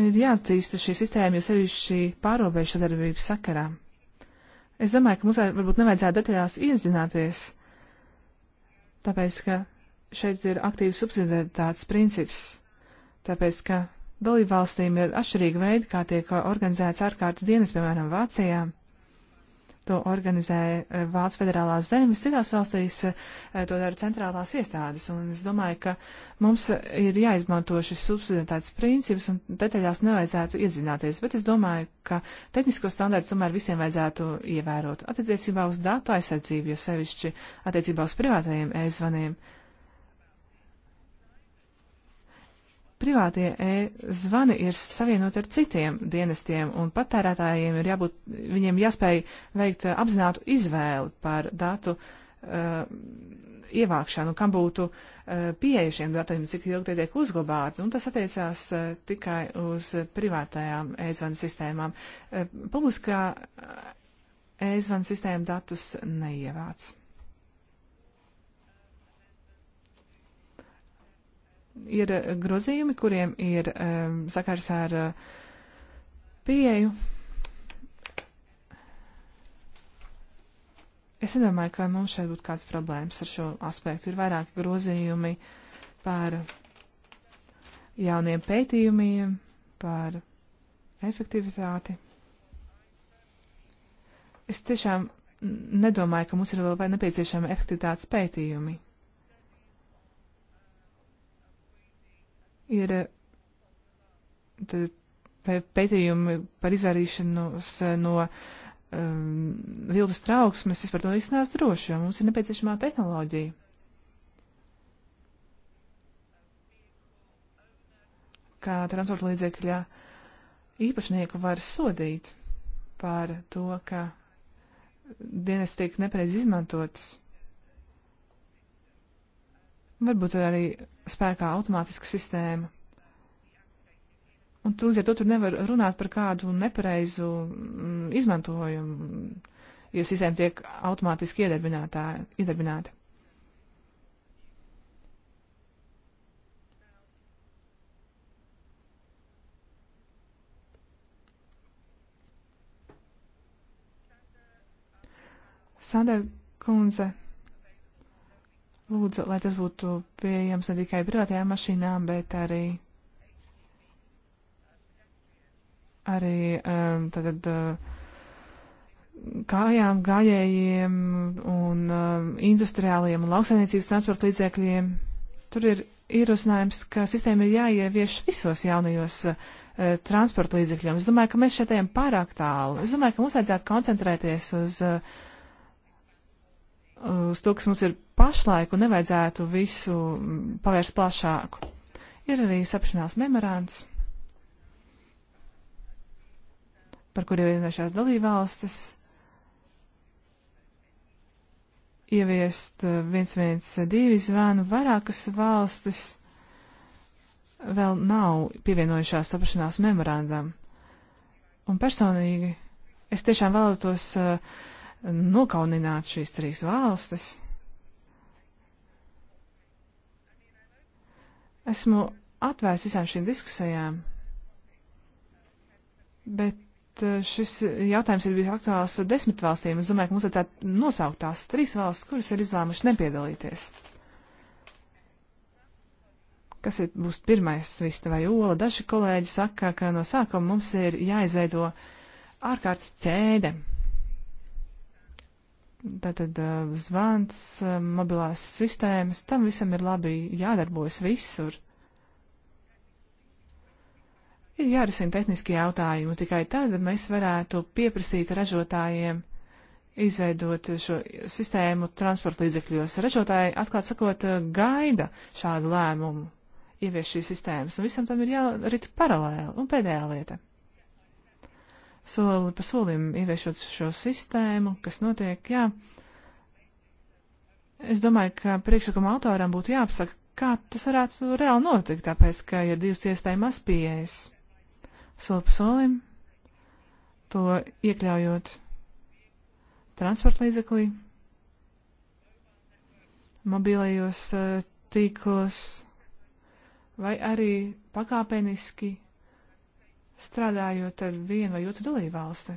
ir jāattīsta šī sistēma, jo sevišķi pārobežu sadarbības sakarā. Es domāju, ka mums varbūt nevajadzētu detaļās iedzināties, tāpēc, ka šeit ir aktīvs subsidiaritātes princips, tāpēc, ka dalībvalstīm ir atšķirīga veida, kā tiek organizēts ārkārtas dienas, piemēram, Vācijā. To organizē e, Vācu federālās zemes, citās valstīs e, to dara centrālās iestādes. Un es domāju, ka mums ir jāizmanto šis subsidentāts princips un detaļās nevajadzētu iedzināties. Bet es domāju, ka tehnisko standārtu tomēr visiem vajadzētu ievērot. Attiecībā uz datu aizsardzību, jo sevišķi attiecībā uz privātajiem e-zvaniem. E privātie e-zvani ir savienoti ar citiem dienestiem, un patērētājiem ir jābūt, viņiem jāspēj veikt eh, apzinātu izvēli par datu uh, ievākšanu, kam būtu uh, pieeja šiem datiem, cik ilgi tie tiek uzglabāti, un tas attiecās uh, tikai uz privātajām e-zvanu sistēmām. Uh, publiskā e-zvanu sistēma datus neievāc. ir grozījumi, kuriem ir um, sakars ar uh, pieeju. Es nedomāju, ka mums šeit būtu kāds problēmas ar šo aspektu. Ir vairāki grozījumi par jauniem pētījumiem, par efektivitāti. Es tiešām nedomāju, ka mums ir vēl nepieciešami efektivitātes pētījumi. ir eh, pētījumi par izvairīšanos eh, no um, viltus trauksmes, es par to izsnās droši, jo mums ir nepieciešamā tehnoloģija. Kā transporta līdzekļa īpašnieku var sodīt par to, ka dienas tiek nepareiz izmantotas. Varbūt arī spēkā automātiska sistēma. Un līdz ar to tur nevar runāt par kādu nepareizu mm, izmantojumu, jo sistēma tiek automātiski iedarbināta. Sandra Kunze lūdzu, lai tas būtu pieejams ne tikai privātajām mašīnām, bet arī, arī um, tātad, uh, kājām, gājējiem un um, industriāliem un lauksainiecības transporta līdzekļiem. Tur ir ierosinājums, ka sistēma ir jāievieš visos jaunajos uh, transporta līdzekļos. Es domāju, ka mēs šeit ejam pārāk tālu. Es domāju, ka mums vajadzētu koncentrēties uz uh, uz to, kas mums ir pašlaik, un nevajadzētu visu pavērst plašāku. Ir arī sapšanās memorāns, par kuriem vienojušās dalībvalstis ieviest 112 eh, zvanu. Vairākas valstis vēl nav pievienojušās saprašanās memorandam. Un personīgi es tiešām vēlētos uh, nokaunināt šīs trīs valstis. Esmu atvērts visām šīm diskusijām, bet eh, šis jautājums ir bijis aktuāls desmit valstīm. Es domāju, ka mums vajadzētu nosaukt tās trīs valstis, kuras ir izlēmuši nepiedalīties. Kas ir, būs pirmais vista vai ola? Daži kolēģi saka, ka no sākuma mums ir jāizveido ārkārtas ķēde Tātad zvans, mobilās sistēmas, tam visam ir labi jādarbojas visur. Ir jārisina tehniski jautājumi, tikai tad mēs varētu pieprasīt ražotājiem izveidot šo sistēmu transporta līdzekļos. Ražotāji, atklāt sakot, gaida šādu lēmumu, ievies šīs sistēmas, un visam tam ir jārit paralēli. Un pēdējā lieta soli pa solim ieviešot šo sistēmu, kas notiek, jā. Es domāju, ka priekšlikuma autoram būtu jāapsaka, kā tas varētu reāli notikt, tāpēc, ka ir divas iespējamas pieejas. Soli pa solim, to iekļaujot transporta līdzeklī, mobilajos eh, tīklos vai arī pakāpeniski strādājot ar vienu vai otru dalībvalsti.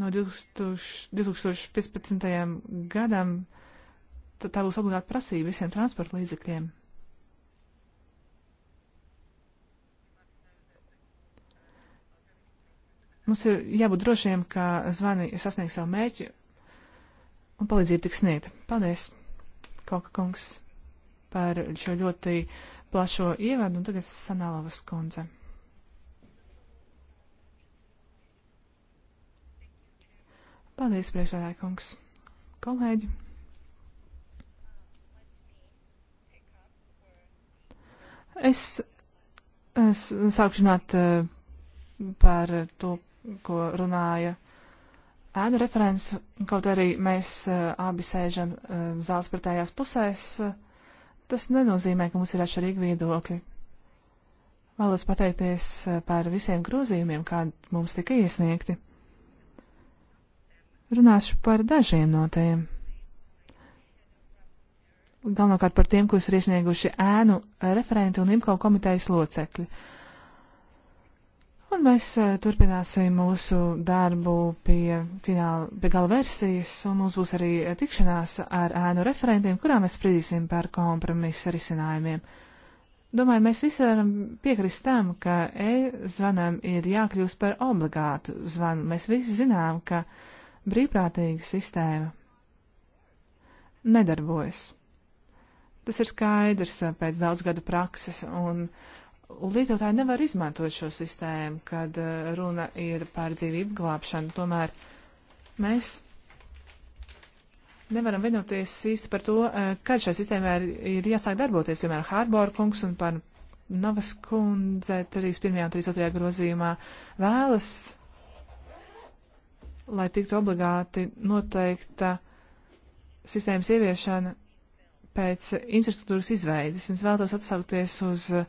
No 2000, 2015. gadam tā būs obligāta prasība visiem transporta līdzekļiem. Mums ir jābūt drošiem, ka zvani sasniegs savu mērķi un palīdzību tiks sniegta. Paldies, Koka kungs, par šo ļoti plašo ievadu, un tagad Sanālavas kundze. Paldies, priekšsēdētāj kungs. Kolēģi. Es, es sākšu runāt eh, par to, ko runāja ēna referents, kaut arī mēs eh, abi sēžam eh, zāles pretējās pusēs. Uh, Tas nenozīmē, ka mums ir atšķirīgi viedokļi. Vēlos pateikties eh, par visiem grozījumiem, kādi mums tika iesniegti. Runāšu par dažiem no tiem. Galvenokārt par tiem, kurus ir iesnieguši ēnu referenti un imko komitejas locekļi. Uh, Un mēs uh, turpināsim mūsu darbu pie, fināla, pie gala versijas, un mums būs arī eh, tikšanās ar ēnu referentiem, kurā mēs spridīsim par kompromisu risinājumiem. Domāju, mēs visi varam piekrist tam, ka e-zvanam ir jākļūst par obligātu zvanu. Mēs visi zinām, ka brīvprātīga sistēma nedarbojas. Tas ir skaidrs eh, pēc daudz gadu prakses, un lietotāji nevar izmantot šo sistēmu, kad uh, runa ir par dzīvību glābšanu. Tomēr mēs nevaram vienoties īsti par to, uh, kad šai sistēmai ir, ir jāsāk darboties, piemēram, Hārbora kungs un par Novas kundze 31. un 32. grozījumā vēlas, lai tiktu obligāti noteikta sistēmas ieviešana pēc infrastruktūras izveides, un es vēlos atsaukties uz uh,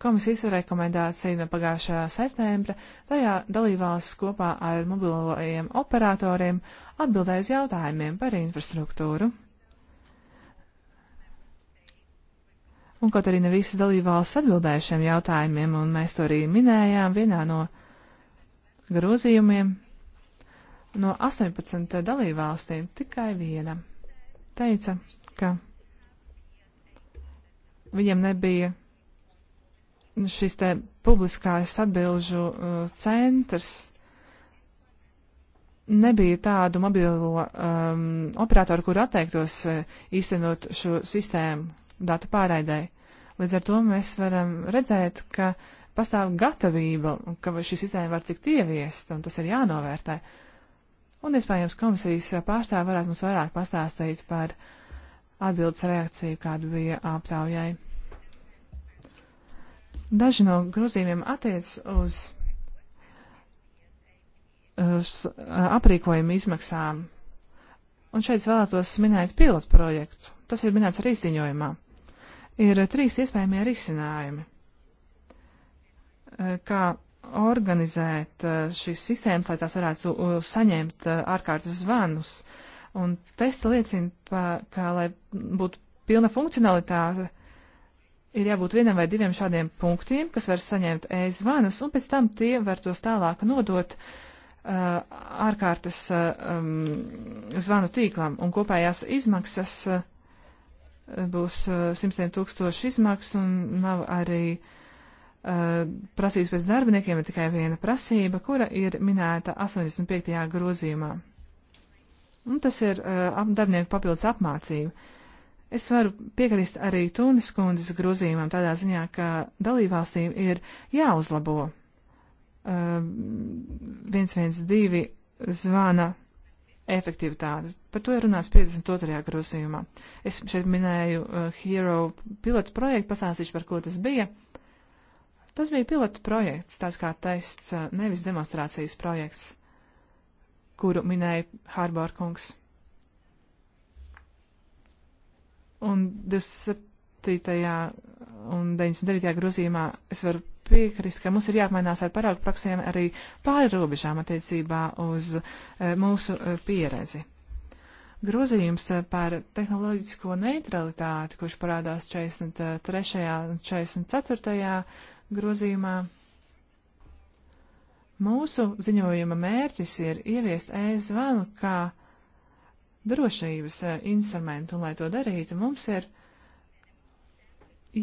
Komisijas rekomendācija no pagājušā septembra tajā dalībvalsts kopā ar mobilajiem operatoriem atbildēja uz jautājumiem par infrastruktūru. Un kaut arī ne visas dalībvalsts atbildēja šiem jautājumiem, un mēs to arī minējām vienā no grozījumiem, no 18 dalībvalstīm tikai viena teica, ka viņiem nebija šis te publiskās atbilžu uh, centrs nebija tādu mobilo um, operatoru, kur atteiktos uh, īstenot šo sistēmu datu pārraidēji. Līdz ar to mēs varam redzēt, ka pastāv gatavība, ka šī sistēma var tikt ieviesta, un tas ir jānovērtē. Un, iespējams, komisijas pārstāvi varētu mums vairāk pastāstīt par atbildes reakciju, kāda bija aptaujai. Daži no grozījumiem attiec uz, uz uh, aprīkojumu izmaksām. Un šeit es vēlētos minēt pilotu projektu. Tas ir minēts arī ziņojumā. Ir trīs iespējamie risinājumi. Uh, kā organizēt uh, šīs sistēmas, lai tās varētu saņemt ārkārtas zvanus. Un testa liecina, pa, ka, lai būtu pilna funkcionalitāte, ir jābūt vienam vai diviem šādiem punktiem, kas var saņemt e-zvanus, un pēc tam tie var tos tālāk nodot uh, ārkārtas uh, um, zvanu tīklam, un kopējās izmaksas uh, būs uh, simtiem tūkstoši izmaksas, un nav arī uh, prasības pēc darbiniekiem, ir tikai viena prasība, kura ir minēta 85. grozījumā. Un tas ir uh, darbinieku papildus apmācība. Uh, Es varu piekrist arī Tūnis kundzes grozījumam tādā ziņā, ka dalībvalstīm ir jāuzlabo uh, um, 112 zvana efektivitāti. Par to ir runāts 52. grozījumā. Es šeit minēju uh, Hero pilotu projektu, pasāstīšu par ko tas bija. Tas bija pilotu projekts, tāds kā taists, uh, nevis demonstrācijas projekts, kuru minēja Hārbār kungs. Un 27. un 99. grozījumā es varu piekrist, ka mums ir jāapmainās ar paraugu praksēm arī pāri robežām attiecībā uz e, mūsu e, pieredzi. Grozījums e, par tehnoloģisko neutralitāti, kurš parādās 43. un 44. grozījumā. Mūsu ziņojuma mērķis ir ieviest e-zvanu kā drošības eh, instrumentu, un lai to darītu, mums ir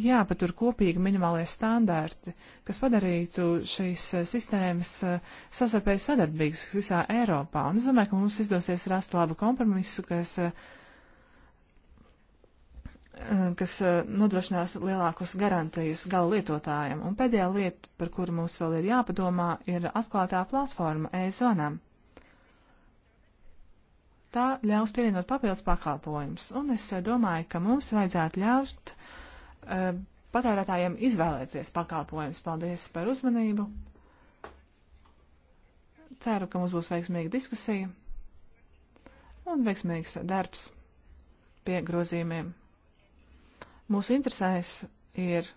jāpatur kopīgi minimālie standarti, kas padarītu šīs eh, sistēmas eh, savstarpēji sadarbīgas visā Eiropā. Un es domāju, ka mums izdosies rast labu kompromisu, kas, kas nodrošinās lielākus garantijas gala lietotājiem. Un pēdējā lieta, par kuru mums vēl ir jāpadomā, ir atklātā platforma e-zvanam tā ļaus pievienot papildus pakalpojumus. Un es eh, domāju, ka mums vajadzētu ļaut uh, patērētājiem izvēlēties pakalpojumus. Paldies par uzmanību. Ceru, ka mums būs veiksmīga diskusija un veiksmīgs darbs pie grozījumiem. Mūsu interesēs ir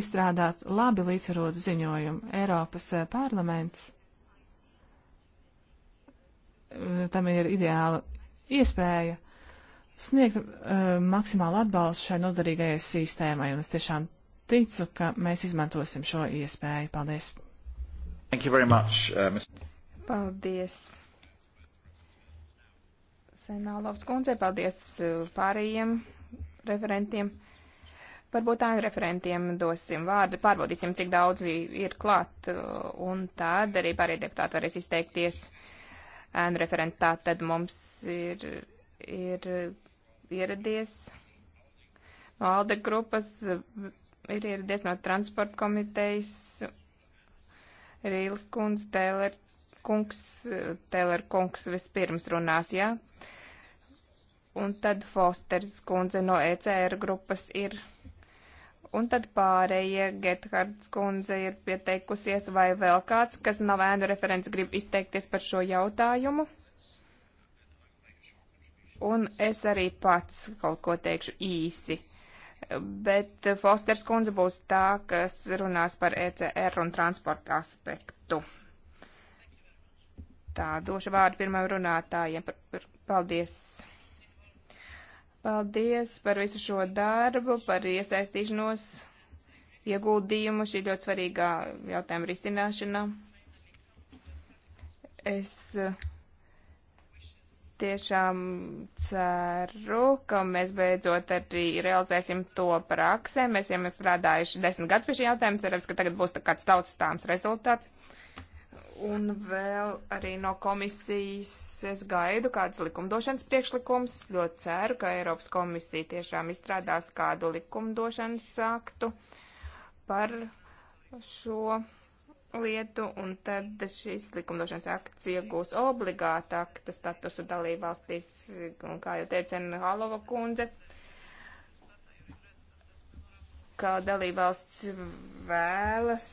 izstrādāt labi līdzsvarotu ziņojumu Eiropas eh, parlaments tam ir ideāla iespēja sniegt uh, maksimālu atbalstu šai nodarīgajai sistēmai, un es tiešām ticu, ka mēs izmantosim šo iespēju. Paldies! Thank you very much, uh, Ms. Paldies! Senālovs kundzei, paldies uh, pārējiem referentiem. Varbūt tādiem referentiem dosim vārdu, pārbaudīsim, cik daudz ir klāt, uh, un tad arī pārējie deputāti varēs izteikties. Uh, ēnu referenta. Tā tad mums ir, ir ieradies no ALDE grupas, ir ieradies no transporta komitejas Rīles kundze, Tēler kungs, Tēler kungs vispirms runās, jā. Ja? Un tad Fosters kundze no ECR grupas ir Un tad pārējie Gethards kundze ir pieteikusies vai vēl kāds, kas nav ēnu referents, grib izteikties par šo jautājumu. Un es arī pats kaut ko teikšu īsi. Bet Fosters kundze būs tā, kas runās par ECR un transporta aspektu. Tā, došu vārdu pirmam runātājiem. Paldies. Paldies par visu šo darbu, par iesaistīšanos, ieguldījumu šī ļoti svarīgā jautājuma risināšanā. Es eh, tiešām ceru, ka mēs beidzot arī realizēsim to praksē. Mēs jau esam strādājuši desmit gadus pie šī jautājuma, cerams, ka tagad būs kāds taustāms rezultāts. Un vēl arī no komisijas es gaidu kādas likumdošanas priekšlikums. Ļoti ceru, ka Eiropas komisija tiešām izstrādās kādu likumdošanas aktu par šo lietu, un tad šis likumdošanas akts iegūs obligāta akta statusu dalībvalstīs, un kā jau teica Halova kundze, uh, ka dalībvalsts vēlas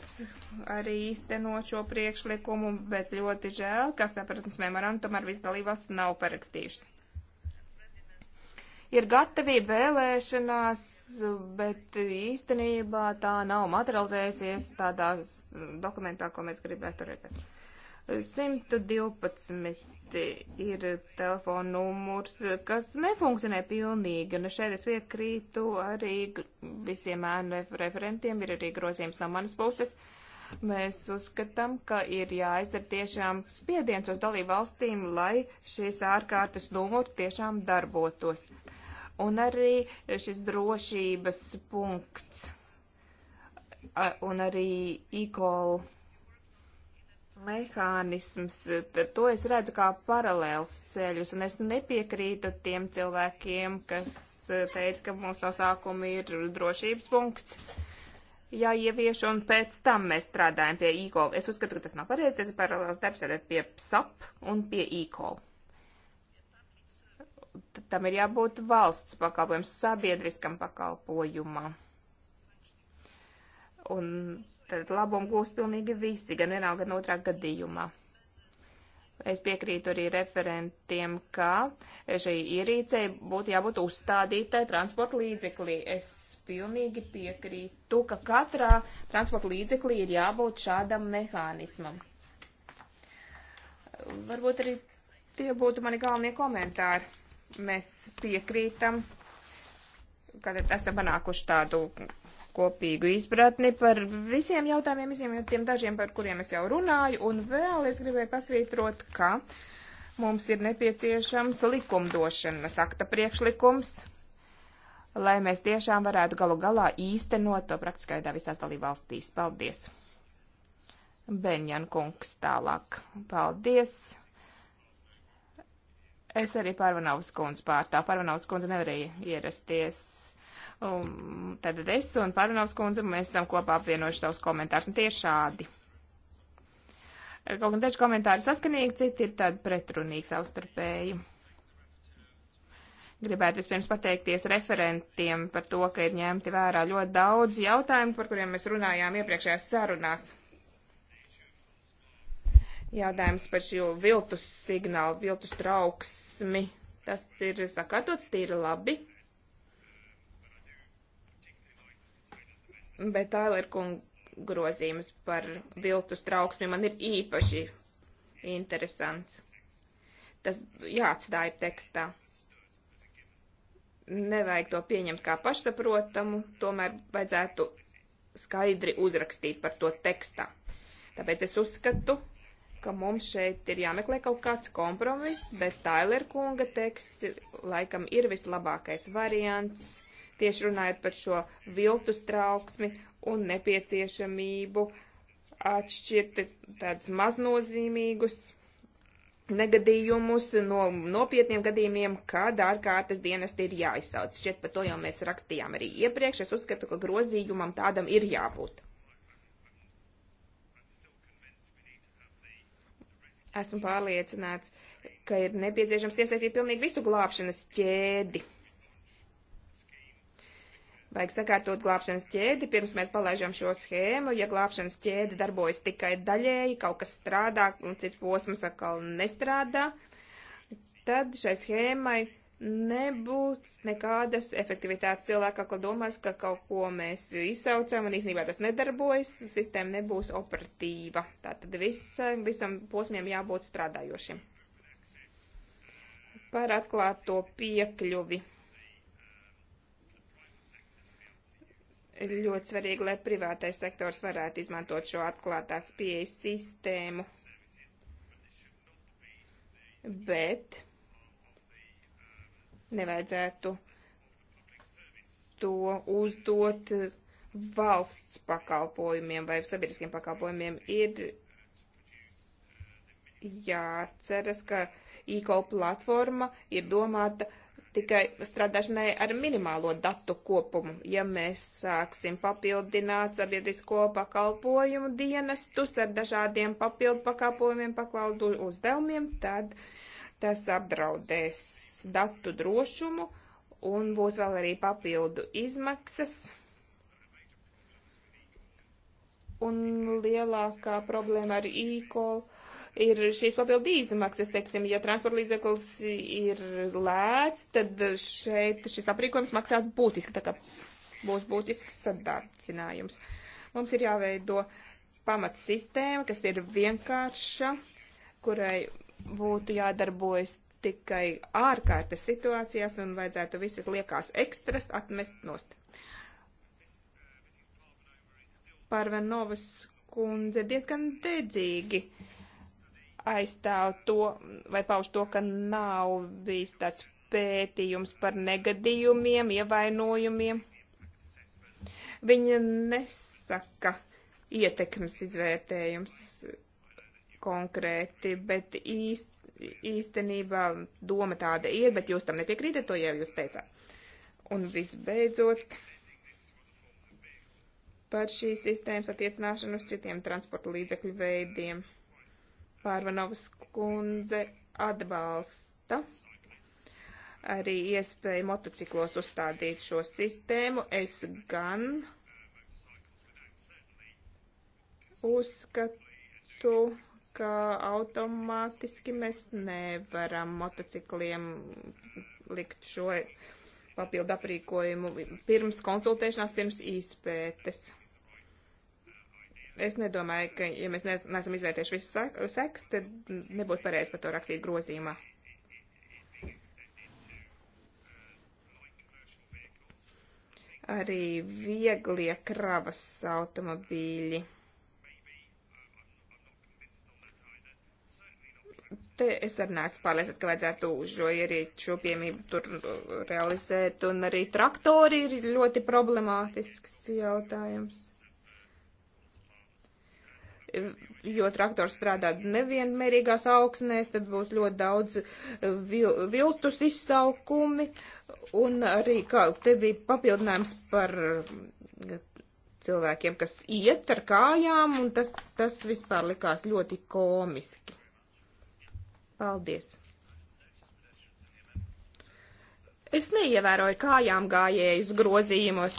arī īstenot šo priekšlikumu, bet ļoti žēl, ka sapratnes memorandu tomēr viss dalībvalsts nav parakstījuši. Ir gatavība vēlēšanās, bet īstenībā tā nav materializējusies tādā dokumentā, ko mēs gribētu redzēt. 112 ir telefona numurs, kas nefunkcionē pilnīgi, un šeit es piekrītu arī visiem ēnu referentiem, ir arī grozījums no manas puses. Mēs uzskatām, ka ir jāizdara tiešām spiediens uz dalību valstīm, lai šis ārkārtas numurs tiešām darbotos. Un arī šis drošības punkts, un arī e-call mehānisms, tad to es redzu kā paralēls ceļus, un es nepiekrītu tiem cilvēkiem, kas eh, teica, ka mūsu nosākumi ir drošības punkts jāievieš, un pēc tam mēs strādājam pie e-call. Es uzskatu, ka tas nav pareizi, tas ir paralēls darbs, tad pie SAP un pie e-call. Tam ir jābūt valsts pakalpojums, sabiedriskam pakalpojumam Un tad labumu gūs pilnīgi visi, gan vienā, gan otrā gadījumā. Es piekrītu arī referentiem, ka šai ierīcei būtu jābūt uzstādītai transporta līdzeklī. Es pilnīgi piekrītu, ka katrā transporta līdzeklī ir jābūt šādam mehānismam. Varbūt arī tie būtu mani galvenie komentāri. Mēs piekrītam, kad esam panākuši tādu kopīgu izpratni par visiem jautājumiem, visiem tiem dažiem, par kuriem es jau runāju, un vēl es gribēju pasvītrot, ka mums ir nepieciešams likumdošanas akta priekšlikums, lai mēs tiešām varētu galu galā īstenot to praktiskā veidā visās dalībvalstīs. Paldies! Benjan kungs tālāk. Paldies! Es arī Parvanovas kundzi pārstāvu. Parvanovas kundze nevarēja ierasties Un um, tad es un Pārunovs kundze, mēs esam kopā apvienojuši savus komentārus, un tie ir šādi. Kaut gan daži komentāri saskanīgi, citi ir tādi pretrunīgi savstarpēji. Gribētu vispirms pateikties referentiem par to, ka ir ņemti vērā ļoti daudz jautājumu, par kuriem mēs runājām iepriekšējās sarunās. Jautājums par šo viltus signālu, viltus trauksmi. Tas ir sakārtots tīri labi bet Tailera kunga grozījums par viltus trauksmi man ir īpaši interesants. Tas jāatstāja tekstā. Nevajag to pieņemt kā pašsaprotamu, tomēr vajadzētu skaidri uzrakstīt par to tekstā. Tāpēc es uzskatu, ka mums šeit ir jāmeklē kaut kāds kompromiss, bet Tailera kunga teksts laikam ir vislabākais variants tieši runājot par šo viltus trauksmi un nepieciešamību atšķirt tādus maznozīmīgus negadījumus no nopietniem gadījumiem, kad ārkārtas dienesti ir jāizsauc. Šķiet, par to jau mēs rakstījām arī iepriekš. Es uzskatu, ka grozījumam tādam ir jābūt. Esmu pārliecināts, ka ir nepieciešams iesaistīt pilnīgi visu glābšanas ķēdi. Vajag sakārtot glābšanas ķēdi, pirms mēs palaižam šo schēmu. Ja glābšanas ķēde darbojas tikai daļēji, kaut kas strādā un cits posms atkal nestrādā, tad šai schēmai nebūs nekādas efektivitātes. Cilvēks atkal domās, ka kaut ko mēs izsaucam un īstenībā tas nedarbojas, sistēma nebūs operatīva. Tātad visam, visam posmiem jābūt strādājošiem. Par atklāto piekļuvi ir ļoti svarīgi, lai privātais sektors varētu izmantot šo atklātās pieejas sistēmu. Bet nevajadzētu to uzdot valsts pakalpojumiem vai sabiedriskiem pakalpojumiem. Ir jāceras, ka e-call platforma ir domāta uh, tikai strādāšanai ar minimālo datu kopumu. Ja mēs sāksim papildināt sabiedrisko pakalpojumu dienestus ar dažādiem papildu pakalpojumiem, pakaldu uzdevumiem, tad tas apdraudēs datu drošumu un būs vēl arī papildu izmaksas. Un lielākā problēma ar e-call ir šīs papildu izmaksas, teiksim, ja transporta līdzeklis ir lēts, tad šeit šis aprīkojums maksās būtiski, tā kā būs būtisks sadārcinājums. Mums ir jāveido pamatsistēma, kas ir vienkārša, kurai būtu jādarbojas tikai ārkārtas situācijās un vajadzētu visas liekās ekstras atmest nost. Parvenovas kundze diezgan dedzīgi uh, aizstāv to vai pauž to, ka nav bijis tāds pētījums par negadījumiem, ievainojumiem. Viņa nesaka ietekmes izvērtējums konkrēti, bet īst, īstenībā doma tāda ir, bet jūs tam nepiekrītat, to jau jūs teicāt. Un visbeidzot, par šīs sistēmas attiecināšanu uz citiem transporta līdzekļu veidiem. Pārvanovas kundze atbalsta arī iespēju motociklos uzstādīt šo sistēmu. Es gan uzskatu, ka automātiski mēs nevaram motocikliem likt šo papildu aprīkojumu pirms konsultēšanās, pirms izpētes. Es nedomāju, ka, ja mēs neesam izvērtējuši visu seks, tad nebūtu pareizi par to rakstīt grozīmā. Arī vieglie kravas automobīļi. te es arī neesmu pārliecināts, ka vajadzētu šo ierīču piemību tur realizēt, un arī traktori ir ļoti problemātisks jautājums jo traktors strādā nevienmērīgās augsnēs, tad būs ļoti daudz eh, vil, viltus izsaukumi, un arī, kā te bija papildinājums par eh, cilvēkiem, kas iet ar kājām, un tas, tas vispār likās ļoti komiski. Paldies! Es neievēroju kājām gājējus grozījumos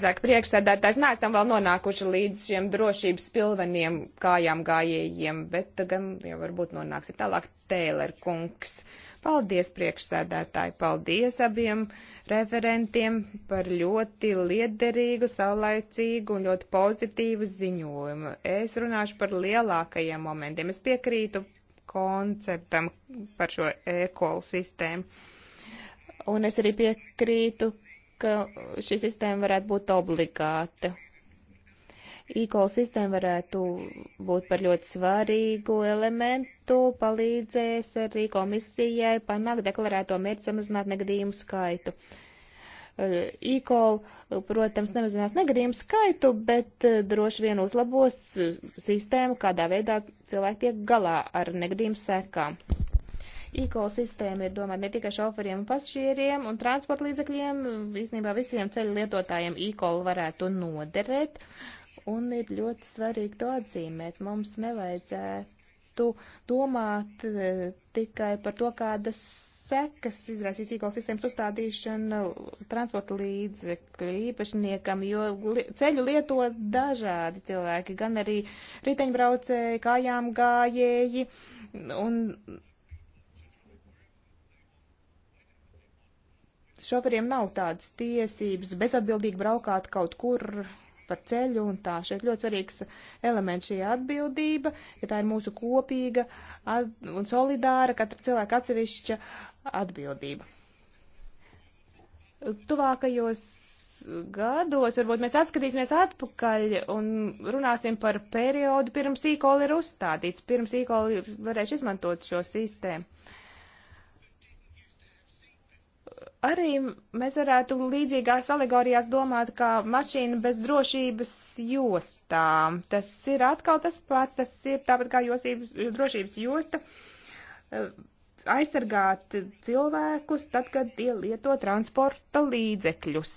saka priekšsēdētājs, neesam vēl nonākuši līdz šiem drošības pilveniem kājām gājējiem, bet gan jau varbūt nonāksim tālāk Tēler kungs. Paldies priekšsēdētāji, paldies abiem referentiem par ļoti liederīgu, saulaicīgu un ļoti pozitīvu ziņojumu. Es runāšu par lielākajiem momentiem. Es piekrītu konceptam par šo ekosistēmu. Un es arī piekrītu ka šī sistēma varētu būt obligāta. E-call sistēma varētu būt par ļoti svarīgu elementu, palīdzēs arī komisijai panākt deklarēto mērķi samazināt negadījumu skaitu. E-call, protams, nemazinās negadījumu skaitu, bet droši vien uzlabos sistēmu, kādā veidā cilvēki tiek galā ar negadījumu sekām. E-call sistēma ir domāta ne tikai šoferiem un pasažieriem un transporta līdzekļiem, īstenībā visiem ceļu lietotājiem e-call varētu noderēt. Un ir ļoti svarīgi to atzīmēt. Mums nevajadzētu domāt e, tikai par to, kādas sekas izraisīs e-call sistēmas uzstādīšana transporta līdzekļu īpašniekam, jo li ceļu lieto dažādi cilvēki, gan arī riteņbraucēji, kājām gājēji, un Šoferiem nav tādas tiesības bezatbildīgi braukāt kaut kur pa ceļu un tā. Šeit ļoti svarīgs elements šī atbildība, ja tā ir mūsu kopīga un solidāra katra cilvēka atsevišķa atbildība. Tuvākajos gados varbūt mēs atskatīsimies atpakaļ un runāsim par periodu pirms īkoli ir uzstādīts, pirms īkoli varēšu izmantot šo sistēmu arī mēs varētu līdzīgās alegorijās domāt, kā mašīna bez drošības jostām. Tas ir atkal tas pats, tas ir tāpat kā josības, drošības josta eh, aizsargāt cilvēkus tad, kad tie lieto transporta līdzekļus.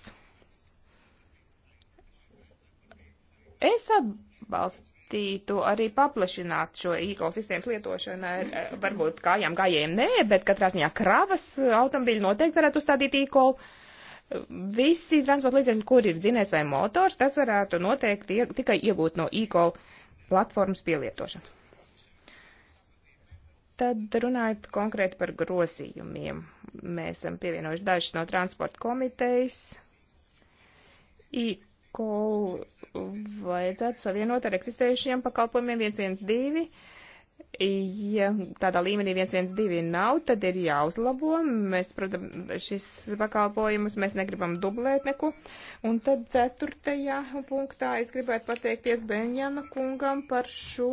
Es atbalstu atbalstītu arī paplašināt šo ekosistēmas lietošanu, eh, varbūt kājām gājējiem nē, bet katrā ziņā kravas eh, automobīļi noteikti varētu uzstādīt ekolu. Visi transporta līdzekļi, kur ir dzinējs vai motors, tas varētu noteikti ie, tikai iegūt no ekolu platformas pielietošanas. Tad runājot konkrēti par grozījumiem, mēs esam pievienojuši dažus no transporta komitejas. I ko vajadzētu savienot ar eksistējušiem pakalpojumiem 112. Ja tādā līmenī 112 nav, tad ir jāuzlabo. Mēs, protams, šis pakalpojumus mēs negribam dublēt neko. Un tad ceturtajā punktā es gribētu pateikties Benjana kungam par šo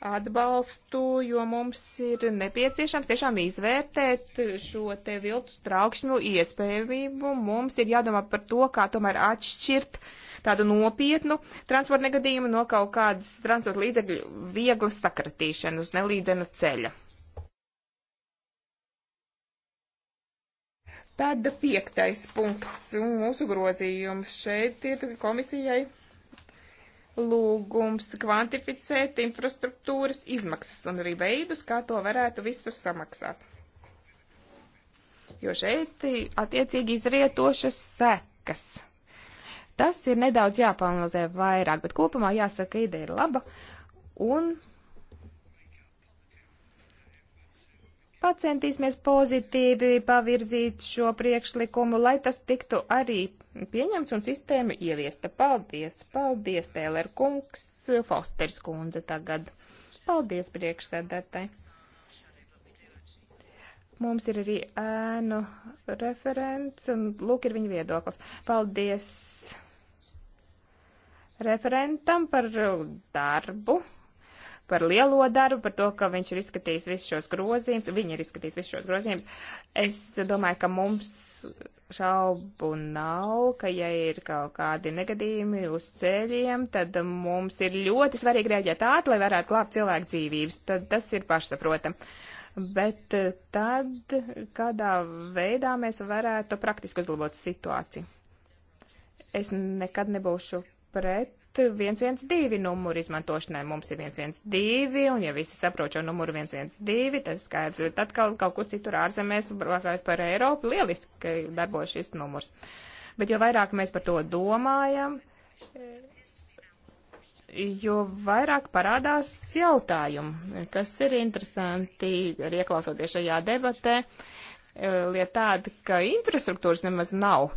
atbalstu, jo mums ir nepieciešams tiešām izvērtēt šo te viltus traukšņu iespējamību. Mums ir jādomā par to, kā tomēr atšķirt tādu nopietnu transporta negadījumu no kaut kādas transporta līdzekļu vieglas sakratīšanas uz nelīdzena ceļa. Tad piektais punkts mūsu grozījums šeit ir komisijai lūgums kvantificēt infrastruktūras izmaksas un arī veidus, kā to varētu visu samaksāt. Jo šeit attiecīgi izrietošas sekas. Tas ir nedaudz jāpanalizē vairāk, bet kopumā jāsaka, ideja ir laba un pacentīsimies pozitīvi pavirzīt šo priekšlikumu, lai tas tiktu arī pieņemts un sistēma ieviesta. Paldies, paldies, Tēler kungs, Fosters kundze tagad. Paldies priekšsēdētāji. Mums ir arī ēnu referents, un lūk ir viņa viedoklis. Paldies referentam par darbu par lielo darbu, par to, ka viņš ir izskatījis visus šos grozījumus, viņi ir izskatījis visus šos grozījumus. Es domāju, ka mums šaubu nav, ka ja ir kaut kādi negadījumi uz ceļiem, tad mums ir ļoti svarīgi rēģēt ātri, lai varētu glābt cilvēku dzīvības. Tad tas ir pašsaprotam. Bet eh, tad kādā veidā mēs varētu praktiski uzlabot situāciju? Es nekad nebūšu pret 112 numuru izmantošanai. Mums ir 112, un ja visi saprot šo numuru 112, tas skaidrs, tad kaut, kaut kur citur ārzemēs, braucot par Eiropu, lieliski darbojas šis numurs. Bet jo vairāk mēs par to domājam, jo vairāk parādās jautājumu, kas ir interesanti, arī ieklausoties šajā debatē. Lieta tāda, ka infrastruktūras nemaz nav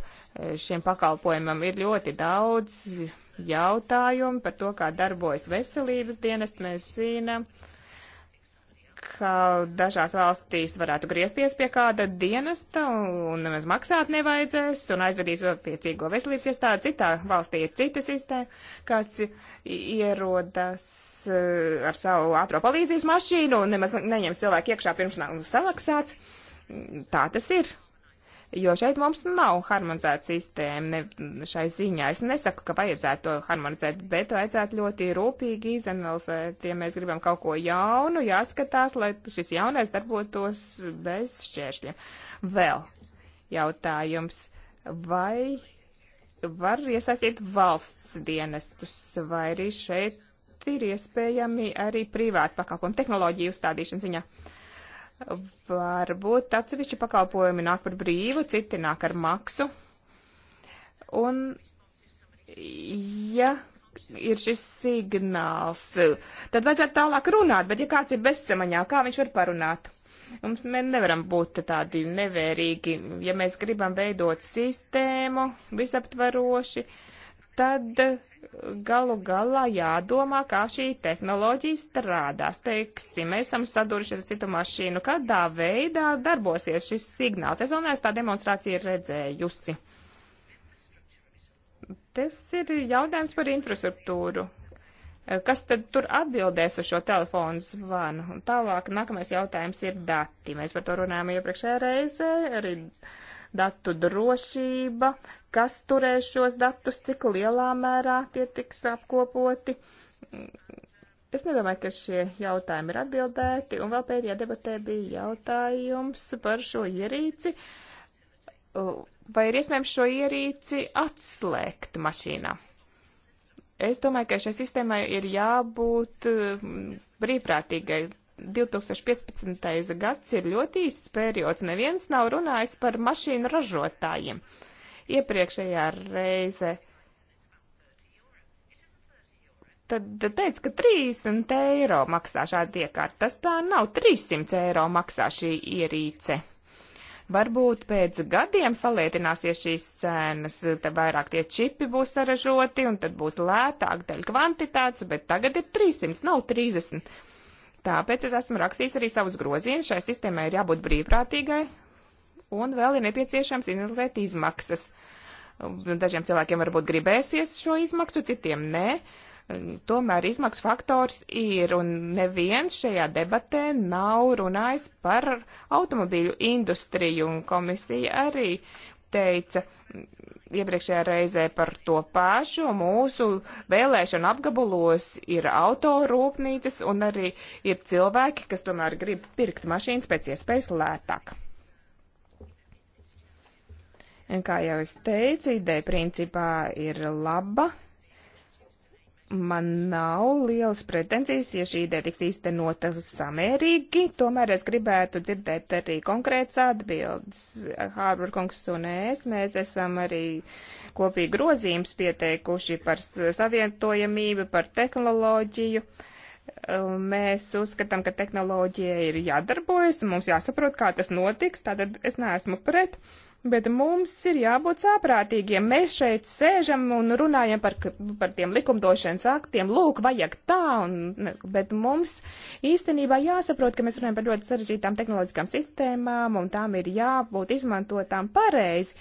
šiem pakalpojumam, ir ļoti daudz jautājumi par to, kā darbojas veselības dienest. Mēs zinām, ka dažās valstīs varētu griezties pie kāda dienesta un nemaz maksāt nevajadzēs un aizvedīs attiecīgo veselības iestādi. Citā valstī ir cita sistēma, kāds ierodas eh, ar savu ātro palīdzības mašīnu un nemaz neņem cilvēku iekšā pirms nav samaksāts. Tā tas ir jo šeit mums nav harmonizēta sistēma ne, šai ziņā. Es nesaku, ka vajadzētu to harmonizēt, bet vajadzētu ļoti rūpīgi izanalizēt, ja mēs gribam kaut ko jaunu, jāskatās, lai šis jaunais darbotos bez šķēršļiem. Vēl jautājums, vai var iesaistīt valsts dienestus, vai arī šeit ir iespējami arī privāti pakalpojumi tehnoloģiju uzstādīšana ziņā. Uh, Varbūt atsevišķi pakalpojumi nāk par brīvu, citi nāk ar maksu. Un, ja ir šis signāls, tad vajadzētu tālāk runāt, bet ja kāds ir bezsamaņā, kā viņš var parunāt? Mums mēs nevaram būt tādi nevērīgi, ja mēs gribam veidot sistēmu visaptvaroši. Uh, tad eh, galu galā jādomā, kā šī tehnoloģija strādās. Teiksim, mēs esam saduruši ar citu mašīnu, kādā veidā darbosies šis signāls. Es vēl neesmu tā demonstrācija redzējusi. Tas ir jautājums par infrastruktūru. Eh, kas tad tur atbildēs uz šo telefonu zvanu? Un tālāk, nākamais jautājums ir dati. Mēs par to runājām iepriekšējā reizē. Arī datu drošība, kas turēs šos datus, cik lielā mērā tie tiks apkopoti. Es nedomāju, ka šie jautājumi ir atbildēti, un vēl pēdējā debatē bija jautājums par šo ierīci. Vai ir iespējams šo ierīci atslēgt mašīnā? Es domāju, ka šai sistēmai ir jābūt brīvprātīgai 2015. gads ir ļoti īsts periods. Neviens nav runājis par mašīnu ražotājiem. Iepriekšējā reize tad teica, ka 30 eiro maksā šāda iekārta. Tas tā nav, 300 eiro maksā šī ierīce. Varbūt pēc gadiem salietināsies šīs cenas, tad vairāk tie čipi būs saražoti un tad būs lētāk daļa kvantitātes, bet tagad ir 300, nav 30. Tāpēc es esmu rakstījis arī savus grozījumus. Šai sistēmai ir jābūt brīvprātīgai, un vēl ir nepieciešams izanalizēt izmaksas. Dažiem cilvēkiem varbūt gribēsies šo izmaksu, citiem nē. Tomēr izmaksu faktors ir, un neviens šajā debatē nav runājis par automobīļu industriju, un komisija arī teica iepriekšējā reizē par to pašu. Mūsu vēlēšana apgabalos ir autorūpnīcas un arī ir cilvēki, kas tomēr grib pirkt mašīnas pēc iespējas lētāk. Un kā jau es teicu, ideja principā ir laba, man nav lielas pretenzijas, ja šī ideja tiks īstenota samērīgi, tomēr es gribētu dzirdēt arī konkrēts atbildes. Hārvar kungs un es, mēs esam arī kopīgi grozījums pieteikuši par savientojamību, par tehnoloģiju. Mēs uzskatām, ka tehnoloģija ir jādarbojas, mums jāsaprot, kā tas notiks, tātad es neesmu pret. Uh, Bet mums ir jābūt sāprātīgiem. Mēs šeit sēžam un runājam par, par tiem likumdošanas aktiem. Lūk, vajag tā, un, bet mums īstenībā jāsaprot, ka mēs runājam par ļoti sarežģītām tehnoloģiskām sistēmām, un tām ir jābūt izmantotām pareizi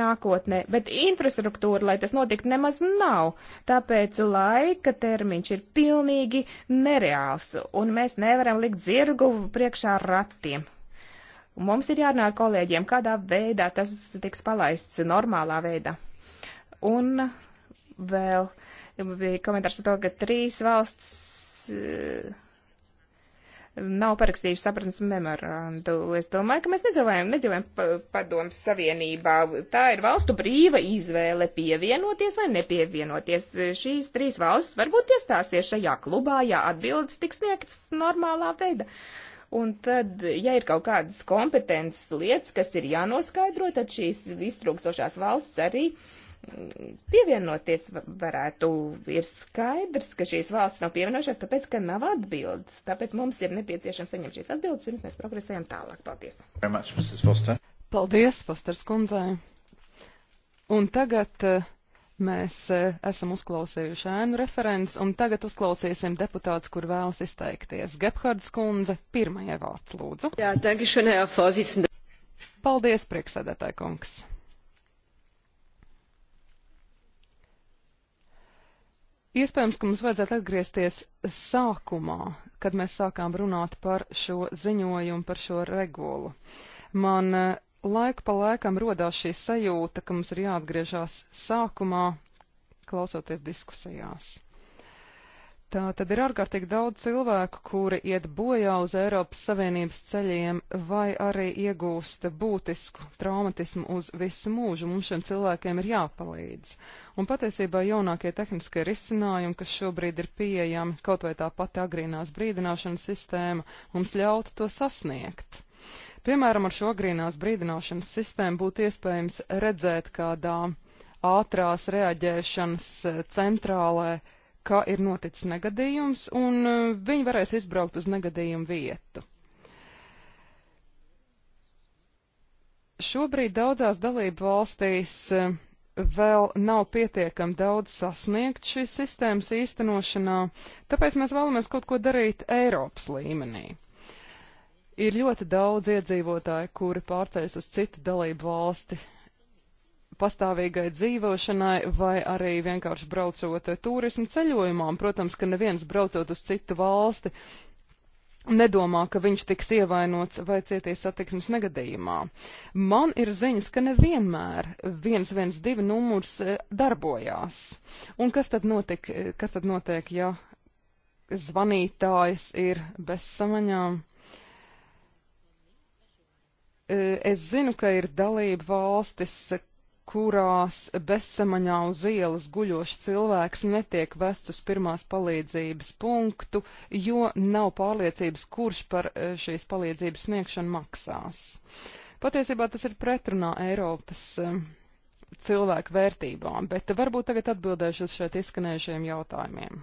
nākotnē, bet infrastruktūra, lai tas notiktu, nemaz nav. Tāpēc laika termiņš ir pilnīgi nereāls, un mēs nevaram likt zirgu priekšā ratiem. Un mums ir jārunā ar kolēģiem, kādā veidā tas tiks palaists normālā veidā. Un vēl bija komentārs par to, ka trīs valsts eh, nav parakstījuši sapratnes memorandu. Es domāju, ka mēs nedzīvojam, nedzīvojam padomus savienībā. Tā ir valstu brīva izvēle pievienoties vai nepievienoties. Šīs trīs valstis varbūt iestāsies šajā klubā, ja atbildes tiks sniegtas normālā veidā. Uh, Un tad, ja ir kaut kādas kompetences lietas, kas ir jānoskaidro, tad šīs iztrūkstošās valsts arī mm, pievienoties varētu. Ir skaidrs, ka šīs valsts nav pievienojušās, tāpēc, ka nav atbildes. Tāpēc mums ir nepieciešams saņemt šīs atbildes, pirms mēs progresējam tālāk. Paldies! Much, Foster. Paldies, Fosters kundzei! Un tagad uh, Mēs e, esam uzklausījuši ēnu referents, un tagad uzklausīsim deputāts, kur vēlas izteikties. Gebhards kundze, pirmajai vārds lūdzu. Jā, tagad šodien jāfozīcina. Paldies, priekšsēdētāji kungs. Iespējams, ka mums vajadzētu atgriezties sākumā, kad mēs sākām runāt par šo ziņojumu, par šo regulu. Man e, laiku pa laikam rodās šī sajūta, ka mums ir jāatgriežās sākumā, klausoties diskusijās. Tā tad ir ārkārtīgi daudz cilvēku, kuri iet bojā uz Eiropas Savienības ceļiem vai arī iegūst būtisku traumatismu uz visu mūžu. Mums šiem cilvēkiem ir jāpalīdz. Un patiesībā jaunākie tehniskie risinājumi, kas šobrīd ir pieejami, kaut vai tā pati agrīnās brīdināšanas sistēma, mums ļautu to sasniegt. Piemēram, ar šo grīnās brīdināšanas sistēmu būtu iespējams redzēt kādā ātrās reaģēšanas eh, centrālē, ka ir noticis negadījums, un eh, viņi varēs izbraukt uz negadījumu vietu. šobrīd daudzās dalību valstīs eh, vēl nav pietiekami daudz sasniegt šīs sistēmas īstenošanā, tāpēc mēs vēlamies kaut ko darīt Eiropas līmenī. Ir ļoti daudz iedzīvotāju, kuri pārceļas uz citu dalību valsti pastāvīgai dzīvošanai vai arī vienkārši braucot turismu ceļojumā. Protams, ka neviens braucot uz citu valsti nedomā, ka viņš tiks ievainots vai cietīs satiksmes negadījumā. Man ir ziņas, ka nevienmēr 112 numurs e, darbojās. Un kas tad, notik, e, kas tad notiek, ja zvanītājs ir bez samaņām? Es zinu, ka ir dalība valstis, kurās bezsamaņā uz ielas guļošs cilvēks netiek vest uz pirmās palīdzības punktu, jo nav pārliecības, kurš par šīs palīdzības sniegšanu maksās. Patiesībā tas ir pretrunā Eiropas cilvēku vērtībām, bet varbūt tagad atbildēšu uz šeit izskanējušiem jautājumiem.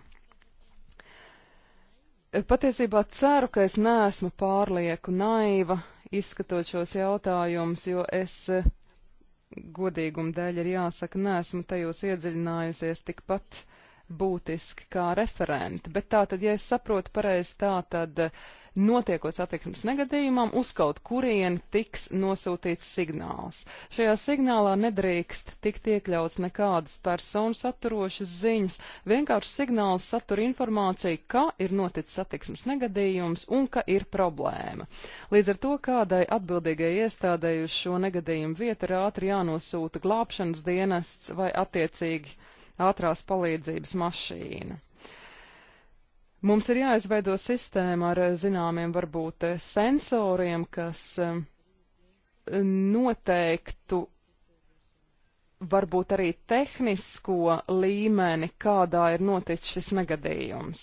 Patiesībā ceru, ka es neesmu pārlieku naiva izskatot šos jautājumus, jo es eh, godīguma dēļ ir jāsaka, neesmu tajos iedziļinājusies tikpat būtiski kā referenti. Bet tā tad, ja es saprotu pareizi, tā tad uh, notiekot satiksmes negadījumam, uz kaut kurien tiks nosūtīts signāls. Šajā signālā nedrīkst tikt iekļauts nekādas personu saturošas ziņas, vienkārši signāls satura informāciju, ka ir noticis satiksmes negadījums un ka ir problēma. Līdz ar to kādai atbildīgai iestādēji uz šo negadījumu vietu ir ātri jānosūta glābšanas dienests vai attiecīgi ātrās palīdzības mašīna. Mums ir jāizveido sistēma ar eh, zināmiem varbūt eh, sensoriem, kas eh, noteiktu varbūt arī tehnisko līmeni, kādā ir noticis šis negadījums.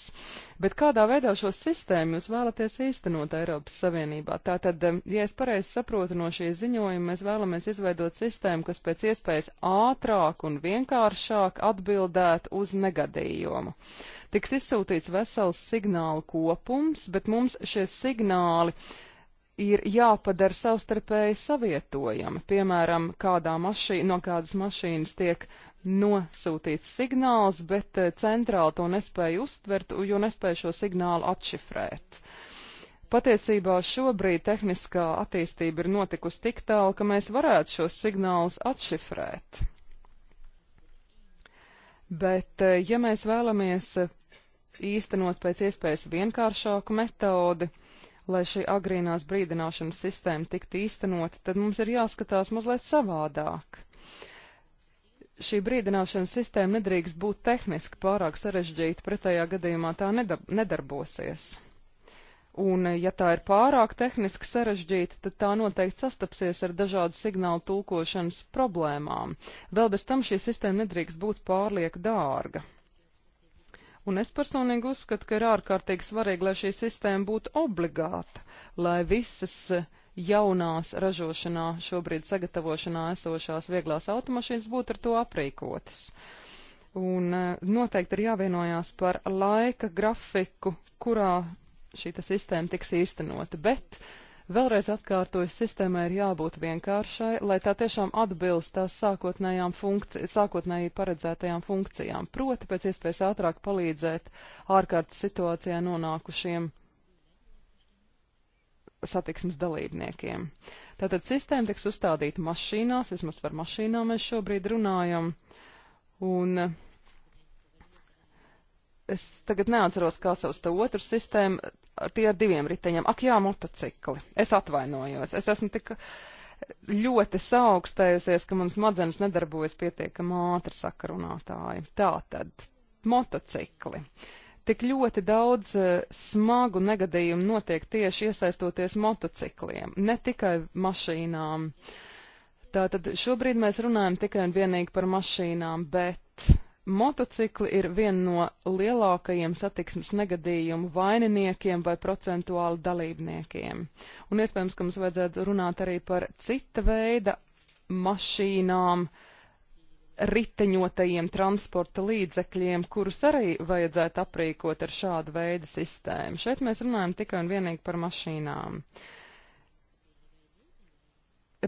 Bet kādā veidā šo sistēmu jūs vēlaties īstenot Eiropas Savienībā? Tātad, ja es pareizi saprotu no šī ziņojuma, mēs vēlamies izveidot sistēmu, kas pēc iespējas ātrāk un vienkāršāk atbildētu uz negadījumu. Tiks izsūtīts vesels signālu kopums, bet mums šie signāli ir jāpadara savstarpēji savietojami. Piemēram, kādā mašīna, no kādas mašīnas tiek nosūtīts signāls, bet eh, centrāli to nespēja uztvert, jo nespēja šo signālu atšifrēt. Patiesībā šobrīd tehniskā attīstība ir notikusi tik tālu, ka mēs varētu šos signālus atšifrēt. Bet, eh, ja mēs vēlamies eh, īstenot pēc iespējas vienkāršāku metodi, uh, lai šī agrīnās brīdināšanas sistēma tiktu īstenota, tad mums ir jāskatās mazliet savādāk. Šī brīdināšanas sistēma nedrīkst būt tehniski pārāk sarežģīta, pretējā gadījumā tā nedarbosies. Un, ja tā ir pārāk tehniski sarežģīta, tad tā noteikti sastapsies ar dažādu signālu tulkošanas problēmām. Vēl bez tam šī sistēma nedrīkst būt pārlieku dārga. Un es personīgi uzskatu, ka ir ārkārtīgi svarīgi, lai šī sistēma būtu obligāta, lai visas eh, jaunās ražošanā, šobrīd sagatavošanā esošās vieglās automašīnas būtu ar to aprīkotas. Un eh, noteikti ir jāvienojās par laika grafiku, kurā šī sistēma tiks īstenota, bet uh, Vēlreiz atkārtoju, sistēmai ir jābūt vienkāršai, lai tā tiešām atbilst tās sākotnējām funkci sākotnēji paredzētajām funkcijām, proti pēc iespējas ātrāk palīdzēt ārkārtas situācijā nonākušiem satiksmes dalībniekiem. Tātad sistēma tiks uzstādīta mašīnās, vismaz par mašīnām mēs šobrīd runājam, un es tagad neatceros, kā sauc to otru sistēmu, tie ar diviem riteņiem. Ak, jā, motocikli. Es atvainojos. Es esmu tik ļoti saaugstējusies, ka man smadzenes nedarbojas pietiekami ātri sakarunātāji. Tātad, motocikli. Tik ļoti daudz uh, smagu negadījumu notiek tieši iesaistoties motocikliem, ne tikai mašīnām. Tātad šobrīd mēs runājam tikai un vienīgi par mašīnām, bet Motocikli ir viena no lielākajiem satiksmes negadījumu vaininiekiem vai procentuāli dalībniekiem. Un iespējams, ka mums vajadzētu runāt arī par cita veida mašīnām, riteņotajiem transporta līdzekļiem, kurus arī vajadzētu aprīkot ar šādu veidu sistēmu. Šeit mēs runājam tikai un vienīgi par mašīnām. Uh,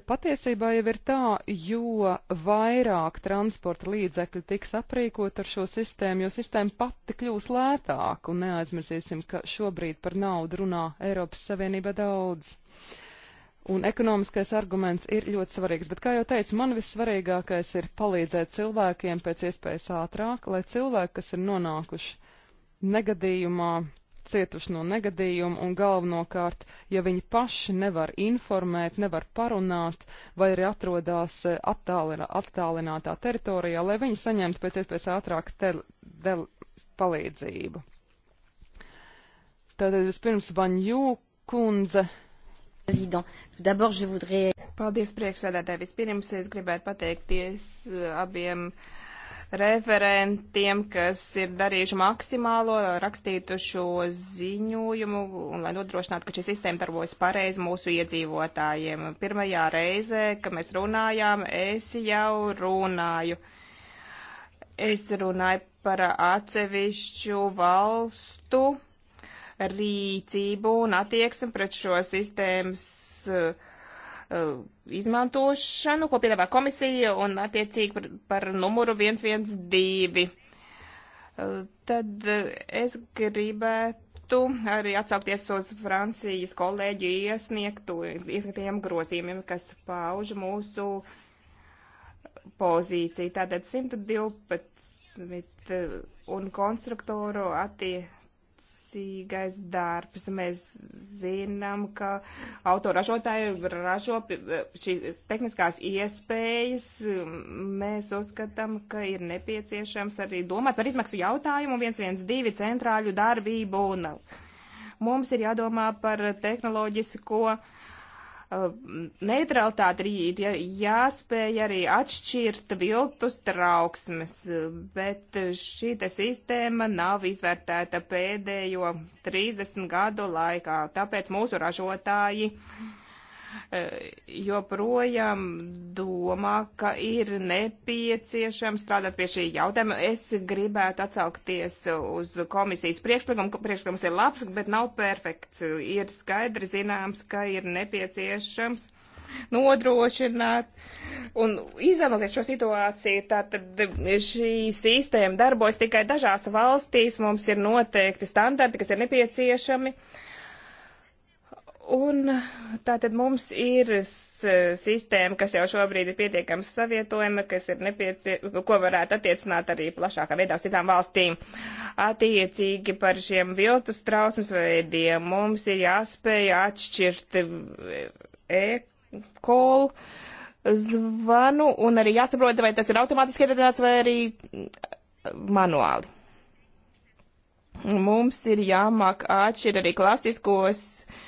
patiesībā jau ir tā, jo vairāk transporta līdzekļu tiks aprīkot ar šo sistēmu, jo sistēma pati kļūs lētāka, un neaizmirsīsim, ka šobrīd par naudu runā Eiropas Savienība daudz. Un ekonomiskais arguments ir ļoti svarīgs, bet, kā jau teicu, man vissvarīgākais ir palīdzēt cilvēkiem pēc iespējas ātrāk, lai cilvēki, kas ir nonākuši negadījumā, cietuši no negadījuma, un galvenokārt, ja viņi paši nevar informēt, nevar parunāt, vai arī atrodas eh, attālinātā teritorijā, lai viņi saņemtu pēc iespējas ātrāk tel, del, palīdzību. Tātad vispirms Vanju kundze. Paldies priekšsēdētāji. Vispirms es gribētu pateikties eh, abiem uh, referentiem, kas ir darījuši maksimālo, rakstītu šo ziņojumu, un lai nodrošinātu, ka šī sistēma darbojas pareizi mūsu iedzīvotājiem. Pirmajā reizē, kad mēs runājām, es jau runāju. Es runāju par atsevišķu valstu rīcību un attieksmi pret šo sistēmas uh, Uh, izmantošanu, ko piedāvā komisija un attiecīgi par, par numuru 112. Uh, tad uh, es gribētu arī atsaukties uz Francijas kolēģi iesniegtu, iesniegtiem grozījumiem, kas pauž mūsu pozīciju. Tātad 112 un konstruktoru attiecību attiecīgais darbs. Mēs zinām, ka autoražotāji ražo šīs tehniskās iespējas. Mēs uzskatām, ka ir nepieciešams arī domāt par izmaksu jautājumu 112 centrāļu darbību. Un mums ir jādomā par tehnoloģisko. Uh, Uh, neutralitāte ir jāspēj arī atšķirt viltus trauksmes, bet šī te sistēma nav izvērtēta pēdējo 30 gadu laikā, tāpēc mūsu ražotāji uh, Eh, joprojām domā, ka ir nepieciešams strādāt pie šī jautājuma. Es gribētu atsaukties uz komisijas priekšlikumu. Priekšlikums ir labs, bet nav perfekts. Ir skaidri zināms, ka ir nepieciešams nodrošināt un izanalizēt šo situāciju. Tātad šī sistēma darbojas tikai dažās valstīs. Mums ir noteikti standarti, kas ir nepieciešami. Uh, Un tātad mums ir sistēma, kas jau šobrīd ir pietiekams savietojama, kas ir nepiecie, ko varētu attiecināt arī plašākā veidā uz citām valstīm. Attiecīgi par šiem viltus trausmas veidiem mums ir jāspēj atšķirt e-kolu zvanu un arī jāsaprot, vai tas ir automātiski ierunāts vai arī mm, manuāli. Mums ir jāmāk atšķirt arī klasiskos uh,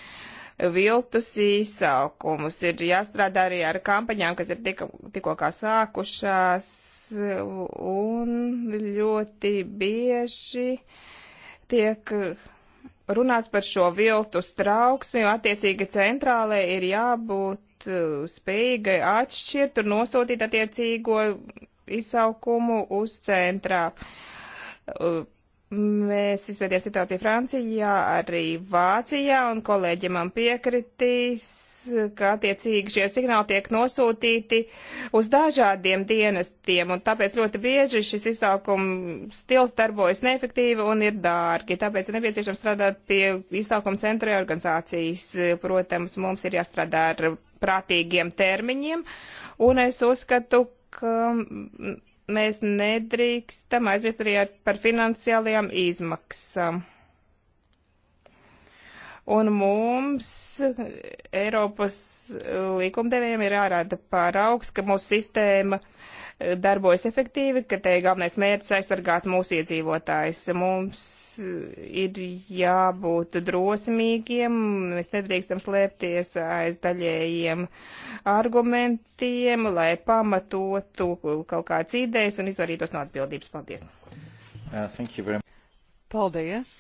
viltus īsaukumus. Ir jāstrādā arī ar kampaņām, kas ir tika, tikko kā sākušās, un ļoti bieži tiek runāts par šo viltus trauksmi, attiecīgi centrālē ir jābūt uh, spējīgai atšķirt un nosūtīt attiecīgo izsaukumu uz centrā. Uh, Mēs izpētījām situāciju Francijā, arī Vācijā, un kolēģi man piekritīs, ka attiecīgi šie signāli tiek nosūtīti uz dažādiem dienestiem, un tāpēc ļoti bieži šis izsaukuma stils darbojas neefektīvi un ir dārgi. Tāpēc ir nepieciešams strādāt pie izsaukuma centra organizācijas. Protams, mums ir jāstrādā ar prātīgiem termiņiem, un es uzskatu, ka mēs nedrīkstam aizviet arī ar, par finansiālajām izmaksām. Un mums Eiropas likumdevējiem ir ārāda paraugs, ka mūsu sistēma uh, darbojas efektīvi, ka te galvenais mērķis aizsargāt mūsu iedzīvotājs. Mums ir jābūt drosmīgiem, mēs nedrīkstam slēpties aiz daļējiem argumentiem, lai pamatotu kaut kādas idejas un izvarītos no atbildības. Paldies! Uh, Paldies!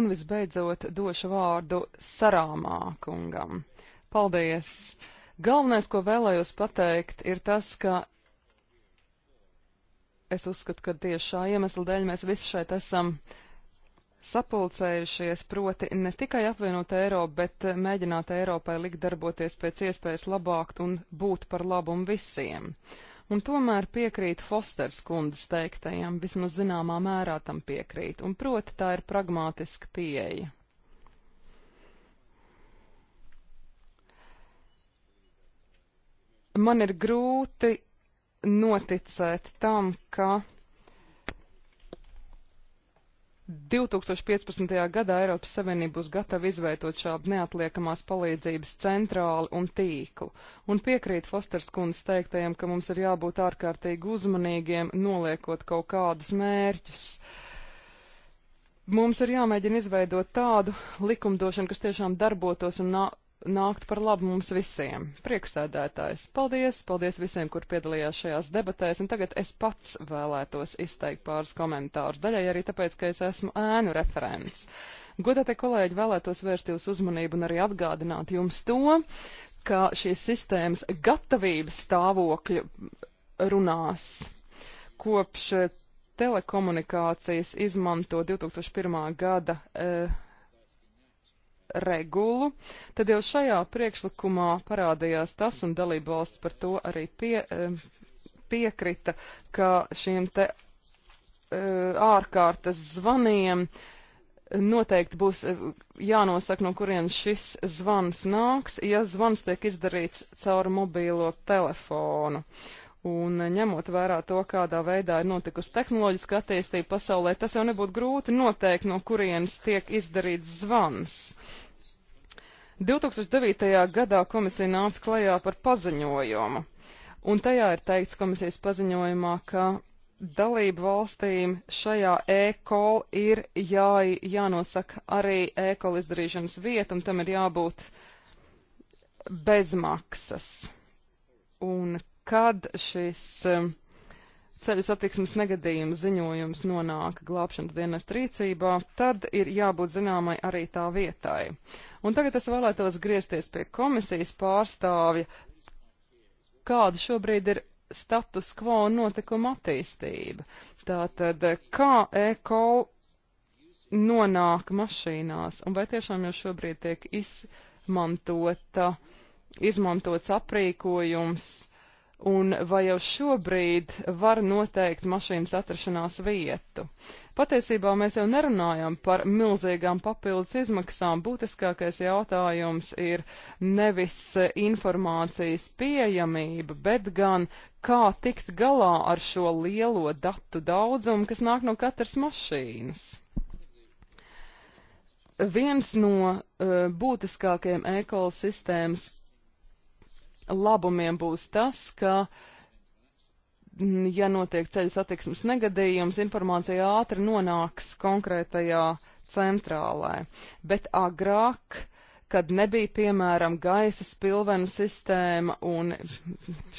Un visbeidzot došu vārdu Sarāmā kungam. Paldies! Galvenais, ko vēlējos pateikt, ir tas, ka es uzskatu, ka tieši šā iemesla dēļ mēs visi šeit esam sapulcējušies, proti ne tikai apvienot Eiropu, bet eh, mēģināt Eiropai likt darboties pēc iespējas labāk un būt par labumu visiem. Un tomēr piekrīt Fosters kundzes teiktajam, vismaz zināmā mērā tam piekrīt, un proti tā ir pragmātiska pieeja. man ir grūti noticēt tam, ka 2015. gadā Eiropas Savienība būs gatava izveidot šādu neatliekamās palīdzības centrāli un tīklu, un piekrīt Fosters kundas teiktajam, ka mums ir jābūt ārkārtīgi uzmanīgiem, noliekot kaut kādus mērķus. Mums ir jāmēģina izveidot tādu likumdošanu, kas tiešām darbotos un nā, nākt par labu mums visiem. Priekšsēdētājs, paldies, paldies visiem, kur piedalījās šajās debatēs, un tagad es pats vēlētos izteikt pāris komentārus, daļai arī tāpēc, ka es esmu ēnu referents. Godātie kolēģi, vēlētos vērst jūs uzmanību un arī atgādināt jums to, ka šīs sistēmas gatavības stāvokļu runās kopš telekomunikācijas izmanto 2001. gada. E, regulu, tad jau šajā priekšlikumā parādījās tas, un dalība valsts par to arī pie, piekrita, ka šiem te e, ārkārtas zvaniem noteikti būs e, jānosaka, no kurienes šis zvans nāks, ja zvans tiek izdarīts caur mobīlo telefonu. Un ņemot vērā to, kādā veidā ir notikusi tehnoloģiska attīstība pasaulē, tas jau nebūtu grūti noteikt, no kurienes tiek izdarīts zvans. Uh, 2009. gadā komisija nāca klajā par paziņojumu, un tajā ir teikts komisijas paziņojumā, ka dalību valstīm šajā e-kola ir jā, jānosaka arī e-kola izdarīšanas vieta, un tam ir jābūt bezmaksas. Un kad šis um, ceļu satiksmes negadījuma ziņojums nonāk glābšanas dienas rīcībā, tad ir jābūt zināmai arī tā vietai. Un tagad es vēlētos griezties pie komisijas pārstāvja, kāda šobrīd ir status quo notikuma attīstība. Tātad, kā eko nonāk mašīnās, un vai tiešām jau šobrīd tiek izmantota, izmantots aprīkojums, un vai jau šobrīd var noteikt mašīnas atrašanās vietu. Patiesībā mēs jau nerunājam par milzīgām papildus izmaksām. Būtiskākais jautājums ir nevis informācijas pieejamība, bet gan kā tikt galā ar šo lielo datu daudzumu, kas nāk no katras mašīnas. Viens no uh, būtiskākajiem ekosistēmas labumiem būs tas, ka mm, ja notiek ceļu satiksmes negadījums, informācija ātri nonāks konkrētajā centrālē. Bet agrāk, kad nebija piemēram gaisa spilvenu sistēma un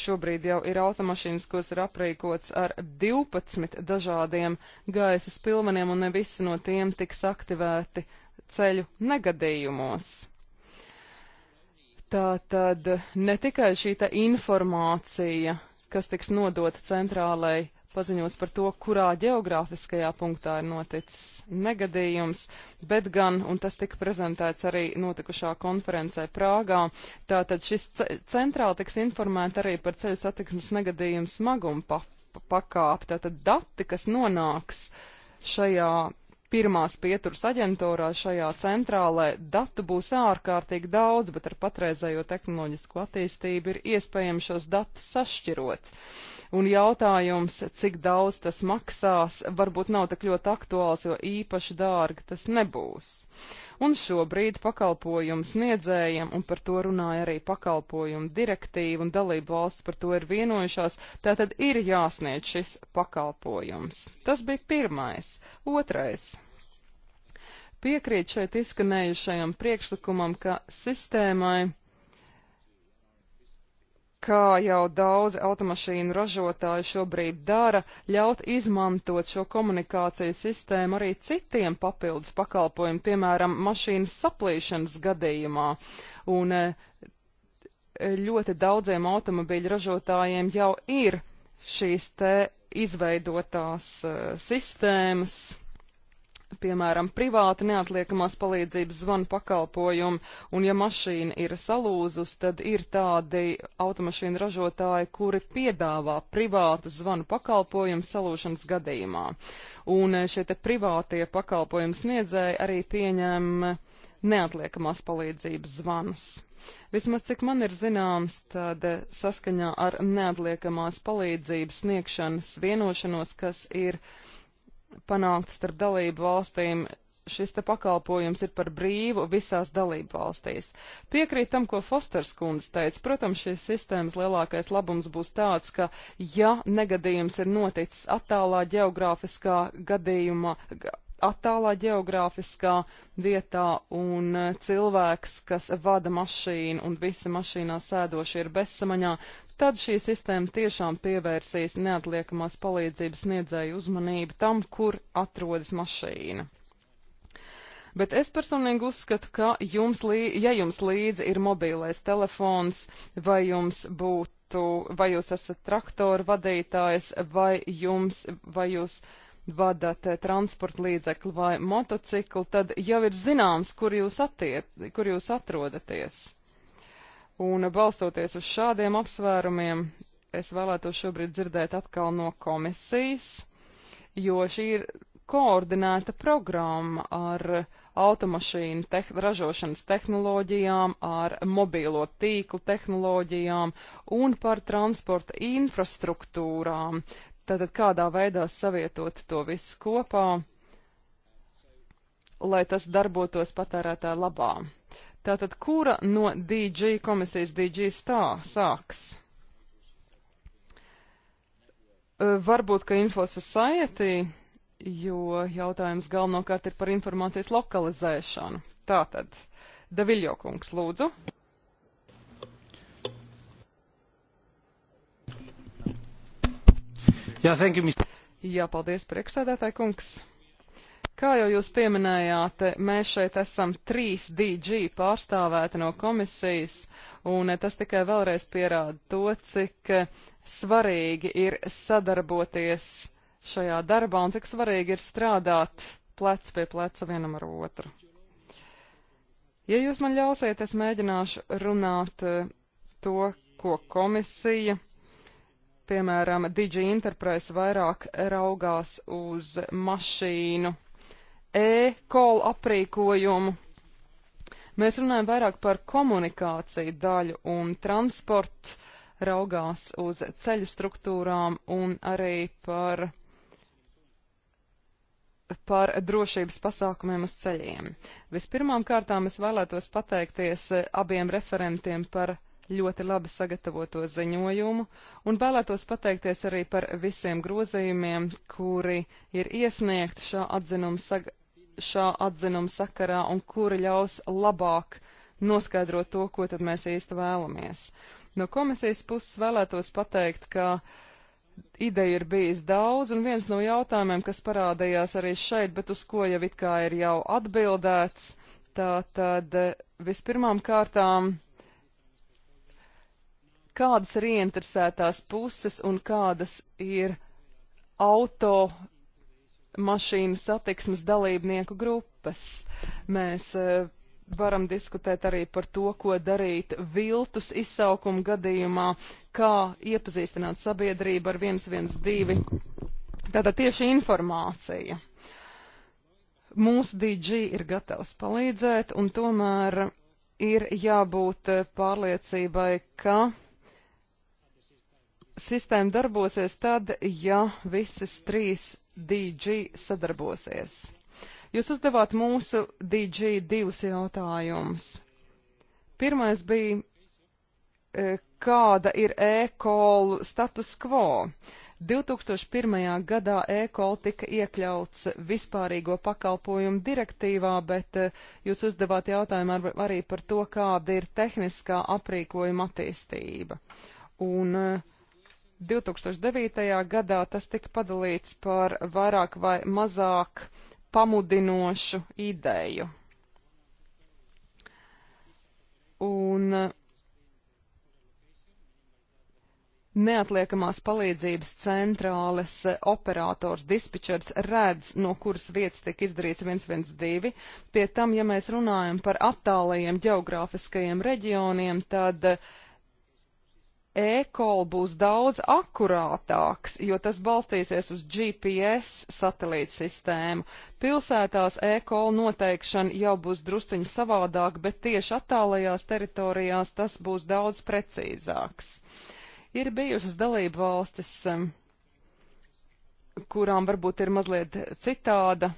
šobrīd jau ir automašīnas, kuras ir aprīkots ar 12 dažādiem gaisa spilveniem un ne visi no tiem tiks aktivēti ceļu negadījumos. Tā tad ne tikai šī informācija, kas tiks nodota centrālai, paziņos par to, kurā geogrāfiskajā punktā ir noticis negadījums, bet gan, un tas tika prezentēts arī notikušā konferencē Prāgā, tātad šis centrāli tiks informēta arī par ceļu satiksmes negadījumu smagumu pakāpi, tātad dati, kas nonāks šajā pirmās pieturas aģentūrā šajā centrālē datu būs ārkārtīgi daudz, bet ar patreizējo tehnoloģisko attīstību ir iespējams šos datus sašķirot. Un jautājums, cik daudz tas maksās, varbūt nav tik ļoti aktuāls, jo īpaši dārgi tas nebūs. Un šobrīd pakalpojumu sniedzējiem, un par to runāja arī pakalpojumu direktīva, un dalību valsts par to ir vienojušās, tātad ir jāsniedz šis pakalpojums. Tas bija pirmais. Otrais piekrīt šeit izskanējušajam priekšlikumam, ka sistēmai, kā jau daudzi automašīnu ražotāji šobrīd dara, ļaut izmantot šo komunikāciju sistēmu arī citiem papildus pakalpojumiem, piemēram, mašīnas saplīšanas gadījumā. Un e, ļoti daudziem automobīļu ražotājiem jau ir šīs te izveidotās uh, sistēmas, piemēram, privāti neatliekamās palīdzības zvanu pakalpojumi, un ja mašīna ir salūzus, tad ir tādi automašīnu ražotāji, kuri piedāvā privātu zvanu pakalpojumu salūšanas gadījumā. Un šie te privātie pakalpojumu sniedzēji arī pieņem neatliekamās palīdzības zvanus. Vismaz cik man ir zināms, tad saskaņā ar neatliekamās palīdzības sniegšanas vienošanos, kas ir uh, panākts starp dalību valstīm, šis te pakalpojums ir par brīvu visās dalību valstīs. Piekrīt tam, ko Fosters kundze teica. Protams, šīs sistēmas lielākais labums būs tāds, ka ja negadījums ir noticis attālā geogrāfiskā gadījumā, attālā geogrāfiskā vietā un eh, cilvēks, kas vada mašīnu un visi mašīnā sēdošie ir bezsamaņā, tad šī sistēma tiešām pievērsīs neatliekamās palīdzības sniedzēju uzmanību tam, kur atrodas mašīna. Bet es personīgi uzskatu, ka jums, lī, ja jums līdzi ir mobilais telefons, vai jums būtu, vai jūs esat traktora vadītājs, vai jums, vai jūs vadat eh, transporta līdzekli vai motociklu, tad jau ir zināms, kur jūs, attiet, kur jūs atrodaties. Un balstoties uz šādiem apsvērumiem, es vēlētos šobrīd dzirdēt atkal no komisijas, jo šī ir koordinēta programma ar automašīnu te ražošanas tehnoloģijām, ar mobīlo tīklu tehnoloģijām un par transporta infrastruktūrām. Tātad kādā veidā savietot to visu kopā, lai tas darbotos patērētā labā. Tātad, kura no DG komisijas DG stā sāks? Varbūt, ka Info Society, jo jautājums galvenokārt ir par informācijas lokalizēšanu. Tātad, Daviļokungs, lūdzu. Jā, thank you, Mr. Jā, paldies, priekšsēdētāji kungs. Kā jau jūs pieminējāt, mēs šeit esam trīs DG pārstāvēti no komisijas, un tas tikai vēlreiz pierāda to, cik svarīgi ir sadarboties šajā darbā un cik svarīgi ir strādāt plec pie pleca vienam ar otru. Ja jūs man ļausiet, es mēģināšu runāt e, to, ko komisija piemēram, Digi Enterprise vairāk raugās uz mašīnu e-kola aprīkojumu. Mēs runājam vairāk par komunikāciju daļu un transportu raugās uz ceļu struktūrām un arī par, par drošības pasākumiem uz ceļiem. Vispirmām kārtām es vēlētos pateikties abiem referentiem par ļoti labi sagatavoto ziņojumu un vēlētos pateikties arī par visiem grozījumiem, kuri ir iesniegti šā atzinuma sagatavošanā šā atzinuma sakarā un kura ļaus labāk noskaidrot to, ko tad mēs īsti vēlamies. No komisijas puses vēlētos pateikt, ka ideja ir bijis daudz, un viens no jautājumiem, kas parādījās arī šeit, bet uz ko jau it kā ir jau atbildēts, tā tad eh, vispirmām kārtām kādas ir ieinteresētās puses un kādas ir auto mašīnu satiksmes dalībnieku grupas. Mēs e, varam diskutēt arī par to, ko darīt viltus izsaukuma gadījumā, kā iepazīstināt sabiedrību ar 112. Tātad tieši informācija. Mūsu DG ir gatavs palīdzēt, un tomēr ir jābūt e, pārliecībai, ka sistēma darbosies tad, ja visas trīs DG sadarbosies. Jūs uzdevāt mūsu DG divus jautājumus. Pirmais bija, e, kāda ir e-kolu status quo? 2001. gadā e-kola tika iekļauts vispārīgo pakalpojumu direktīvā, bet e, jūs uzdevāt jautājumu ar, arī par to, kāda ir tehniskā aprīkojuma attīstība. Un uh, 2009. gadā tas tika padalīts par vairāk vai mazāk pamudinošu ideju. Un Neatliekamās palīdzības centrāles operators dispečers redz, no kuras vietas tiek izdarīts 112. Pie tam, ja mēs runājam par attālajiem geogrāfiskajiem reģioniem, tad uh, e-kola būs daudz akurātāks, jo tas balstīsies uz GPS satelīta sistēmu. Pilsētās e-kola noteikšana jau būs drusciņi savādāk, bet tieši attālajās teritorijās tas būs daudz precīzāks. Ir bijušas dalību valstis, kurām varbūt ir mazliet citāda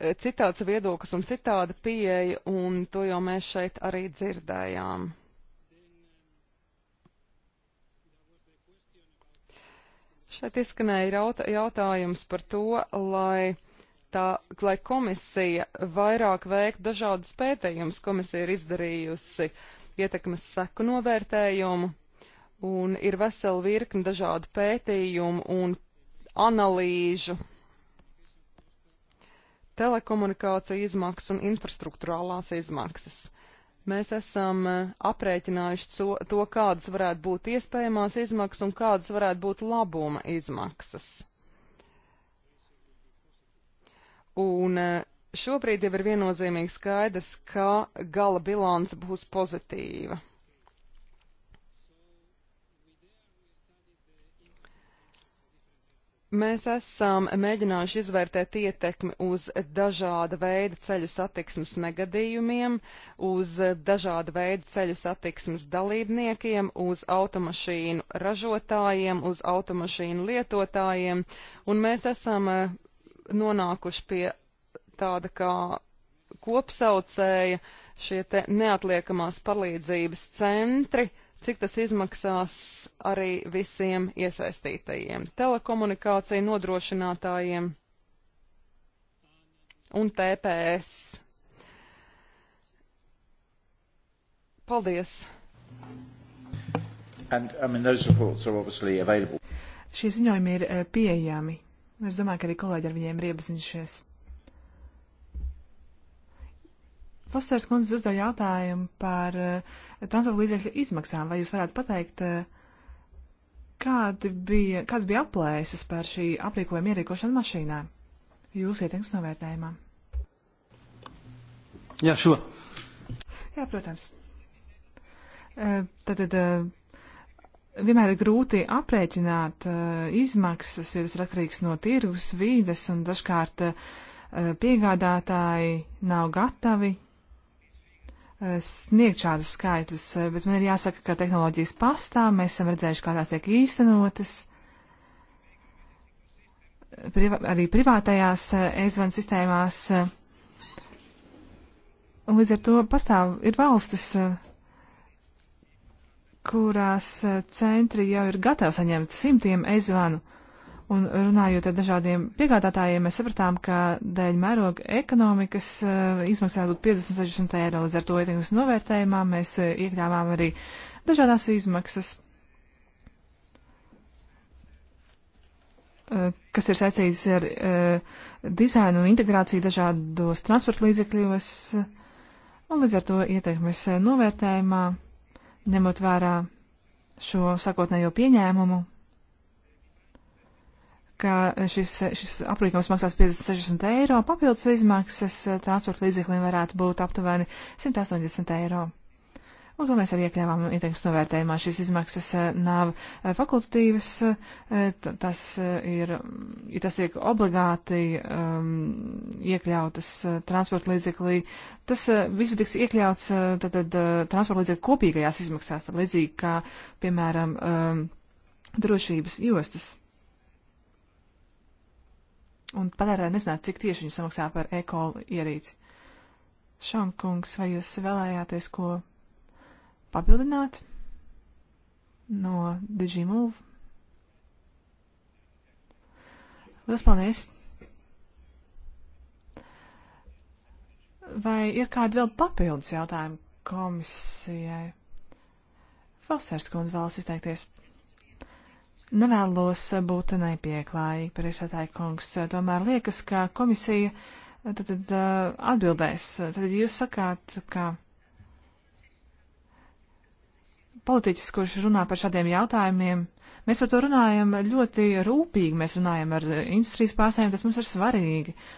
e, citāds viedoklis un citāda pieeja, un to jau mēs šeit arī dzirdējām. Šeit izskanēja jautājums par to, lai, tā, lai komisija vairāk veikt dažādas pētījumus. Komisija ir izdarījusi ietekmes seku novērtējumu un ir vesela virkni dažādu pētījumu un analīžu. Telekomunikāciju izmaksas un infrastruktūrālās izmaksas. Mēs esam eh, aprēķinājuši to, to, kādas varētu būt iespējamās izmaksas un kādas varētu būt labuma izmaksas. Un eh, šobrīd jau ir viennozīmīgi skaidrs, ka gala bilance būs pozitīva. Mēs esam mēģinājuši izvērtēt ietekmi uz dažāda veida ceļu satiksmes negadījumiem, uz dažāda veida ceļu satiksmes dalībniekiem, uz automašīnu ražotājiem, uz automašīnu lietotājiem, un mēs esam eh, nonākuši pie tāda kā kopsaucēja šie neatliekamās palīdzības centri cik tas izmaksās arī visiem iesaistītajiem - telekomunikāciju nodrošinātājiem un TPS. Paldies! And, I mean, those reports are obviously available. Šie ziņojumi ir eh, pieejami. Es domāju, ka arī kolēģi ar viņiem ir iepazinušies. Fosters kundze uzdev jautājumu par uh, transporta līdzekļu izmaksām. Vai jūs varētu pateikt, uh, bija, kāds bija aplēses par šī aprīkojuma ierīkošanu mašīnā? Jūsu ietekmes novērtējumā. Jā, šo. Jā, protams. Uh, tad, tad vienmēr ir grūti aprēķināt izmaksas, jo tas ir atkarīgs no tirgus, vīdes un dažkārt piegādātāji nav gatavi sniegt šādus skaitļus, bet man ir jāsaka, ka tehnoloģijas pastāv, mēs esam redzējuši, kā tās tiek īstenotas. Priva, arī privātajās e-zvanu eh, sistēmās. Eh, un līdz ar to pastāv ir valstis, eh, kurās centri jau ir gatavi saņemt simtiem e-zvanu. Un runājot ar dažādiem piegādātājiem, mēs sapratām, ka dēļ mēroga ekonomikas eh, izmaksā būtu 50-60 eiro. Līdz ar to ietekmes novērtējumā mēs eh, iekļāvām arī dažādās izmaksas, eh, kas ir saistītas ar dizainu un integrāciju dažādos transporta līdzekļos. Un līdz ar to ietekmes novērtējumā, ņemot vērā šo sakotnējo pieņēmumu, ka šis, šis aprīkojums maksās 50-60 eiro, papildus izmaksas transporta līdzeklim varētu būt aptuveni 180 eiro. Un to mēs arī iekļāvām ieteikums novērtējumā. Šīs izmaksas eh, nav eh, fakultatīvas, eh, tas ir, ja tas tiek obligāti um, iekļautas transporta līdzeklī, tas viss tiks iekļauts tad, tad, transporta līdzekļu kopīgajās izmaksās, tad līdzīgi kā, piemēram, um, drošības jostas un patērētāji nezinātu, cik tieši viņi samaksā par e-kola ierīci. Šankungs, vai jūs vēlējāties ko papildināt no Digimove? Liels paldies! Vai ir kādi vēl papildus jautājumi komisijai? Fosters kundze vēlas izteikties. Nevēlos būt nepieklājīgi, priekšsētāji kungs. Tomēr liekas, ka komisija tad, tad uh, atbildēs. Tad jūs sakāt, ka politiķis, kurš runā par šādiem jautājumiem, mēs par to runājam ļoti rūpīgi, mēs runājam ar uh, industrijas pārstāvjiem, tas mums ir svarīgi. Uh,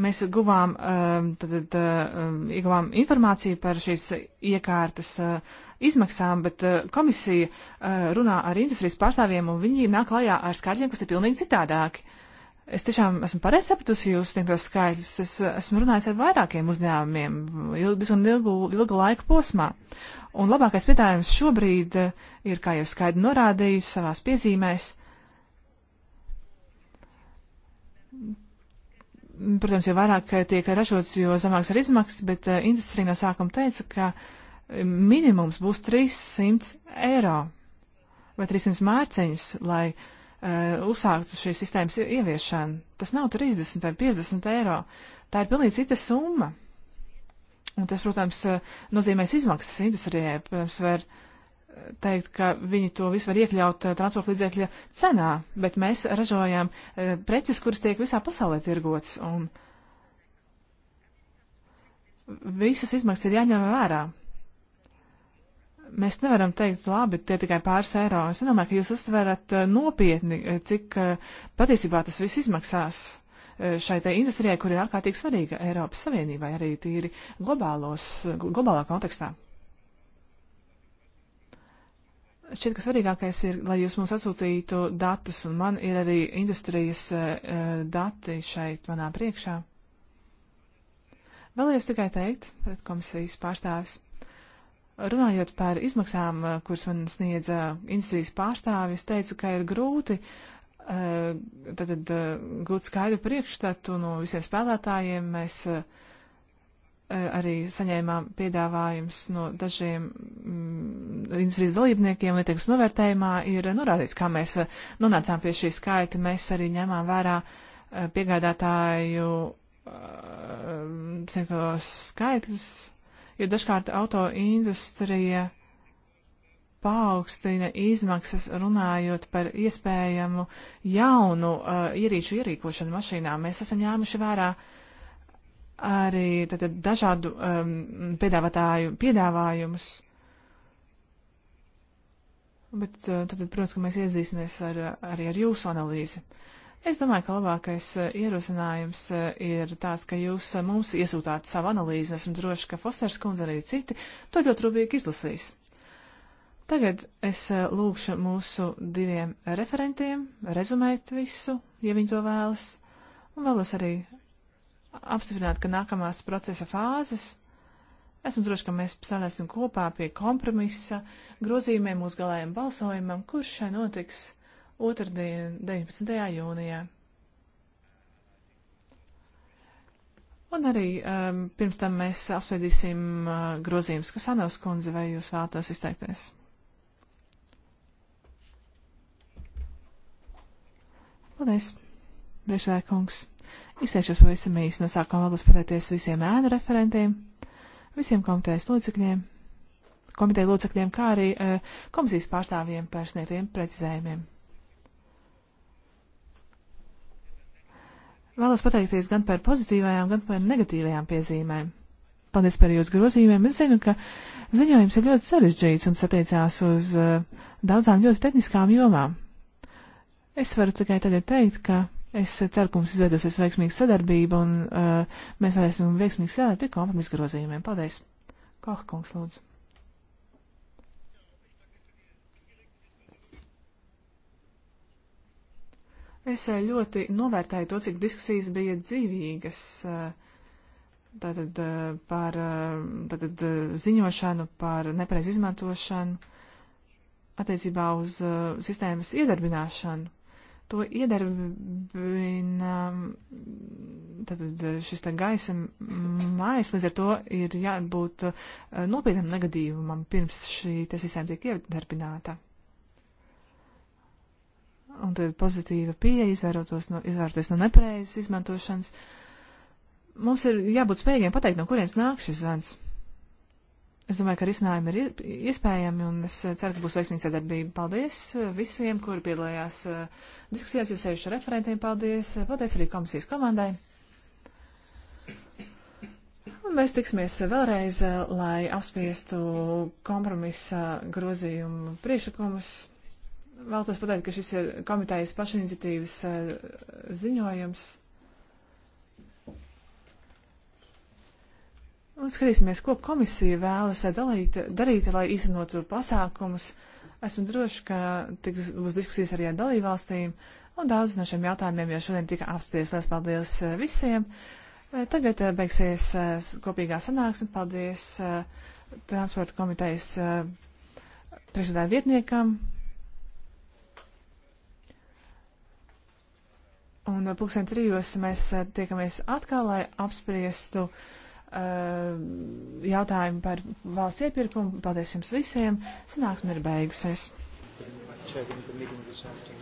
Mēs guvām, um, tad, tad, um, ieguvām informāciju par šīs iekārtas uh, izmaksām, bet uh, komisija uh, runā ar industrijas pārstāvjiem, un viņi nāk klajā ar skaitļiem, kas ir pilnīgi citādāki. Es tiešām esmu pareizi sapratusi jūs sniegtos skaidrs. Es esmu runājis ar vairākiem uzņēmumiem diezgan ilgu, ilgu laiku posmā. Un labākais piedāvājums šobrīd ir, kā jau skaidri norādīju savās piezīmēs, protams, jo vairāk eh, tiek ražots, jo zemāks ir izmaksas, bet uh, eh, industrija no sākuma teica, ka eh, minimums būs 300 eiro vai 300 mārciņas, lai uh, uzsāktu šīs sistēmas ieviešanu. Tas nav 30 vai 50 eiro. Tā ir pilnīgi cita summa. Un tas, protams, nozīmēs izmaksas industrijai. Protams, var uh, teikt, ka viņi to visu var iekļaut eh, transporta līdzekļa cenā, bet mēs ražojam eh, preces, kuras tiek visā pasaulē tirgotas, un visas izmaksas ir jāņem vērā. Mēs nevaram teikt, labi, tie tikai pāris eiro. Es domāju, ka jūs uztverat eh, nopietni, cik patiesībā tas viss izmaksās šai te industrijai, kur ir ārkārtīgi svarīga Eiropas Savienībai, arī tīri globālos, globālā kontekstā. Šķiet, ka svarīgākais ir, lai jūs mums atsūtītu datus, un man ir arī industrijas uh, dati šeit manā priekšā. Vēlējos tikai teikt, komisijas pārstāvis, runājot par izmaksām, eh, kuras man sniedza industrijas pārstāvis, teicu, ka ir grūti uh, tad, uh, gūt skaidru priekšstatu no visiem spēlētājiem. Mēs uh, arī saņēmām piedāvājums no dažiem mm, industrijas dalībniekiem, ietekmes novērtējumā ir norādīts, kā mēs nonācām pie šī skaita. Mēs arī ņemām vērā piegādātāju sektoros skaitus, jo dažkārt auto industrija paaugstina izmaksas runājot par iespējamu jaunu uh, ierīču ierīkošanu mašīnām. Mēs esam ņēmuši vērā uh, arī tātad, dažādu um, piedāvātāju piedāvājumus. Bet, tātad, uh, protams, ka mēs iepazīsimies ar, arī ar jūsu analīzi. Es domāju, ka labākais uh, ierosinājums uh, ir tāds, ka jūs mums iesūtāt savu analīzi. Esmu droši, ka Fosters kundze arī citi to ļoti rūpīgi izlasīs. Tagad es lūgšu mūsu diviem referentiem rezumēt visu, ja viņi to vēlas. Un vēlos arī apstiprināt, ka nākamās procesa fāzes Esmu droši, ka mēs strādāsim kopā pie kompromisa, grozījumiem uz galējiem balsojumam, kurš šai notiks otrdien, 19. jūnijā. Un arī um, pirms tam mēs apspriedīsim uh, grozījumus, kas Anovs kundze vai jūs vēlatos izteikties. Paldies, priekšsēkungs. Izsēšos pavisam īsi no sākuma vēlos pateikties visiem ēnu referentiem, visiem komitejas locekļiem, komiteja locekļiem, kā arī uh, komisijas pārstāvjiem par sniegtiem precizējumiem. Vēlos pateikties gan par pozitīvajām, gan par negatīvajām piezīmēm. Paldies par jūsu grozījumiem. Es zinu, ka ziņojums ir ļoti sarežģīts un satiecās uz uh, daudzām ļoti tehniskām jomām. Es varu tikai tagad teikt, ka Es ceru, ka mums izveidosies veiksmīga sadarbība un uh, mēs varēsim veiksmīgi strādāt pie kompromisa grozījumiem. Paldies! Koha kungs, lūdzu! Es uh, ļoti novērtēju to, cik diskusijas bija dzīvīgas. Uh, tātad uh, par tātad, ziņošanu, par nepareizu izmantošanu, attiecībā uz sistēmas iedarbināšanu to iedarbina tātad šis tā gaisa mājas, līdz ar to ir jābūt eh, nopietnam negadījumam, pirms šī sistēma tiek iedarbināta. Un tad pozitīva pieeja, izvēroties no, izvēroties no nepareizes izmantošanas. Mums ir jābūt spējīgiem pateikt, no kurienes nāk šis zvans. Es domāju, ka risinājumi ir iespējami, un es ceru, ka būs veiksmīga sadarbība. Paldies uh, visiem, kuri piedalījās uh, diskusijās, jūs sevišķi referentiem. Paldies. Uh, paldies arī komisijas komandai. Un mēs tiksimies vēlreiz, lai apspiestu kompromisa grozījumu priekšlikumus. Vēlos pateikt, ka šis ir komitejas pašiniciatīvas ziņojums. un skatīsimies, ko komisija vēlas dalīt, darīt, lai īstenotu pasākumus. Esmu droši, ka tiks, būs diskusijas arī ar dalībvalstīm, un daudz no šiem jautājumiem jau šodien tika apspriest. Lielas paldies eh, visiem! Eh, tagad eh, beigsies kopīgā sanāksme. Paldies transporta komitejas priekšsēdētāju vietniekam. Un pulksten trijos mēs tiekamies atkal, lai apspriestu uh, Eh, jautājumu par valsts iepirkumu. Paldies jums visiem. Sanāksme ir beigusies. Chairing the meeting this afternoon.